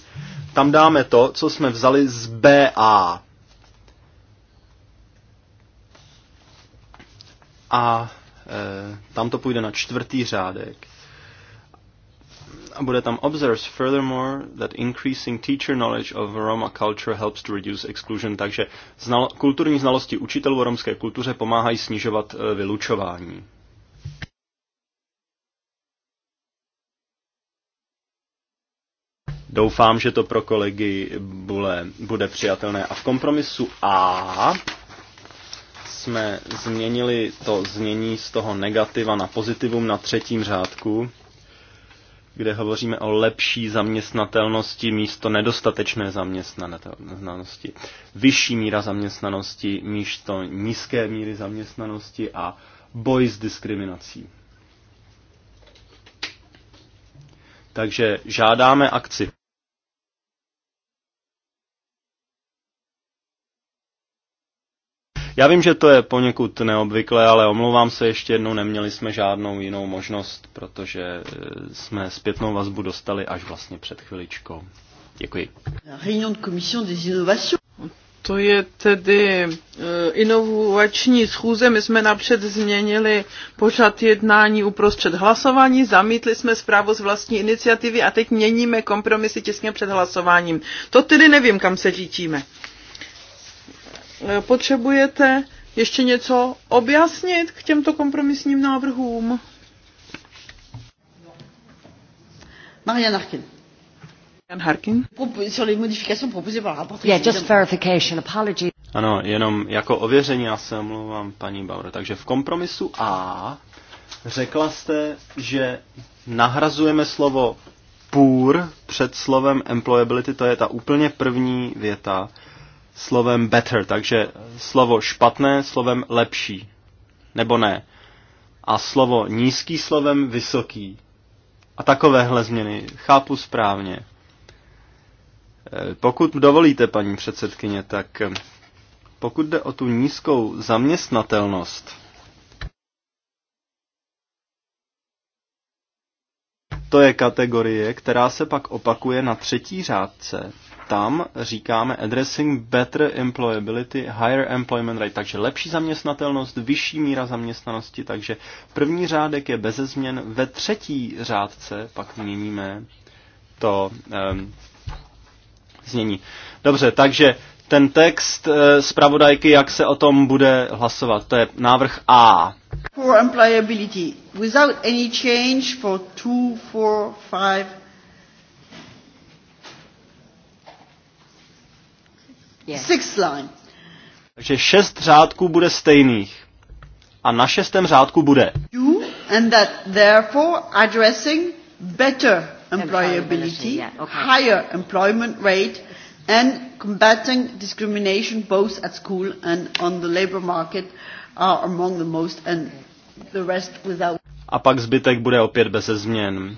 Tam dáme to, co jsme vzali z BA. A e, tam to půjde na čtvrtý řádek bude tam observes furthermore that increasing teacher knowledge of Roma culture helps to reduce exclusion, takže znal, kulturní znalosti učitelů o romské kultuře pomáhají snižovat eh, vylučování. Doufám, že to pro kolegy bude, bude přijatelné. A v kompromisu A jsme změnili to znění z toho negativa na pozitivum na třetím řádku kde hovoříme o lepší zaměstnatelnosti místo nedostatečné zaměstnanosti, vyšší míra zaměstnanosti místo nízké míry zaměstnanosti a boj s diskriminací. Takže žádáme akci. Já vím, že to je poněkud neobvyklé, ale omlouvám se ještě jednou, neměli jsme žádnou jinou možnost, protože eh, jsme zpětnou vazbu dostali až vlastně před chviličkou. Děkuji. des innovations. To je tedy eh, inovační schůze. My jsme napřed změnili pořad jednání uprostřed hlasování, zamítli jsme zprávu z vlastní iniciativy a teď měníme kompromisy těsně před hlasováním. To tedy nevím, kam se řítíme. Eh, potřebujete ještě něco objasnit k těmto kompromisním návrhům? Marianne Harkin. Marianne Harkin. Yeah, just verification. Apology. Ano, jenom jako ověření, já se omlouvám, paní Bauer. Takže v kompromisu A řekla jste, že nahrazujeme slovo půr před slovem employability, to je ta úplně první věta slovem better, takže slovo špatné slovem lepší, nebo ne. A slovo nízký slovem vysoký. A takovéhle změny chápu správně. E, pokud dovolíte, paní předsedkyně, tak e, pokud jde o tu nízkou zaměstnatelnost, to je kategorie, která se pak opakuje na třetí řádce tam říkáme addressing better employability, higher employment rate, takže lepší zaměstnatelnost, vyšší míra zaměstnanosti, takže první řádek je beze změn, ve třetí řádce pak měníme to um, znění. Dobře, takže ten text eh, zpravodajky, jak se o tom bude hlasovat, to je návrh A. For employability, without any change for 2, 4, 5, Takže šest řádků bude stejných. A na šestém řádku bude. You and that therefore addressing better employability, higher employment rate and combating discrimination both at school and on the labor market are among the most and the rest without. A pak zbytek bude opět bez změn.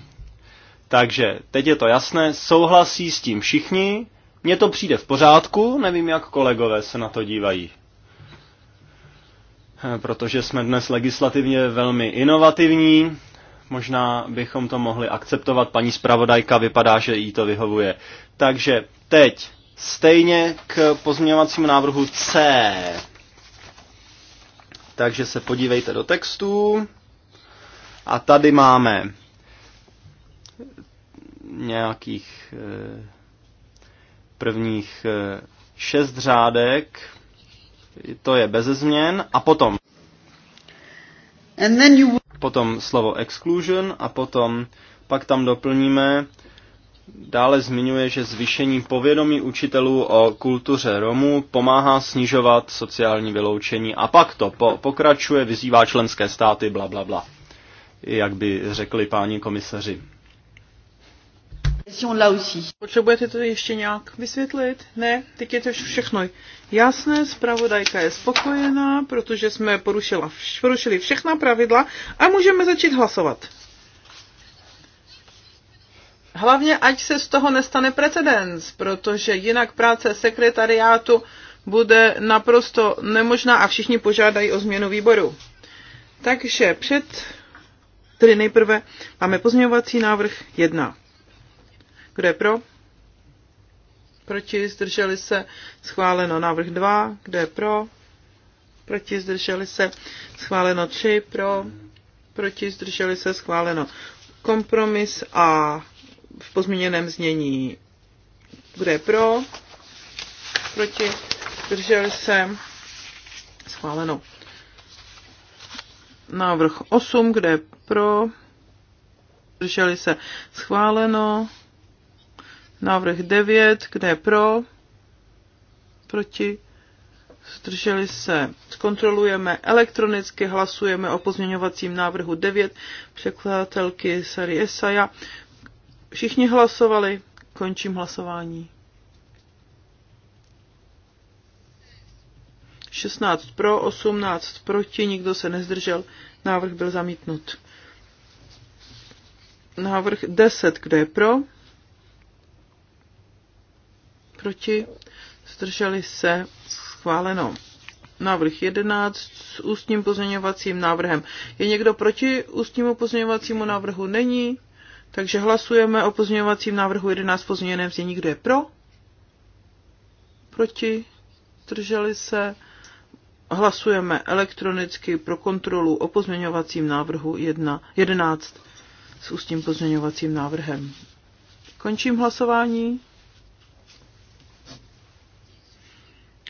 Takže teď je to jasné, souhlasí s tím všichni, mně to přijde v pořádku, nevím, jak kolegové se na to dívají. Protože jsme dnes legislativně velmi inovativní, možná bychom to mohli akceptovat. Paní zpravodajka vypadá, že jí to vyhovuje. Takže teď stejně k pozměňovacímu návrhu C. Takže se podívejte do textu. A tady máme nějakých eh, Prvních eh, šest řádek, to je beze změn, a potom. And then you... Potom slovo exclusion a potom pak tam doplníme Dále zmiňuje, že zvýšení povědomí učitelů o kultuře Romů pomáhá snižovat sociální vyloučení a pak to po- pokračuje, vyzývá členské státy, bla, bla, bla. Jak by řekli páni komisaři question là aussi. Potřebujete to ještě nějak vysvětlit? Ne, teď je to všechno jasné, zpravodajka je spokojená, protože jsme porušila, porušili všechna pravidla a můžeme začít hlasovat. Hlavně, ať se z toho nestane precedens, protože jinak práce sekretariátu bude naprosto nemožná a všichni požádají o změnu výboru. Takže před, tedy nejprve máme pozměňovací návrh 1. Kdo je pro? Proti zdrželi se schváleno návrh 2. Kdo je pro? Proti zdrželi se schváleno 3. Pro? Proti zdrželi se schváleno kompromis a v pozměněném znění. Kdo je pro? Proti zdrželi se schváleno. Návrh 8, kde je pro, drželi se schváleno. Návrh 9, kde je pro, proti, zdrželi se. Zkontrolujeme elektronicky, hlasujeme o pozměňovacím návrhu 9 překladatelky Sary Esaja. Všichni hlasovali, končím hlasování. 16 pro, 18 proti, nikdo se nezdržel, návrh byl zamítnut. Návrh 10, kde je pro? proti, zdrželi se, schváleno. Návrh 11 s ústním pozměňovacím návrhem. Je někdo proti ústnímu pozměňovacímu návrhu? Není. Takže hlasujeme o pozměňovacím návrhu 11 pozměněném vzdění. Kdo je pro? Proti? Zdrželi se? Hlasujeme elektronicky pro kontrolu o pozměňovacím návrhu 1, 11 s ústním pozměňovacím návrhem. Končím hlasování.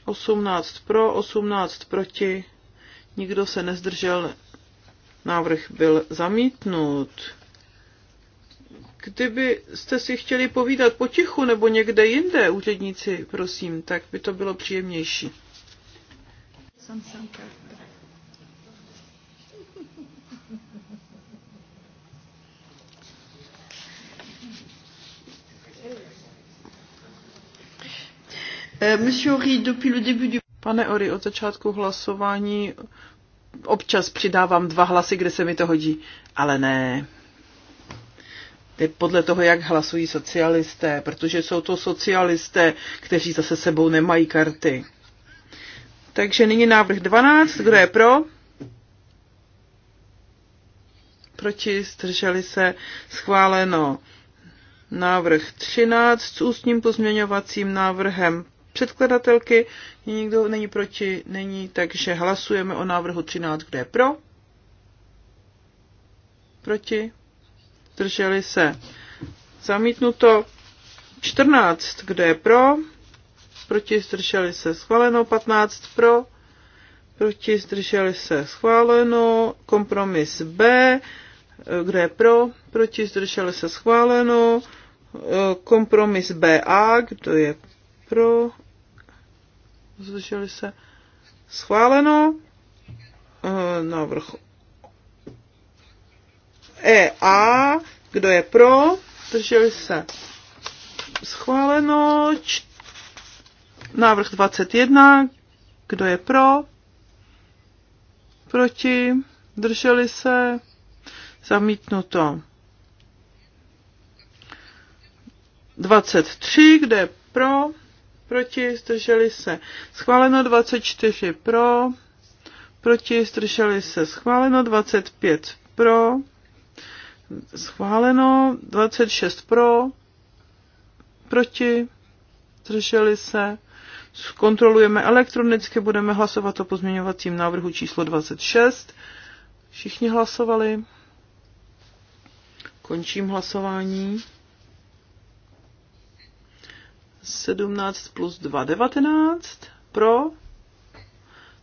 18 pro, 18 proti, nikdo se nezdržel, návrh byl zamítnut. Kdybyste si chtěli povídat potichu nebo někde jinde, úředníci, prosím, tak by to bylo příjemnější. Jsem, jsem, tak, tak. Eh, Pane Ori, od začátku hlasování občas přidávám dva hlasy, kde se mi to hodí, ale ne. Je podle toho, jak hlasují socialisté, protože jsou to socialisté, kteří zase sebou nemají karty. Takže nyní návrh 12, kdo je pro? Proti, zdrželi se, schváleno. Návrh 13 s ústním pozměňovacím návrhem předkladatelky. Nikdo není proti, není, takže hlasujeme o návrhu 13, kde je pro. Proti. Drželi se. Zamítnuto 14, kde je pro. Proti zdrželi se schváleno 15 pro. Proti zdrželi se schváleno. Kompromis B, kde je pro. Proti zdrželi se schváleno kompromis BA, kdo je pro zdrželi se schváleno. Eh, návrh EA, kdo je pro, zdrželi se schváleno. Návrh 21, kdo je pro, proti, drželi se, zamítnuto. 23, kde je pro, proti, zdrželi se schváleno 24 pro, proti, zdrželi se schváleno 25 pro, schváleno 26 pro, proti, zdrželi se, Zkontrolujeme elektronicky, budeme hlasovat o pozměňovacím návrhu číslo 26. Všichni hlasovali. Končím hlasování. 17 plus 2, 19. Pro.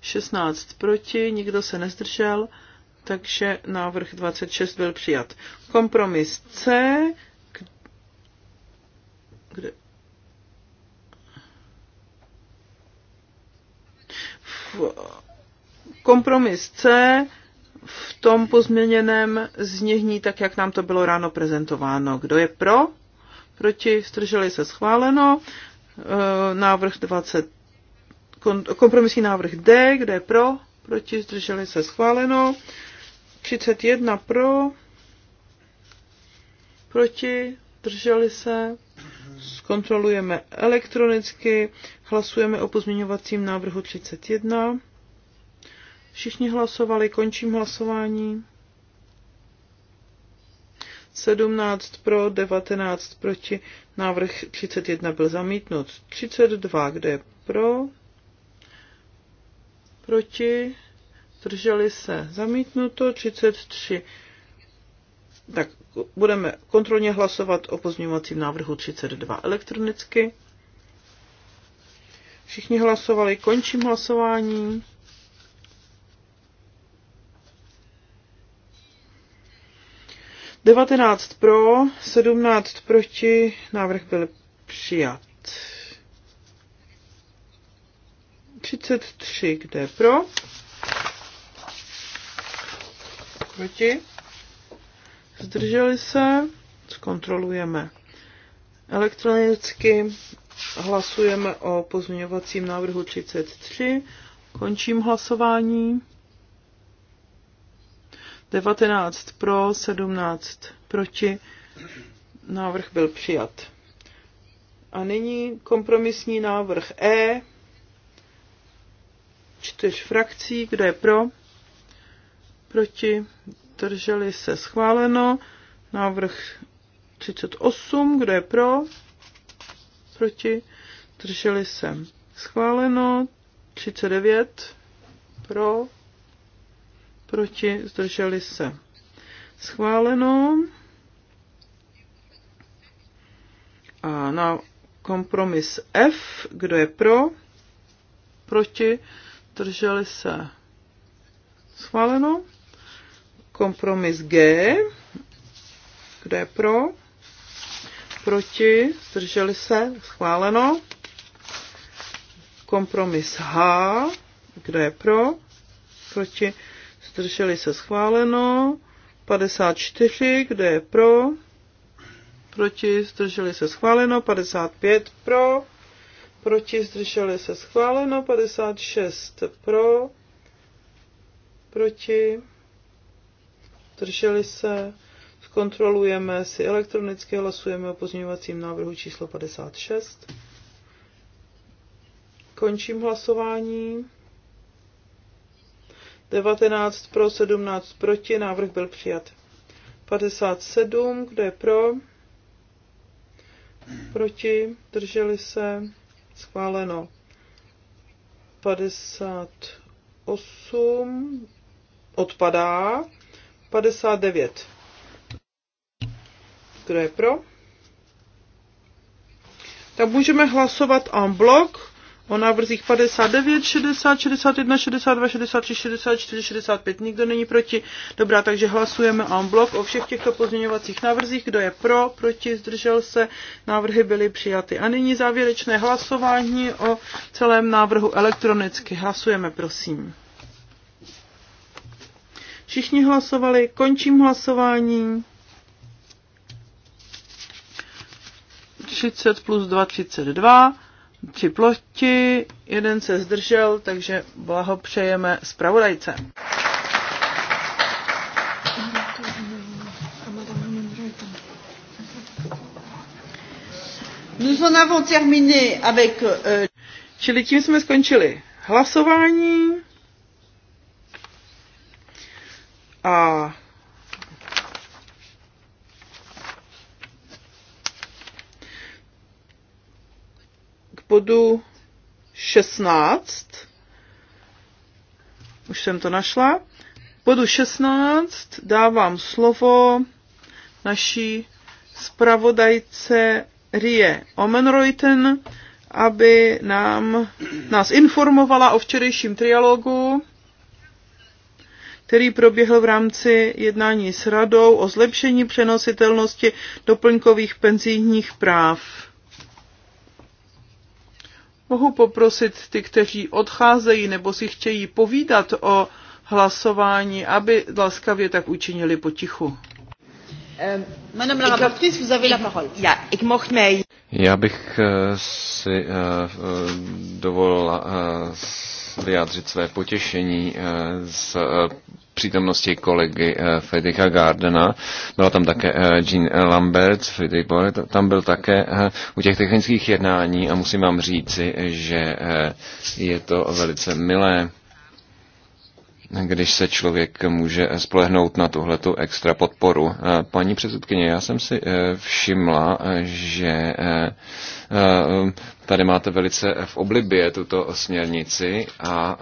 16 proti, nikdo se nezdržel, takže návrh 26 byl přijat. Kompromis C. Kde? V kompromis C v tom pozměněném znění, tak jak nám to bylo ráno prezentováno. Kdo je pro? proti, zdrželi se schváleno. Eh, návrh 20, kompromisní návrh D, kde je pro, proti, zdrželi se schváleno. 31 pro, proti, zdrželi se, zkontrolujeme elektronicky, hlasujeme o pozměňovacím návrhu 31. Všichni hlasovali, končím hlasování. 17 pro, 19 proti, návrh 31 byl zamítnut. 32, kde je pro, proti, drželi se zamítnuto, 33. Tak budeme kontrolně hlasovat o pozměňovacím návrhu 32 elektronicky. Všichni hlasovali, končím hlasování. 19 pro, 17 proti, návrh byl přijat. 33, kde pro? Proti? Zdrželi se? Zkontrolujeme. Elektronicky hlasujeme o pozměňovacím návrhu 33. Končím hlasování. 19 pro, 17 proti. Návrh byl přijat. A nyní kompromisní návrh E. Čtyř frakcí, kde je pro? Proti? Drželi se schváleno. Návrh 38, kde je pro? Proti? Drželi se schváleno. 39 pro, proti, zdrželi se. Schváleno. A na kompromis F, kdo je pro, proti, zdrželi se. Schváleno. Kompromis G, kdo je pro, proti, zdrželi se, schváleno. Kompromis H, kdo je pro, proti, zdrželi se schváleno, 54, kde je pro, proti, zdrželi se schváleno, 55 pro, proti, zdrželi se schváleno, 56 pro, proti, zdrželi se, zkontrolujeme si elektronicky, hlasujeme o pozměňovacím návrhu číslo 56. Končím hlasování. 19 pro, 17 proti, návrh byl přijat. 57, kdo je pro? Proti, drželi se, schváleno. 58 odpadá. 59. Kdo je pro? Tak můžeme hlasovat en bloc o návrzích 59, 60, 61, 62, 63, 64, 65. Nikdo není proti. Dobrá, takže hlasujeme en blok o všech těchto pozměňovacích návrzích. Kdo je pro, proti, zdržel se. Návrhy byly přijaty. A nyní závěrečné hlasování o celém návrhu elektronicky. Hlasujeme, prosím. Všichni hlasovali, končím hlasování. 30 plus 2, 32 tři ploti, jeden se zdržel, takže blahopřejeme zpravodajce. Nous en avons terminé avec... Euh... Čili tím jsme skončili hlasování. A bodu 16. Už jsem to našla. Bodu 16 dávám slovo naší zpravodajce Rie Omenreuten, aby nám, nás informovala o včerejším trialogu, který proběhl v rámci jednání s radou o zlepšení přenositelnosti doplňkových penzijních práv mohu poprosit ty, kteří odcházejí nebo si chtějí povídat o hlasování, aby laskavě tak učinili potichu. Eh, Já bych eh, si eh, dovolila vyjádřit své potěšení z přítomnosti kolegy eh, Friedricha Gardena. Byla tam také eh, Jean Lambert, Friedrich Bohr, tam byl také eh, u těch technických jednání a musím vám říci, že je to velice milé když se člověk může spolehnout na tuhletu extra podporu. Paní předsedkyně, já jsem si všimla, že tady máte velice v oblibě tuto směrnici a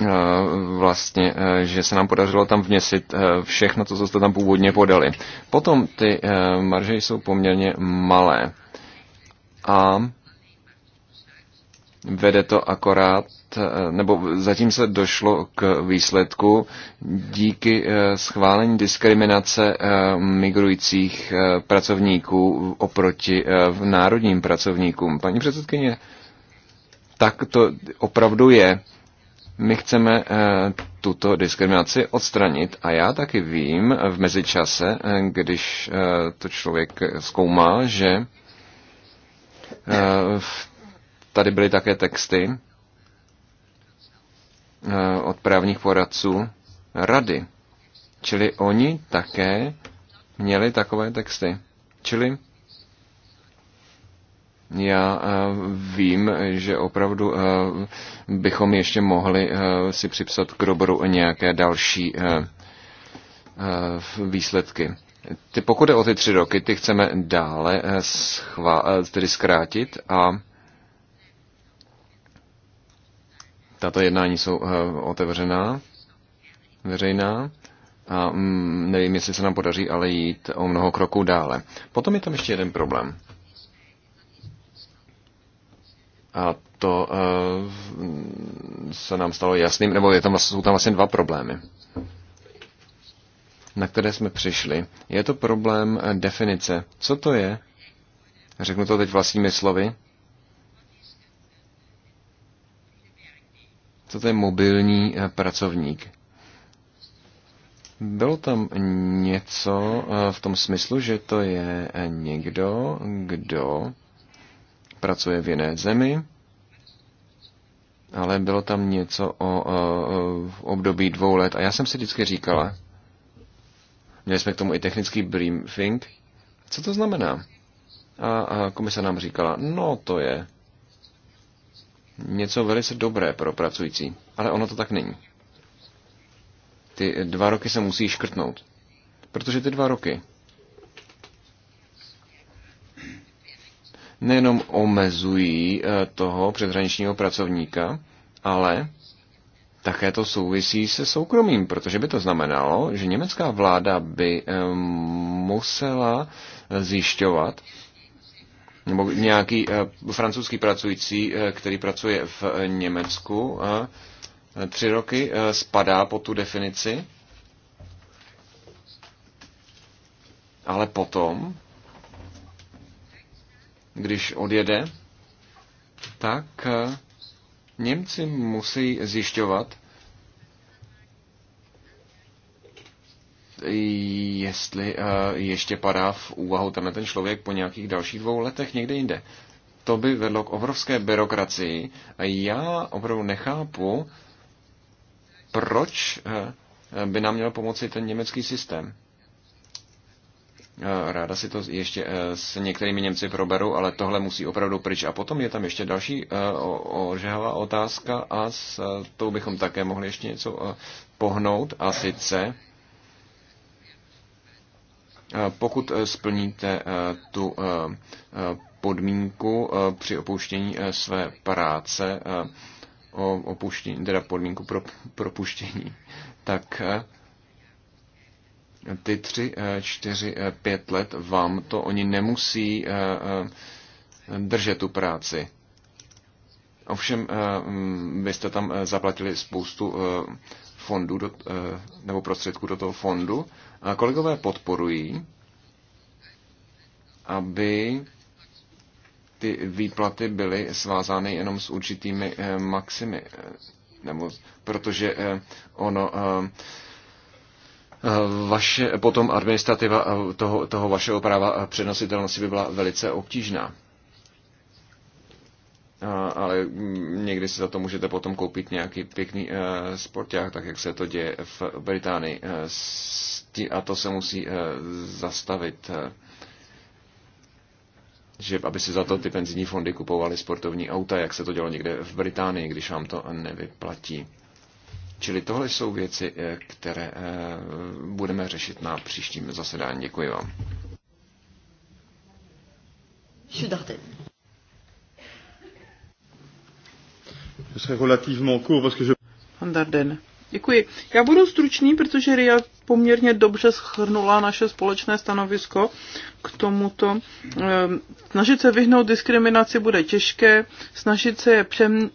Eh, vlastně, eh, že se nám podařilo tam vněsit eh, všechno to, co jste tam původně podali. Potom ty marže jsou poměrně malé a vede to akorát, nebo zatím se došlo k výsledku díky schválení diskriminace migrujících pracovníků oproti národním pracovníkům. Paní předsedkyně, tak to opravdu je. My chceme eh, tuto diskriminaci odstranit a já taky vím v mezičase, eh, když eh, to člověk zkoumá, že tady byly také texty od právních poradců rady. Čili oni také měli takové texty. Čili já eh, vím, že opravdu eh, bychom ještě mohli eh, si připsat k dobru nějaké další výsledky. Ty, pokud je o ty tři roky, ty chceme dále schvá- tedy zkrátit a tato jednání jsou otevřená, veřejná a mm, nevím, jestli se nám podaří ale jít o mnoho kroků dále. Potom je tam ještě jeden problém. A to eh, se nám stalo jasným, nebo je tam, jsou tam vlastně dva problémy na které jsme přišli. Je to problém eh, definice. Co to je? Řeknu to teď vlastními slovy. Co to je mobilní eh, pracovník? Bylo tam něco v tom smyslu, že to je někdo, kdo pracuje v jiné zemi, ale bylo tam něco o, o, o období dvou let. A já jsem si vždycky říkala, měli jsme k tomu i technický briefing, co to znamená? A, a komise nám říkala, no to je něco velice dobré pro pracující, ale ono to tak není. Ty dva roky se musí škrtnout, protože ty dva roky nejenom omezují eh, toho přeshraničního pracovníka, ale také to souvisí se soukromím, protože by to znamenalo, že německá vláda by eh, musela zjišťovat, nebo nějaký eh, francouzský pracující, který pracuje v Německu, tři roky spadá pod tu definici, ale potom když odjede, tak eh, Němci musí zjišťovat, jestli eh, ještě padá v úvahu tenhle ten člověk po nějakých dalších dvou letech někde jinde. To by vedlo k obrovské byrokracii a já opravdu nechápu, proč eh, by nám měl pomoci ten německý systém. Eh, ráda si to ještě eh, s některými Němci proberu, ale tohle musí opravdu pryč. A potom je tam ještě další eh, ožehavá otázka a s tou bychom také mohli ještě něco pohnout. A sice, pokud splníte tu podmínku při opuštění své práce, opuštění, teda podmínku pro propuštění, tak ty tři, eh, čtyři, eh, pět let vám to oni nemusí eh, držet tu práci. Ovšem, mm, vy jste tam zaplatili spoustu fondů do, nebo prostředků do toho fondu a kolegové podporují, aby ty výplaty byly svázány jenom s určitými maximy. Nebo, protože ono vaše, potom administrativa toho, toho vašeho práva přenositelnosti by byla velice obtížná. Ale někdy si za to můžete potom koupit nějaký pěkný eh, sporták, tak jak se to děje v Británii. Eh, a to se musí eh, zastavit že aby si za to ty penzijní fondy kupovaly sportovní auta, jak se to dělo někde v Británii, když vám to nevyplatí. Čili tohle jsou věci, eh, které eh, budeme řešit na příštím zasedání. Děkuji vám. Pan Darden. Děkuji. Já budu stručný, protože Ria poměrně dobře schrnula naše společné stanovisko k tomuto. Ehm, snažit se vyhnout diskriminaci bude těžké, snažit se je přem,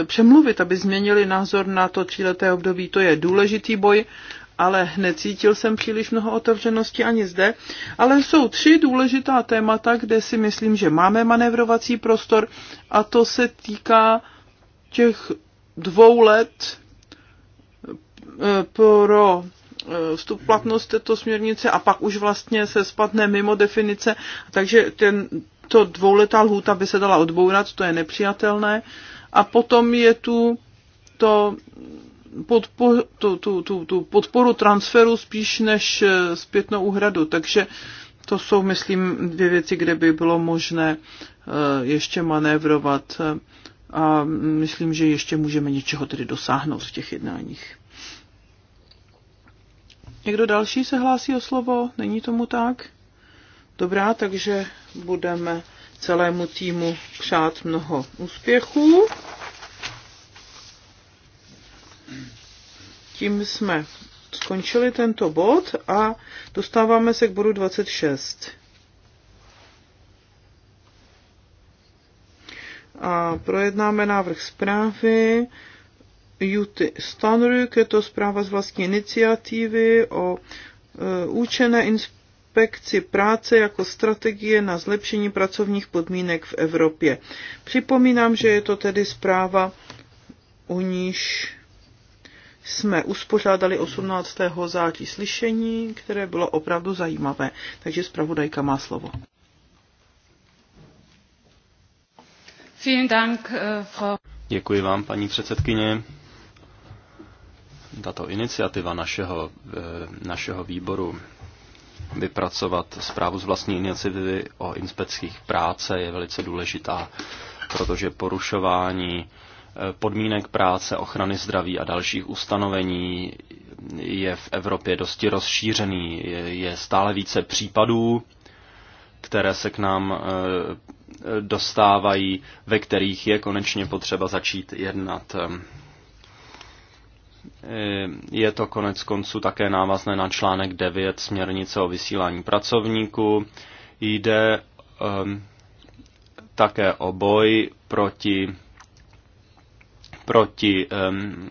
E, přemluvit, aby změnili názor na to tříleté období. To je důležitý boj, ale necítil jsem příliš mnoho otevřenosti ani zde. Ale jsou tři důležitá témata, kde si myslím, že máme manevrovací prostor a to se týká těch dvou let e, pro e, vstup platnost této směrnice a pak už vlastně se spadne mimo definice, takže ten, to dvouletá lhůta by se dala odbourat, to je nepřijatelné. Uh, a potom je tu to podpor, tu, tu, tu, tu podporu transferu spíš než eh, zpětnou úhradu. Takže to jsou, myslím, dvě věci, kde by bylo možné eh, ještě manévrovat a myslím, že ještě můžeme něčeho tedy dosáhnout v těch jednáních. Někdo další se hlásí o slovo? Není tomu tak? Dobrá, takže budeme celému týmu přát mnoho úspěchů. Tím jsme skončili tento bod a dostáváme se k bodu 26. A projednáme návrh zprávy Juty Stanruk. je to zpráva z vlastní iniciativy o e, účené inspiraci inspekci práce jako strategie na zlepšení pracovních podmínek v Evropě. Připomínám, že je to tedy zpráva, u níž jsme uspořádali 18. září slyšení, které bylo opravdu zajímavé. Takže zpravodajka má slovo. Eh, Děkuji vám, paní předsedkyně. Tato iniciativa našeho, eh, našeho výboru vypracovat zprávu z vlastní iniciativy o inspekcích práce je velice důležitá, protože porušování eh, podmínek práce, ochrany zdraví a dalších ustanovení je v Evropě dosti rozšířený. Je stále více případů, které se k nám eh, dostávají, ve kterých je konečně potřeba začít jednat. Ehm, je to konec konců také návazné na článek 9 směrnice o vysílání pracovníků. Jde um, také o boj proti, proti um,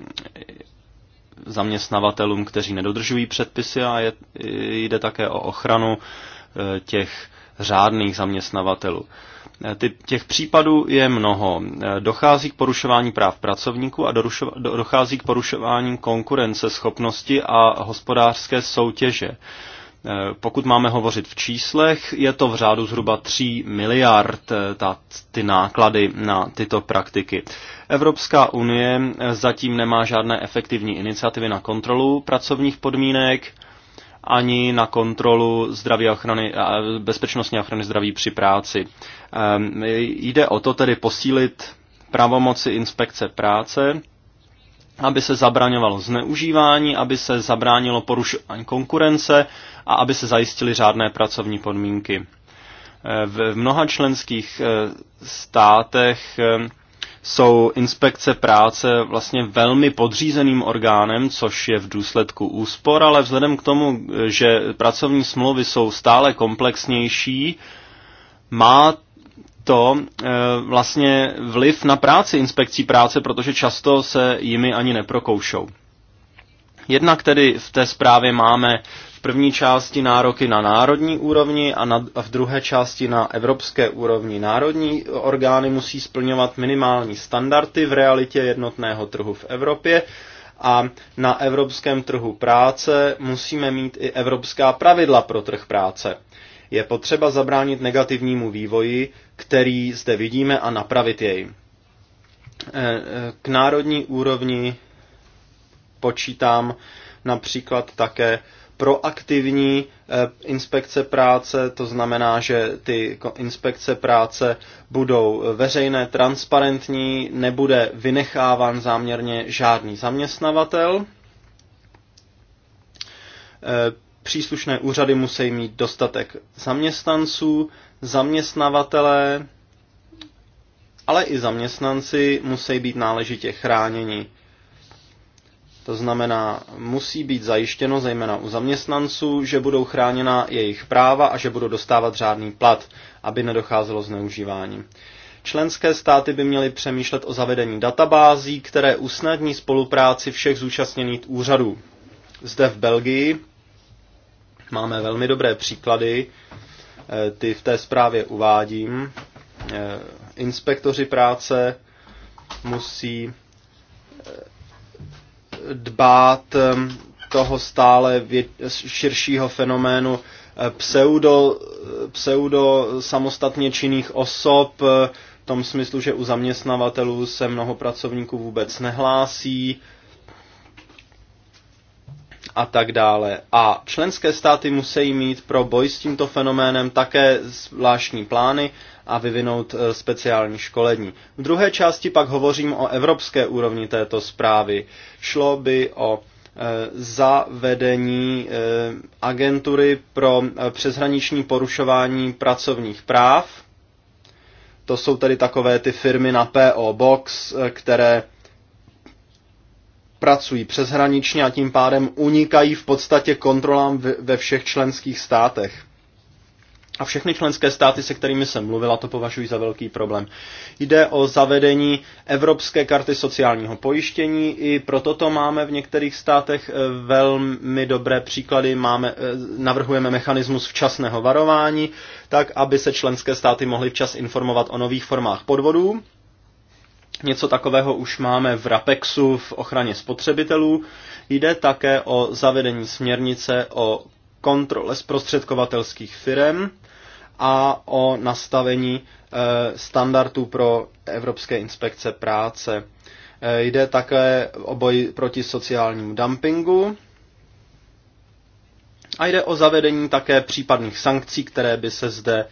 zaměstnavatelům, kteří nedodržují předpisy a je, jde také o ochranu eh, těch řádných zaměstnavatelů. E, těch případů je mnoho. E, dochází k porušování práv pracovníků a dochází k porušování konkurence, schopnosti a hospodářské soutěže. E, pokud máme hovořit v číslech, je to v řádu zhruba 3 miliard ta, ty náklady na tyto praktiky. Evropská unie zatím nemá žádné efektivní iniciativy na kontrolu pracovních podmínek, ani na kontrolu zdraví a ochrany, bezpečnostní ochrany zdraví při práci. Ehm, jde o to tedy posílit pravomoci inspekce práce, aby se zabraňovalo zneužívání, aby se zabránilo porušování konkurence a aby se zajistily řádné pracovní podmínky. Ehm, v mnoha členských ehm, státech jsou inspekce práce vlastně velmi podřízeným orgánem, což je v důsledku úspor, ale vzhledem k tomu, že pracovní smlouvy jsou stále komplexnější, má to eh, vlastně vliv na práci inspekcí práce, protože často se jimi ani neprokoušou. Jednak tedy v té zprávě máme první části nároky na národní úrovni a, na, a v druhé části na evropské úrovni. Národní orgány musí splňovat minimální standardy v realitě jednotného trhu v Evropě a na evropském trhu práce musíme mít i evropská pravidla pro trh práce. Je potřeba zabránit negativnímu vývoji, který zde vidíme, a napravit jej. E, e, k národní úrovni počítám například také proaktivní eh, inspekce práce, to znamená, že ty inspekce práce budou veřejné, transparentní, nebude vynecháván záměrně žádný zaměstnavatel. Eh, příslušné úřady musí mít dostatek zaměstnanců, zaměstnavatelé, ale i zaměstnanci musí být náležitě chráněni to znamená, musí být zajištěno, zejména u zaměstnanců, že budou chráněna jejich práva a že budou dostávat řádný plat, aby nedocházelo zneužívání. Členské státy by měly přemýšlet o zavedení databází, které usnadní spolupráci všech zúčastněných úřadů. Zde v Belgii máme velmi dobré příklady, eh, ty v té zprávě uvádím. Eh, inspektoři práce musí eh, dbát toho stále širšího fenoménu eh, pseudo, eh, pseudo samostatně činných osob, eh, v tom smyslu, že u zaměstnavatelů se mnoho pracovníků vůbec nehlásí, a tak dále. A členské státy musí mít pro boj s tímto fenoménem také zvláštní plány a vyvinout eh, speciální školení. V druhé části pak hovořím o evropské úrovni této zprávy. Šlo by o eh, zavedení eh, agentury pro přeshraniční porušování pracovních práv. To jsou tedy takové ty firmy na PO Box, které pracují přeshraničně a tím pádem unikají v podstatě kontrolám ve všech členských státech. A všechny členské státy, se kterými jsem mluvila, to považují za velký problém. Jde o zavedení Evropské karty sociálního pojištění, i proto to máme v některých státech eh, velmi dobré příklady. Máme, eh, navrhujeme mechanismus včasného varování, tak aby se členské státy mohly včas informovat o nových formách podvodů Něco takového už máme v RAPEXu v ochraně spotřebitelů. Jde také o zavedení směrnice o kontrole zprostředkovatelských firm a o nastavení eh, standardů pro Evropské inspekce práce. Eh, jde také o boj proti sociálnímu dumpingu a jde o zavedení také případných sankcí, které by se zde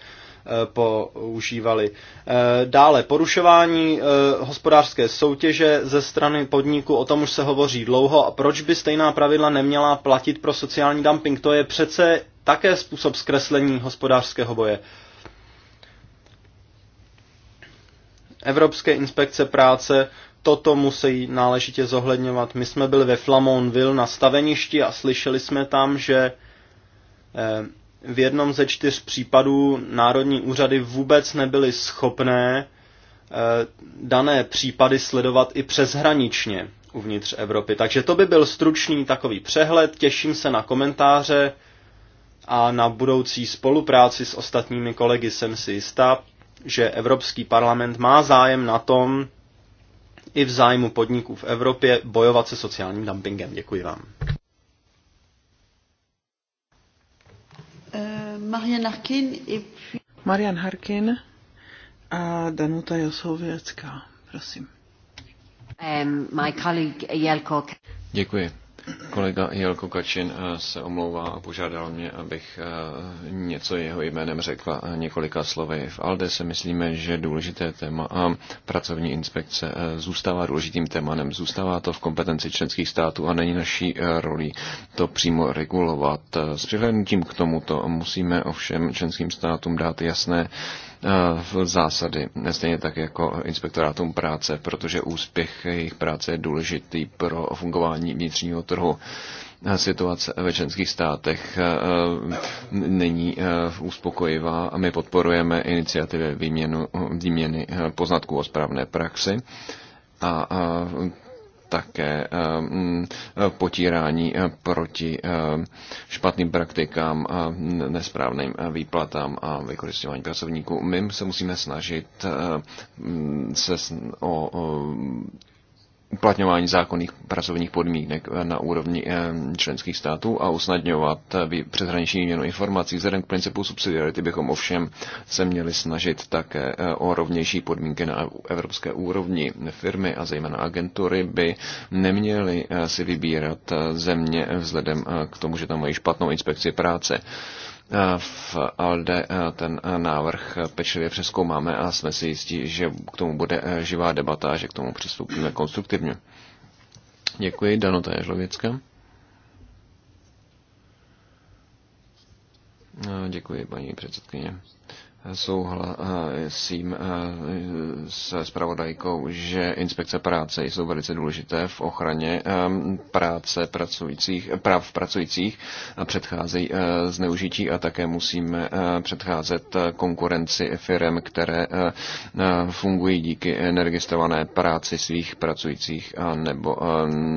používali. Eh, dále porušování eh, hospodářské soutěže ze strany podniku, o tom už se hovoří dlouho a proč by stejná pravidla neměla platit pro sociální dumping? To je přece také způsob zkreslení hospodářského boje. Evropské inspekce práce toto musí náležitě zohledňovat. My jsme byli ve Flamonville na staveništi a slyšeli jsme tam, že eh, v jednom ze čtyř případů národní úřady vůbec nebyly schopné eh, dané případy sledovat i přeshraničně uvnitř Evropy. Takže to by byl stručný takový přehled. Těším se na komentáře a na budoucí spolupráci s ostatními kolegy jsem si jistá, že Evropský parlament má zájem na tom, i v zájmu podniků v Evropě bojovat se sociálním dumpingem. Děkuji vám. Marian Harkin et puis... Harkin a Danuta Josověcká. Prosím. Um, my colleague Jelko. Děkuji. Kolega Jelko Kačin eh, se omlouvá a požádal mě, abych eh, něco jeho jménem řekla eh, několika slovy. V ALDE se myslíme, že důležité téma a pracovní inspekce zůstává důležitým tématem. Zůstává to v kompetenci členských států a není naší roli to přímo regulovat. S přihlednutím k tomuto musíme ovšem členským státům dát jasné Eh, v zásady, stejně tak jako inspektorátům práce, protože úspěch jejich práce je důležitý pro fungování vnitřního trhu eh, situace ve členských státech eh, není uspokojivá a my podporujeme iniciativy výměnu, výměny poznatků o správné praxi a také eh, mm, potírání eh, proti eh, špatným praktikám, nesprávným výplatám a vykořišťování pracovníků. My se musíme snažit mm, se o uplatňování zákonných pracovních podmínek eh, na úrovni eh, členských států a usnadňovat eh, přeshraniční výměnu informací. Vzhledem k principu subsidiarity bychom ovšem se měli snažit také o rovnější podmínky na evropské úrovni. Firmy a zejména agentury by neměly si vybírat země vzhledem k tomu, že tam mají špatnou inspekci práce v ALDE eh, ten eh, návrh pečlivě přeskoumáme a jsme si jistí, že k tomu bude eh, živá debata a že k tomu přistoupíme konstruktivně. Děkuji, Dano Taježlověcka. Děkuji, paní předsedkyně souhlasím eh, se spravodajkou, že inspekce práce jsou velice důležité v ochraně eh, práce pracujících, práv pracujících a předcházejí eh, zneužití a také musíme předcházet konkurenci firm, které fungují díky neregistrované práci svých pracujících nebo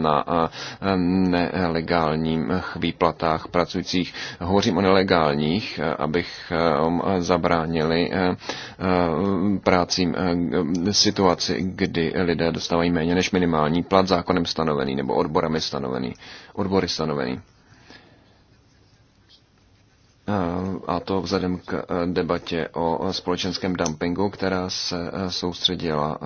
na nelegálních výplatách pracujících. Hovořím o nelegálních, abych zabránil usnadnili eh, eh, práci eh, situaci, kdy lidé dostávají méně než minimální plat zákonem stanovený nebo odborami stanovený, odbory stanovený a to vzhledem k debatě o společenském dumpingu, která se soustředila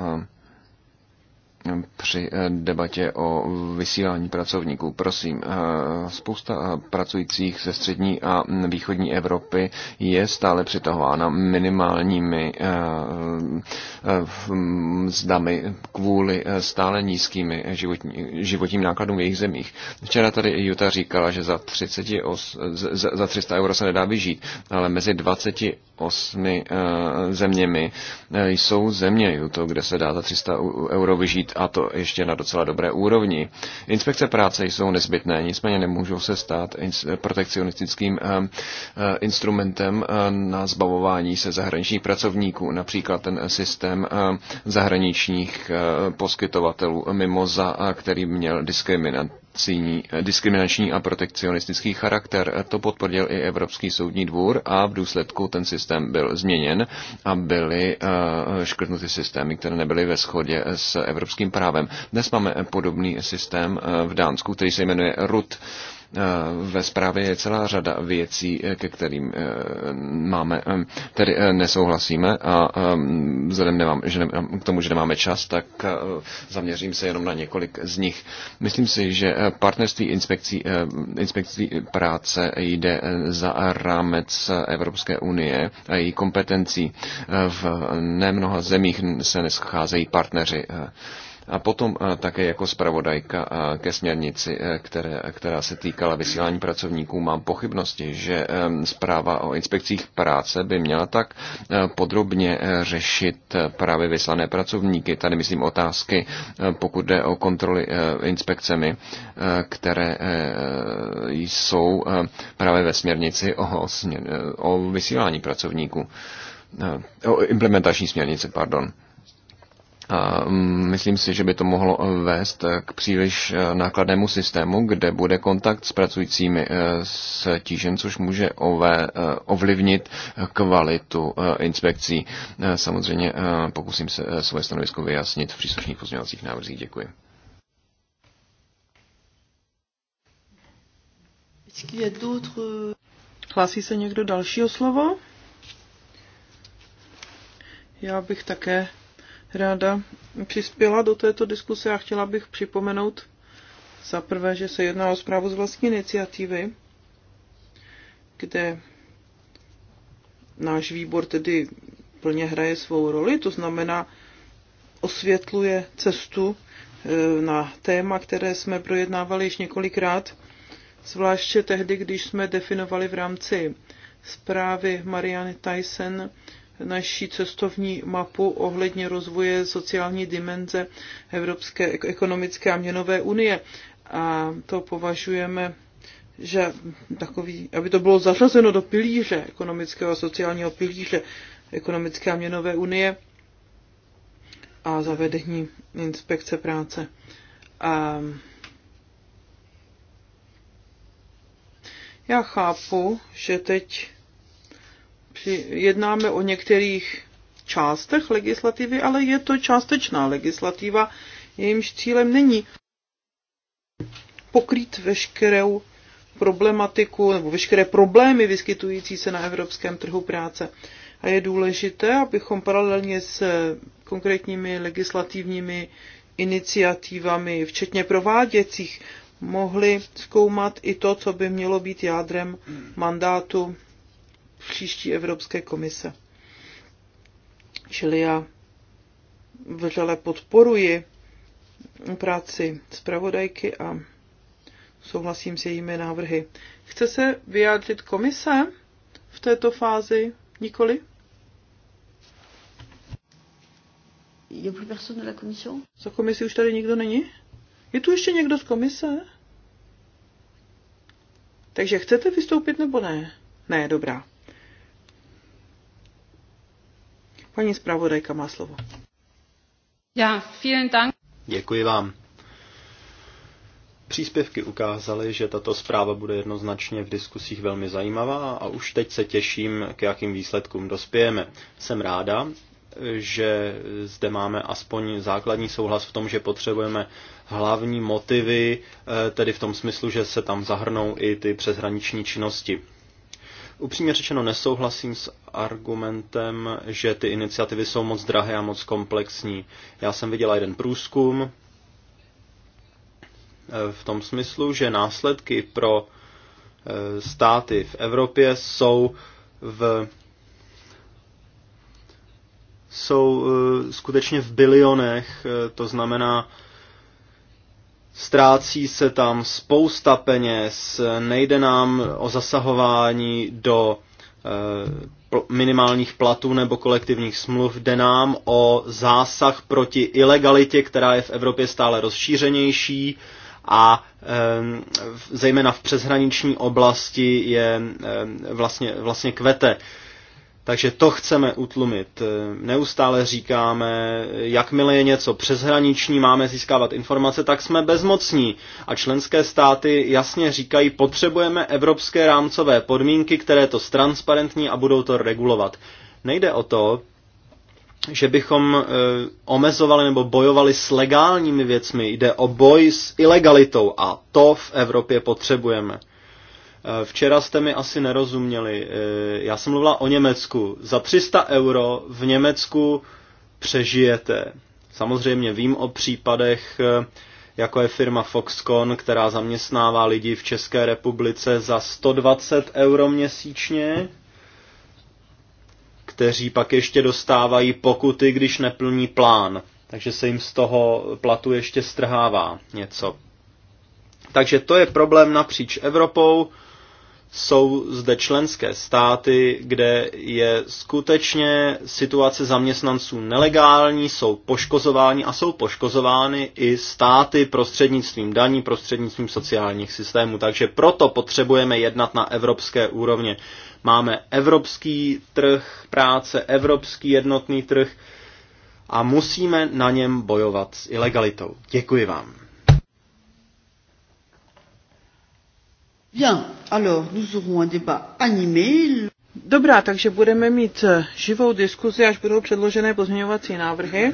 při eh, debatě o vysílání pracovníků. Prosím, eh, spousta eh, pracujících ze střední a východní Evropy je stále přitahována minimálními mzdami mm, kvůli stále nízkými životním nákladům v jejich zemích. Včera tady Juta říkala, že za, 30, za 300 euro se nedá vyžít, ale mezi 28 zeměmi jsou země, kde se dá za 300 euro vyžít a to ještě na docela dobré úrovni. Inspekce práce jsou nezbytné, nicméně nemůžou se stát protekcionistickým eh, eh, instrumentem eh, na zbavování se zahraničních pracovníků, například ten systém zahraničních poskytovatelů mimoza, který měl diskriminant Eh, diskriminační a protekcionistický charakter. Eh, to potvrdil i Evropský soudní dvůr a v důsledku ten systém byl změněn a byly eh, škrtnuty systémy, které nebyly ve shodě s evropským právem. Dnes máme podobný systém v Dánsku, který se jmenuje RUT Eh, ve zprávě je celá řada věcí, eh, ke kterým eh, máme, tedy nesouhlasíme a vzhledem nemám, že nemám, k tomu, že nemáme čas, tak zaměřím se jenom na několik z nich. Myslím si, že partnerství inspekcí, inspekcí práce jde za rámec Evropské unie a její kompetencí. V nemnoha zemích se nescházejí partneři a potom eh, také jako zpravodajka eh, ke směrnici, eh, které, která se týkala vysílání pracovníků, mám pochybnosti, že ehm, zpráva o inspekcích práce by měla tak podrobně řešit právě vyslané pracovníky. Tady myslím otázky, pokud jde o kontroly inspekcemi, které jsou právě ve směrnici o, o vysílání pracovníků. O implementační směrnici, pardon. A mm, myslím si, že by to mohlo eh, vést eh, k příliš eh, nákladnému systému, kde bude kontakt s pracujícími s tížen, což může ovlivnit kvalitu inspekcí. Samozřejmě pokusím se svoje stanovisko vyjasnit v příslušných pozměňovacích návrzích. Děkuji. Euh, Hlásí se někdo dalšího slovo? Já bych také ráda přispěla do této diskuse a chtěla bych připomenout za prvé, že se jedná o zprávu z vlastní iniciativy, kde náš výbor tedy plně hraje svou roli, to znamená osvětluje cestu e, na téma, které jsme projednávali již několikrát, zvláště tehdy, když jsme definovali v rámci zprávy Marianne Tyson naší cestovní mapu ohledně rozvoje sociální dimenze Evropské ekonomické a měnové unie. A to považujeme že takový, aby to bylo zařazeno do pilíře ekonomického a sociálního pilíře ekonomické a měnové unie a zavedení inspekce práce. A já chápu, že teď jednáme o některých částech legislativy, ale je to částečná legislativa, jejímž cílem není pokrýt veškerou problematiku nebo veškeré problémy vyskytující se na evropském trhu práce. A je důležité, abychom paralelně s konkrétními legislativními iniciativami, včetně prováděcích, mohli zkoumat i to, co by mělo být jádrem mandátu příští Evropské komise. Čili já vřele podporuji práci zpravodajky a souhlasím s jejími návrhy. Chce se vyjádřit komise v této fázi? Nikoli? Je Za komisi už tady nikdo není? Je tu ještě někdo z komise? Takže chcete vystoupit nebo ne? Ne, dobrá. Paní zpravodajka má slovo. Já, vielen Dank. Děkuji vám. Příspěvky ukázaly, že tato zpráva bude jednoznačně v diskusích velmi zajímavá a už teď se těším, k jakým výsledkům dospějeme. Jsem ráda, že zde máme aspoň základní souhlas v tom, že potřebujeme hlavní motivy, eh, tedy v tom smyslu, že se tam zahrnou i ty přeshraniční činnosti. Upřímně řečeno nesouhlasím s argumentem, že ty iniciativy jsou moc drahé a moc komplexní. Já jsem viděla jeden průzkum eh, v tom smyslu, že následky pro eh, státy v Evropě jsou v jsou eh, skutečně v bilionech, to znamená Ztrácí se tam spousta peněz, nejde nám o zasahování do eh, minimálních platů nebo kolektivních smluv, jde nám o zásah proti ilegalitě, která je v Evropě stále rozšířenější a eh, zejména v přeshraniční oblasti je eh, vlastně, vlastně kvete. Takže to chceme utlumit. Neustále říkáme, jakmile je něco přeshraniční, máme získávat informace, tak jsme bezmocní. A členské státy jasně říkají, potřebujeme evropské rámcové podmínky, které to transparentní a budou to regulovat. Nejde o to, že bychom eh, omezovali nebo bojovali s legálními věcmi. Jde o boj s ilegalitou a to v Evropě potřebujeme. Eh, včera jste mi asi nerozuměli. Eh, já jsem mluvila o Německu. Za 300 euro v Německu přežijete. Samozřejmě vím o případech, eh, jako je firma Foxconn, která zaměstnává lidi v České republice za 120 euro měsíčně, kteří pak ještě dostávají pokuty, když neplní plán. Takže se jim z toho platu ještě strhává něco. Takže to je problém napříč Evropou jsou zde členské státy, kde je skutečně situace zaměstnanců nelegální, jsou poškozováni a jsou poškozovány i státy prostřednictvím daní, prostřednictvím sociálních systémů. Takže proto potřebujeme jednat na evropské úrovně. Máme evropský trh práce, evropský jednotný trh a musíme na něm bojovat s ilegalitou. Děkuji vám. Bien, alors nous aurons un débat animé. Dobrá, takže budeme mít eh, živou diskuzi, až budou předložené pozměňovací návrhy,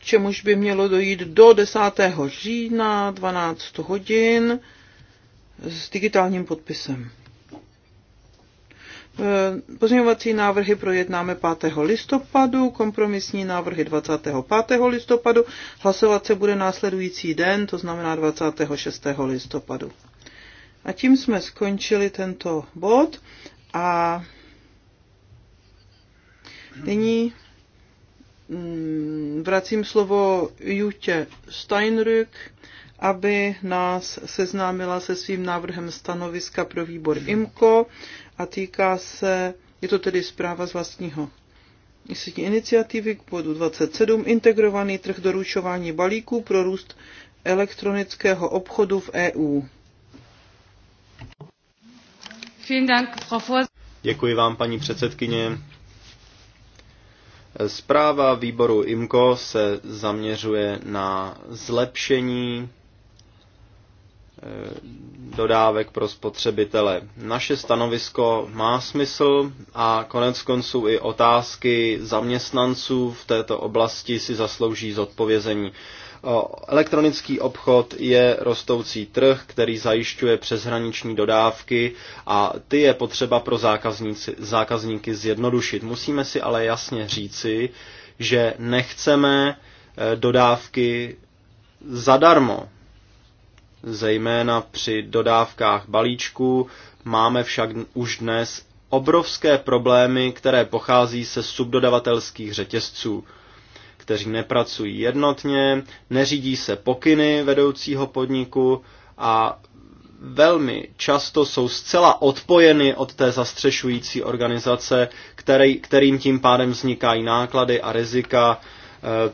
čemuž by mělo dojít do 10. října 12 hodin s digitálním podpisem. Eh, pozměňovací návrhy projednáme 5. listopadu, kompromisní návrhy 25. listopadu. Hlasovat se bude následující den, to znamená 26. listopadu. A tím jsme skončili tento bod a nyní mm, vracím slovo Jutě Steinrück, aby nás seznámila se svým návrhem stanoviska pro výbor IMCO a týká se, je to tedy zpráva z vlastního místní iniciativy k bodu 27, integrovaný trh doručování balíků pro růst elektronického obchodu v EU. Děkuji vám, paní předsedkyně. Zpráva výboru IMCO se zaměřuje na zlepšení dodávek pro spotřebitele. Naše stanovisko má smysl a konec konců i otázky zaměstnanců v této oblasti si zaslouží zodpovězení. Elektronický obchod je rostoucí trh, který zajišťuje přeshraniční dodávky a ty je potřeba pro zákazníky zjednodušit. Musíme si ale jasně říci, že nechceme e, dodávky zadarmo zejména při dodávkách balíčků, máme však už dnes obrovské problémy, které pochází se subdodavatelských řetězců, kteří nepracují jednotně, neřídí se pokyny vedoucího podniku a velmi často jsou zcela odpojeny od té zastřešující organizace, který, kterým tím pádem vznikají náklady a rizika eh,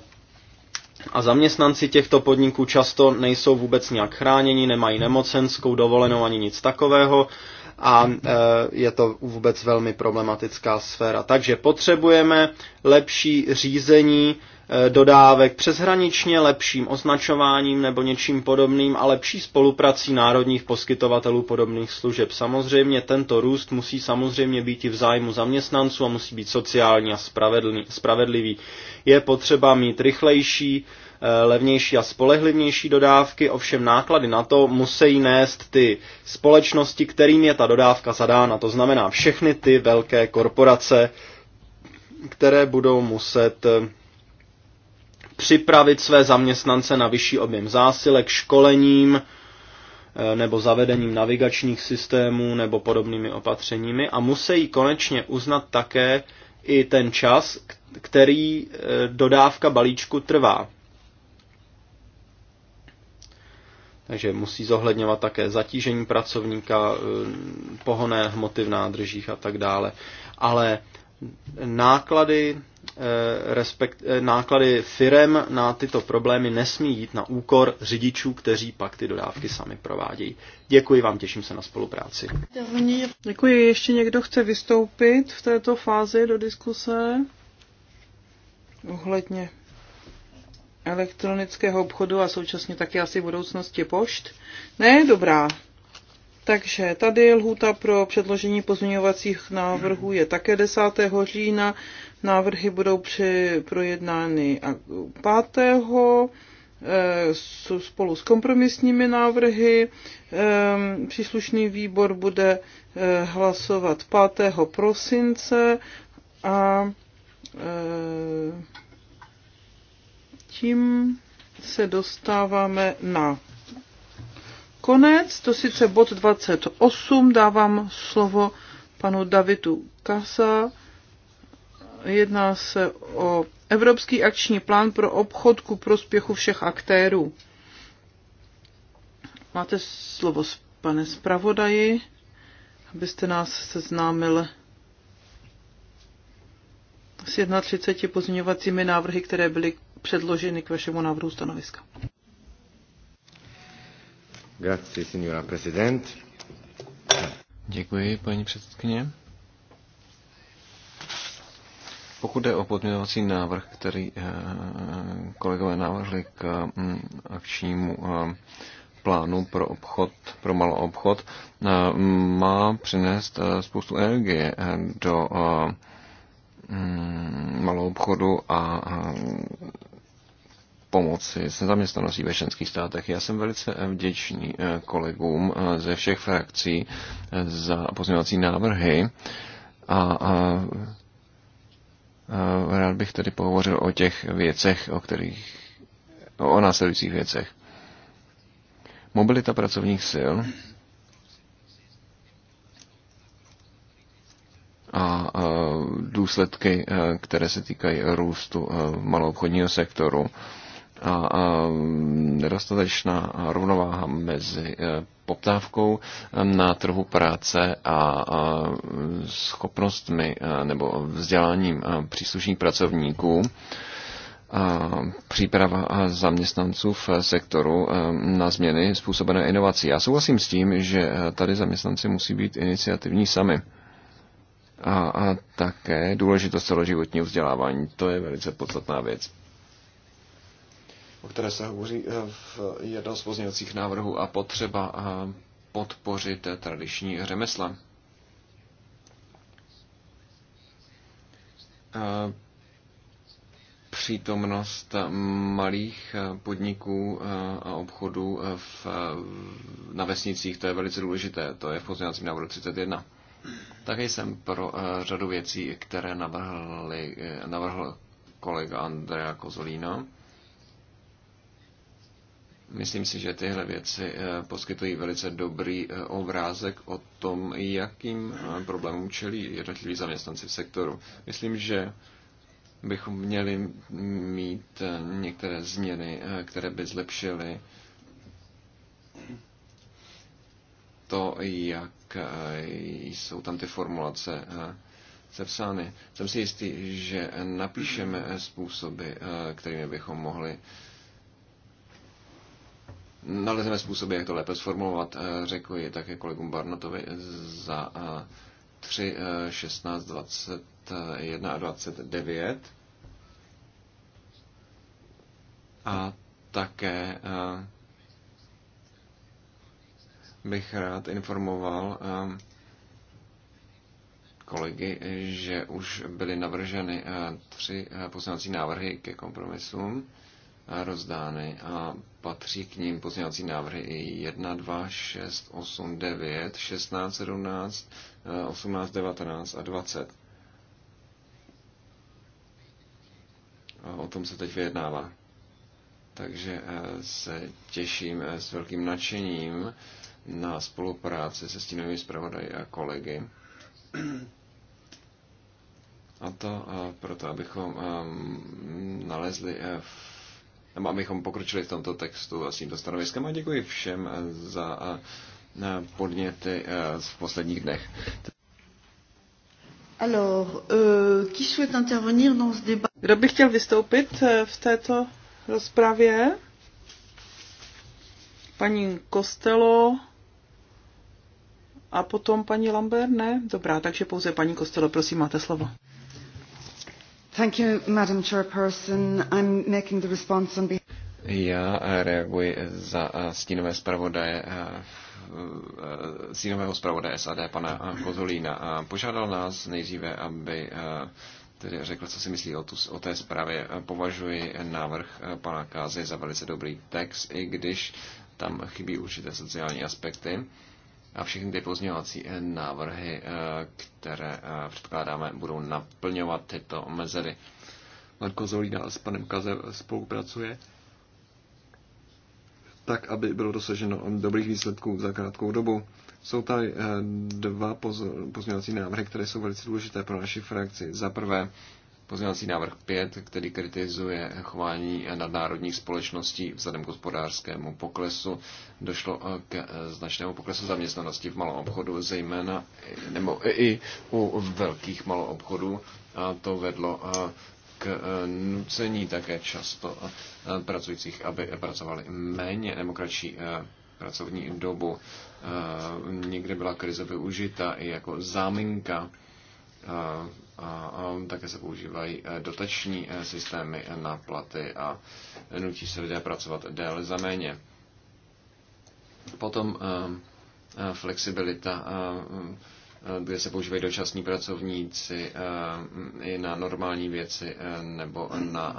a zaměstnanci těchto podniků často nejsou vůbec nějak chráněni, nemají nemocenskou, dovolenou ani nic takového a e, je to vůbec velmi problematická sféra. Takže potřebujeme lepší řízení Eh, dodávek přeshraničně lepším označováním nebo něčím podobným a lepší spoluprací národních poskytovatelů podobných služeb. Samozřejmě tento růst musí samozřejmě být i v zájmu zaměstnanců a musí být sociální a spravedlivý. Je potřeba mít rychlejší, eh, levnější a spolehlivější dodávky, ovšem náklady na to musí nést ty společnosti, kterým je ta dodávka zadána. To znamená všechny ty velké korporace, které budou muset eh, připravit své zaměstnance na vyšší objem zásilek školením eh, nebo zavedením navigačních systémů nebo podobnými opatřeními a musí konečně uznat také i ten čas, který eh, dodávka balíčku trvá. Takže musí zohledňovat také zatížení pracovníka, eh, pohoné hmoty v nádržích a tak dále. Ale náklady Eh, respekt, eh, náklady firem na tyto problémy nesmí jít na úkor řidičů, kteří pak ty dodávky sami provádějí. Děkuji vám, těším se na spolupráci. Děkuji. Ještě někdo chce vystoupit v této fázi do diskuse? Ohledně elektronického obchodu a současně taky asi budoucnosti pošt? Ne, dobrá. Takže tady lhůta pro předložení pozměňovacích návrhů je také 10. října. Návrhy budou při projednány 5. Eh, spolu s kompromisními návrhy. Eh, příslušný výbor bude eh, hlasovat 5. prosince a tím se dostáváme na konec, to sice bod 28, dávám slovo panu Davidu Kasa. Jedná se o Evropský akční plán pro obchod ku prospěchu všech aktérů. Máte slovo, pane zpravodaji, abyste nás seznámil s 31 pozměňovacími návrhy, které byly předloženy k vašemu návrhu stanoviska. Grazie, signora Děkuji, paní předsedkyně. Pokud jde o podměňovací návrh, který eh, kolegové navrhli k mm, akčnímu eh, plánu pro obchod, pro malou obchod, eh, má přinést spoustu energie do mm, malou obchodu a pomoci s nezaměstnaností ve členských státech. Já jsem velice eh, vděčný eh, kolegům eh, ze všech frakcí za pozměňovací návrhy a, a rád bych tedy pohovořil o těch věcech, o kterých, o následujících věcech. Mobilita pracovních sil a důsledky, které se týkají růstu maloobchodního sektoru a nedostatečná rovnováha mezi e, poptávkou e, na trhu práce a schopnostmi e, nebo vzděláním příslušných pracovníků příprava zaměstnanců v sektoru na změny způsobené inovací. Já souhlasím s tím, že tady zaměstnanci musí být iniciativní sami. A, a také důležitost celoživotního vzdělávání, to je velice podstatná věc o které se hovoří eh, v jednom z pozměňovacích návrhů a potřeba eh, podpořit tradiční řemesla. Eh, přítomnost malých podniků a obchodů v, na vesnicích, to je velice důležité, to je v pozměňovacím návrhu 31. Také jsem pro řadu věcí, které navrhli, navrhl kolega Andrea Kozolína Myslím si, že tyhle věci eh, poskytují velice dobrý eh, obrázek o tom, jakým eh, problémům čelí jednotliví zaměstnanci v sektoru. Myslím, že bychom měli mít některé změny, které by zlepšily to, jak jsou tam ty formulace sepsány. Jsem si jistý, že napíšeme způsoby, kterými bychom mohli Nalezeme způsoby, jak to lépe sformulovat. ji eh, také kolegům Barnatovi za 3, 16, 21 a 29. A také eh, bych rád informoval eh, kolegy, že už byly navrženy tři poslanecí návrhy ke kompromisům rozdány a patří k ním pozměňovací návrhy i 1, 2, 6, 8, 9, 16, 17, 18, 19 a 20. A O tom se teď vyjednává. Takže eh, se těším eh, s velkým nadšením na spolupráci se stínovými zpravodaji a kolegy. A to eh, proto, abychom nalezli v nebo abychom pokročili v tomto textu s tímto stanoviskem a děkuji všem za podněty v posledních dnech. Euh, Kdo by chtěl vystoupit eh, v této rozpravě? Paní Kostelo a potom paní Lambert, ne? Dobrá, takže pouze paní Kostelo, prosím, máte slovo. Já eh, reaguji za eh, stínové zpravodaje eh, stínového zpravodaje SAD, pana Kozolína, požádal nás nejdříve, aby tedy řekl, co si myslí o, tu, o té zprávě. Považuji návrh pana Kázy za velice dobrý text, i když tam chybí určité sociální aspekty a všechny ty pozměňovací eh, návrhy, eh, které eh, předkládáme, budou naplňovat tyto mezery. Marko Zolída s panem Kaze spolupracuje tak, aby bylo dosaženo dobrých výsledků za krátkou dobu. Jsou tady dva pozměňovací návrhy, které jsou velice důležité pro naši frakci. Za prvé Pozměňovací návrh 5, který kritizuje chování nadnárodních společností vzhledem k hospodářskému poklesu, došlo eh, k eh, značnému poklesu zaměstnanosti v malou obchodu, zejména eh, nebo i u velkých malou obchodů a to vedlo k nucení také často pracujících, aby pracovali méně nebo kratší pracovní dobu. Někdy byla krize využita i jako záminka a také se používají eh, dotační eh, systémy na platy a nutí se lidé pracovat déle za méně. Potom eh, flexibilita, kde se používají dočasní pracovníci i na normální věci nebo na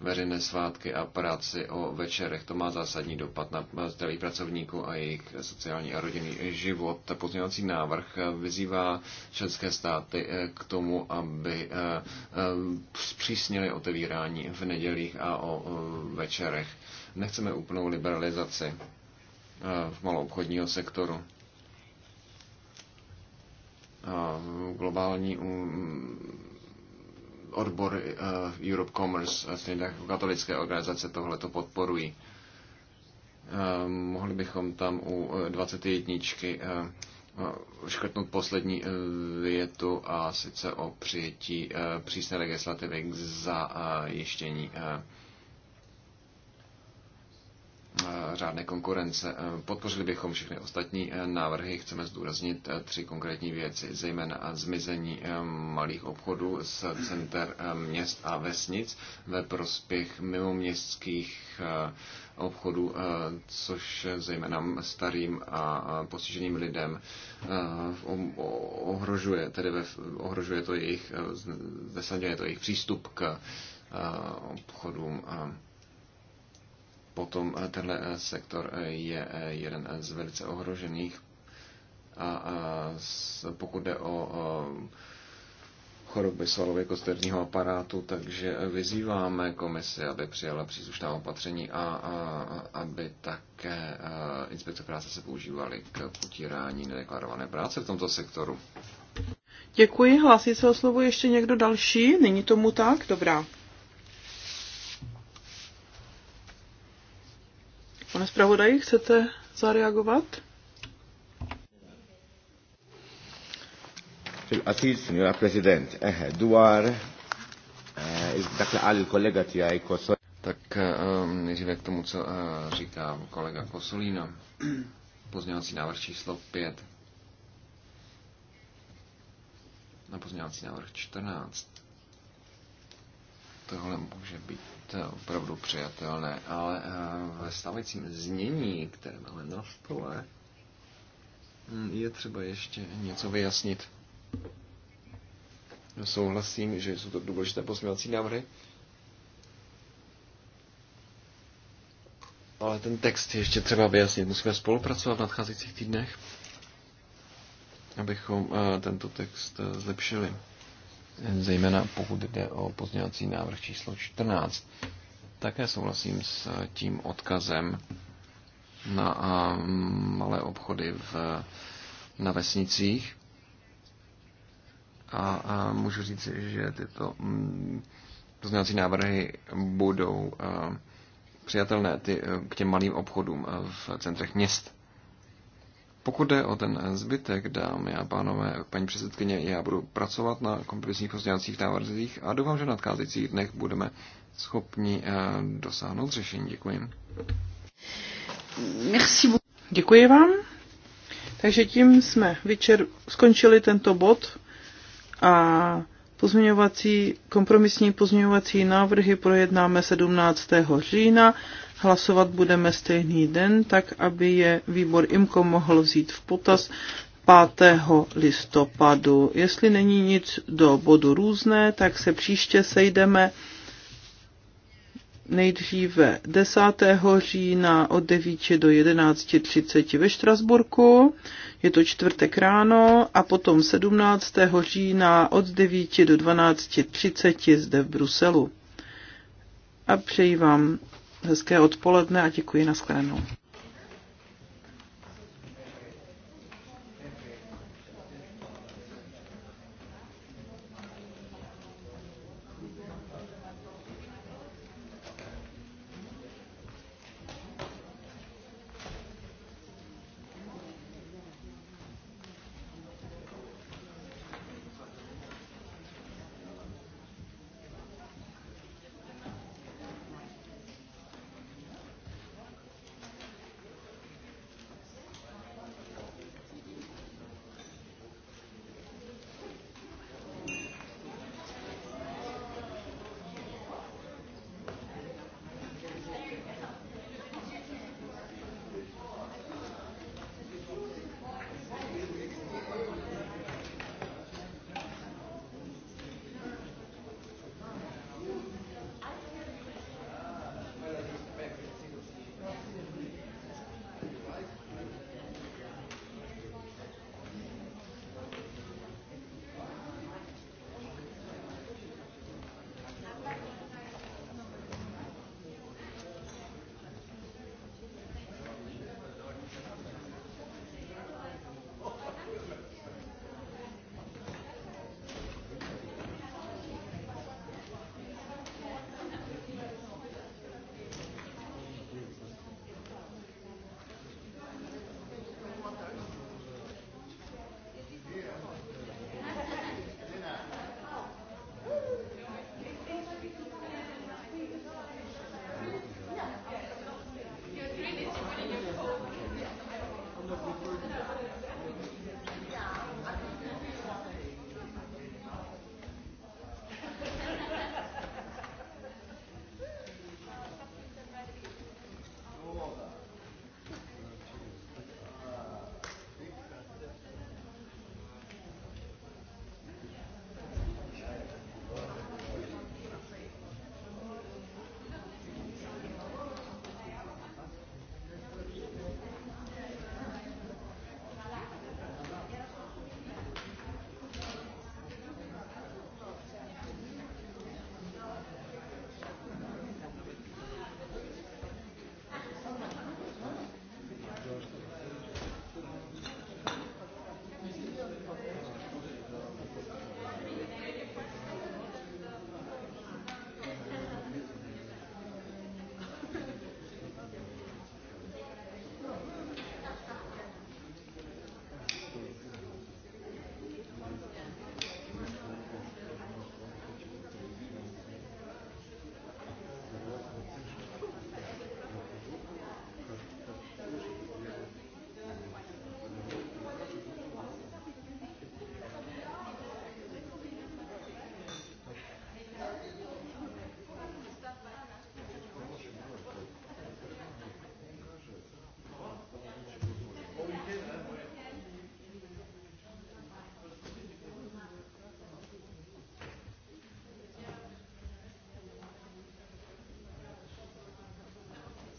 veřejné svátky a práci o večerech. To má zásadní dopad na zdraví pracovníků a jejich sociální a rodinný život. Pozměňovací návrh vyzývá členské státy eh, k tomu, aby eh, eh, zpřísnili otevírání v nedělích a o večerech. Nechceme úplnou liberalizaci v maloobchodního sektoru a globální mm, uh, Europe Commerce, eh, stejně jako katolické organizace, tohle to podporují. Eh, mohli bychom tam u 21 škrtnout poslední větu a sice o přijetí přísné legislativy k zajištění Eh, řádné konkurence. Eh, podpořili bychom všechny ostatní eh, návrhy. Chceme zdůraznit tři konkrétní věci, zejména zmizení malých obchodů z center měst a vesnic ve prospěch mimoměstských obchodů, což zejména starým a postiženým lidem ohrožuje, tedy ohrožuje to jejich, znesadňuje to jejich přístup k obchodům potom eh, tenhle eh, sektor eh, je jeden z velice ohrožených. A pokud jde o choroby svalově kosterního aparátu, takže vyzýváme komisi, aby přijala příslušná opatření a, a aby také inspekce práce se používaly k potírání nedeklarované práce v tomto sektoru. Děkuji, hlásí se o slovo ještě někdo další? Není tomu tak? Dobrá. Pane zpravodaji, chcete zareagovat? fil-qatil, signora President, eħe, dwar Tak ehm, nejdříve k tomu, co eh, říká kolega Kosolino. Pozměňovací návrh číslo 5. Na pozměňovací návrh 14. Tohle může být opravdu přijatelné, ale eh, ve stávajícím znění, které máme na stole, hm, je třeba ještě něco vyjasnit. Souhlasím, že jsou to důležité posměvací návrhy, ale ten text ještě třeba vyjasnit. Musíme spolupracovat v nadcházejících týdnech, abychom eh, tento text eh, zlepšili zejména pokud jde o pozměňovací návrh číslo 14. Také souhlasím s tím odkazem na malé obchody v, na vesnicích. A, a můžu říct, že tyto mm, pozměňovací návrhy budou přijatelné ty, k těm malým obchodům v centrech měst. Pokud jde o ten zbytek, dámy a pánové, paní předsedkyně, já budu pracovat na kompromisních pozdělacích návrzích a doufám, že v nadcházejících dnech budeme schopni eh, dosáhnout řešení. Děkuji. Merci. Děkuji vám. Takže tím jsme večer skončili tento bod a pozměňovací, kompromisní pozměňovací návrhy projednáme 17. října Hlasovat budeme stejný den, tak aby je výbor IMKO mohl vzít v potaz 5. listopadu. Jestli není nic do bodu různé, tak se příště sejdeme nejdříve 10. října od 9 do 11.30 ve Štrasburku, je to čtvrtek ráno, a potom 17. října od 9 do 12.30 zde v Bruselu. A přeji vám hezké odpoledne a děkuji na shledanou.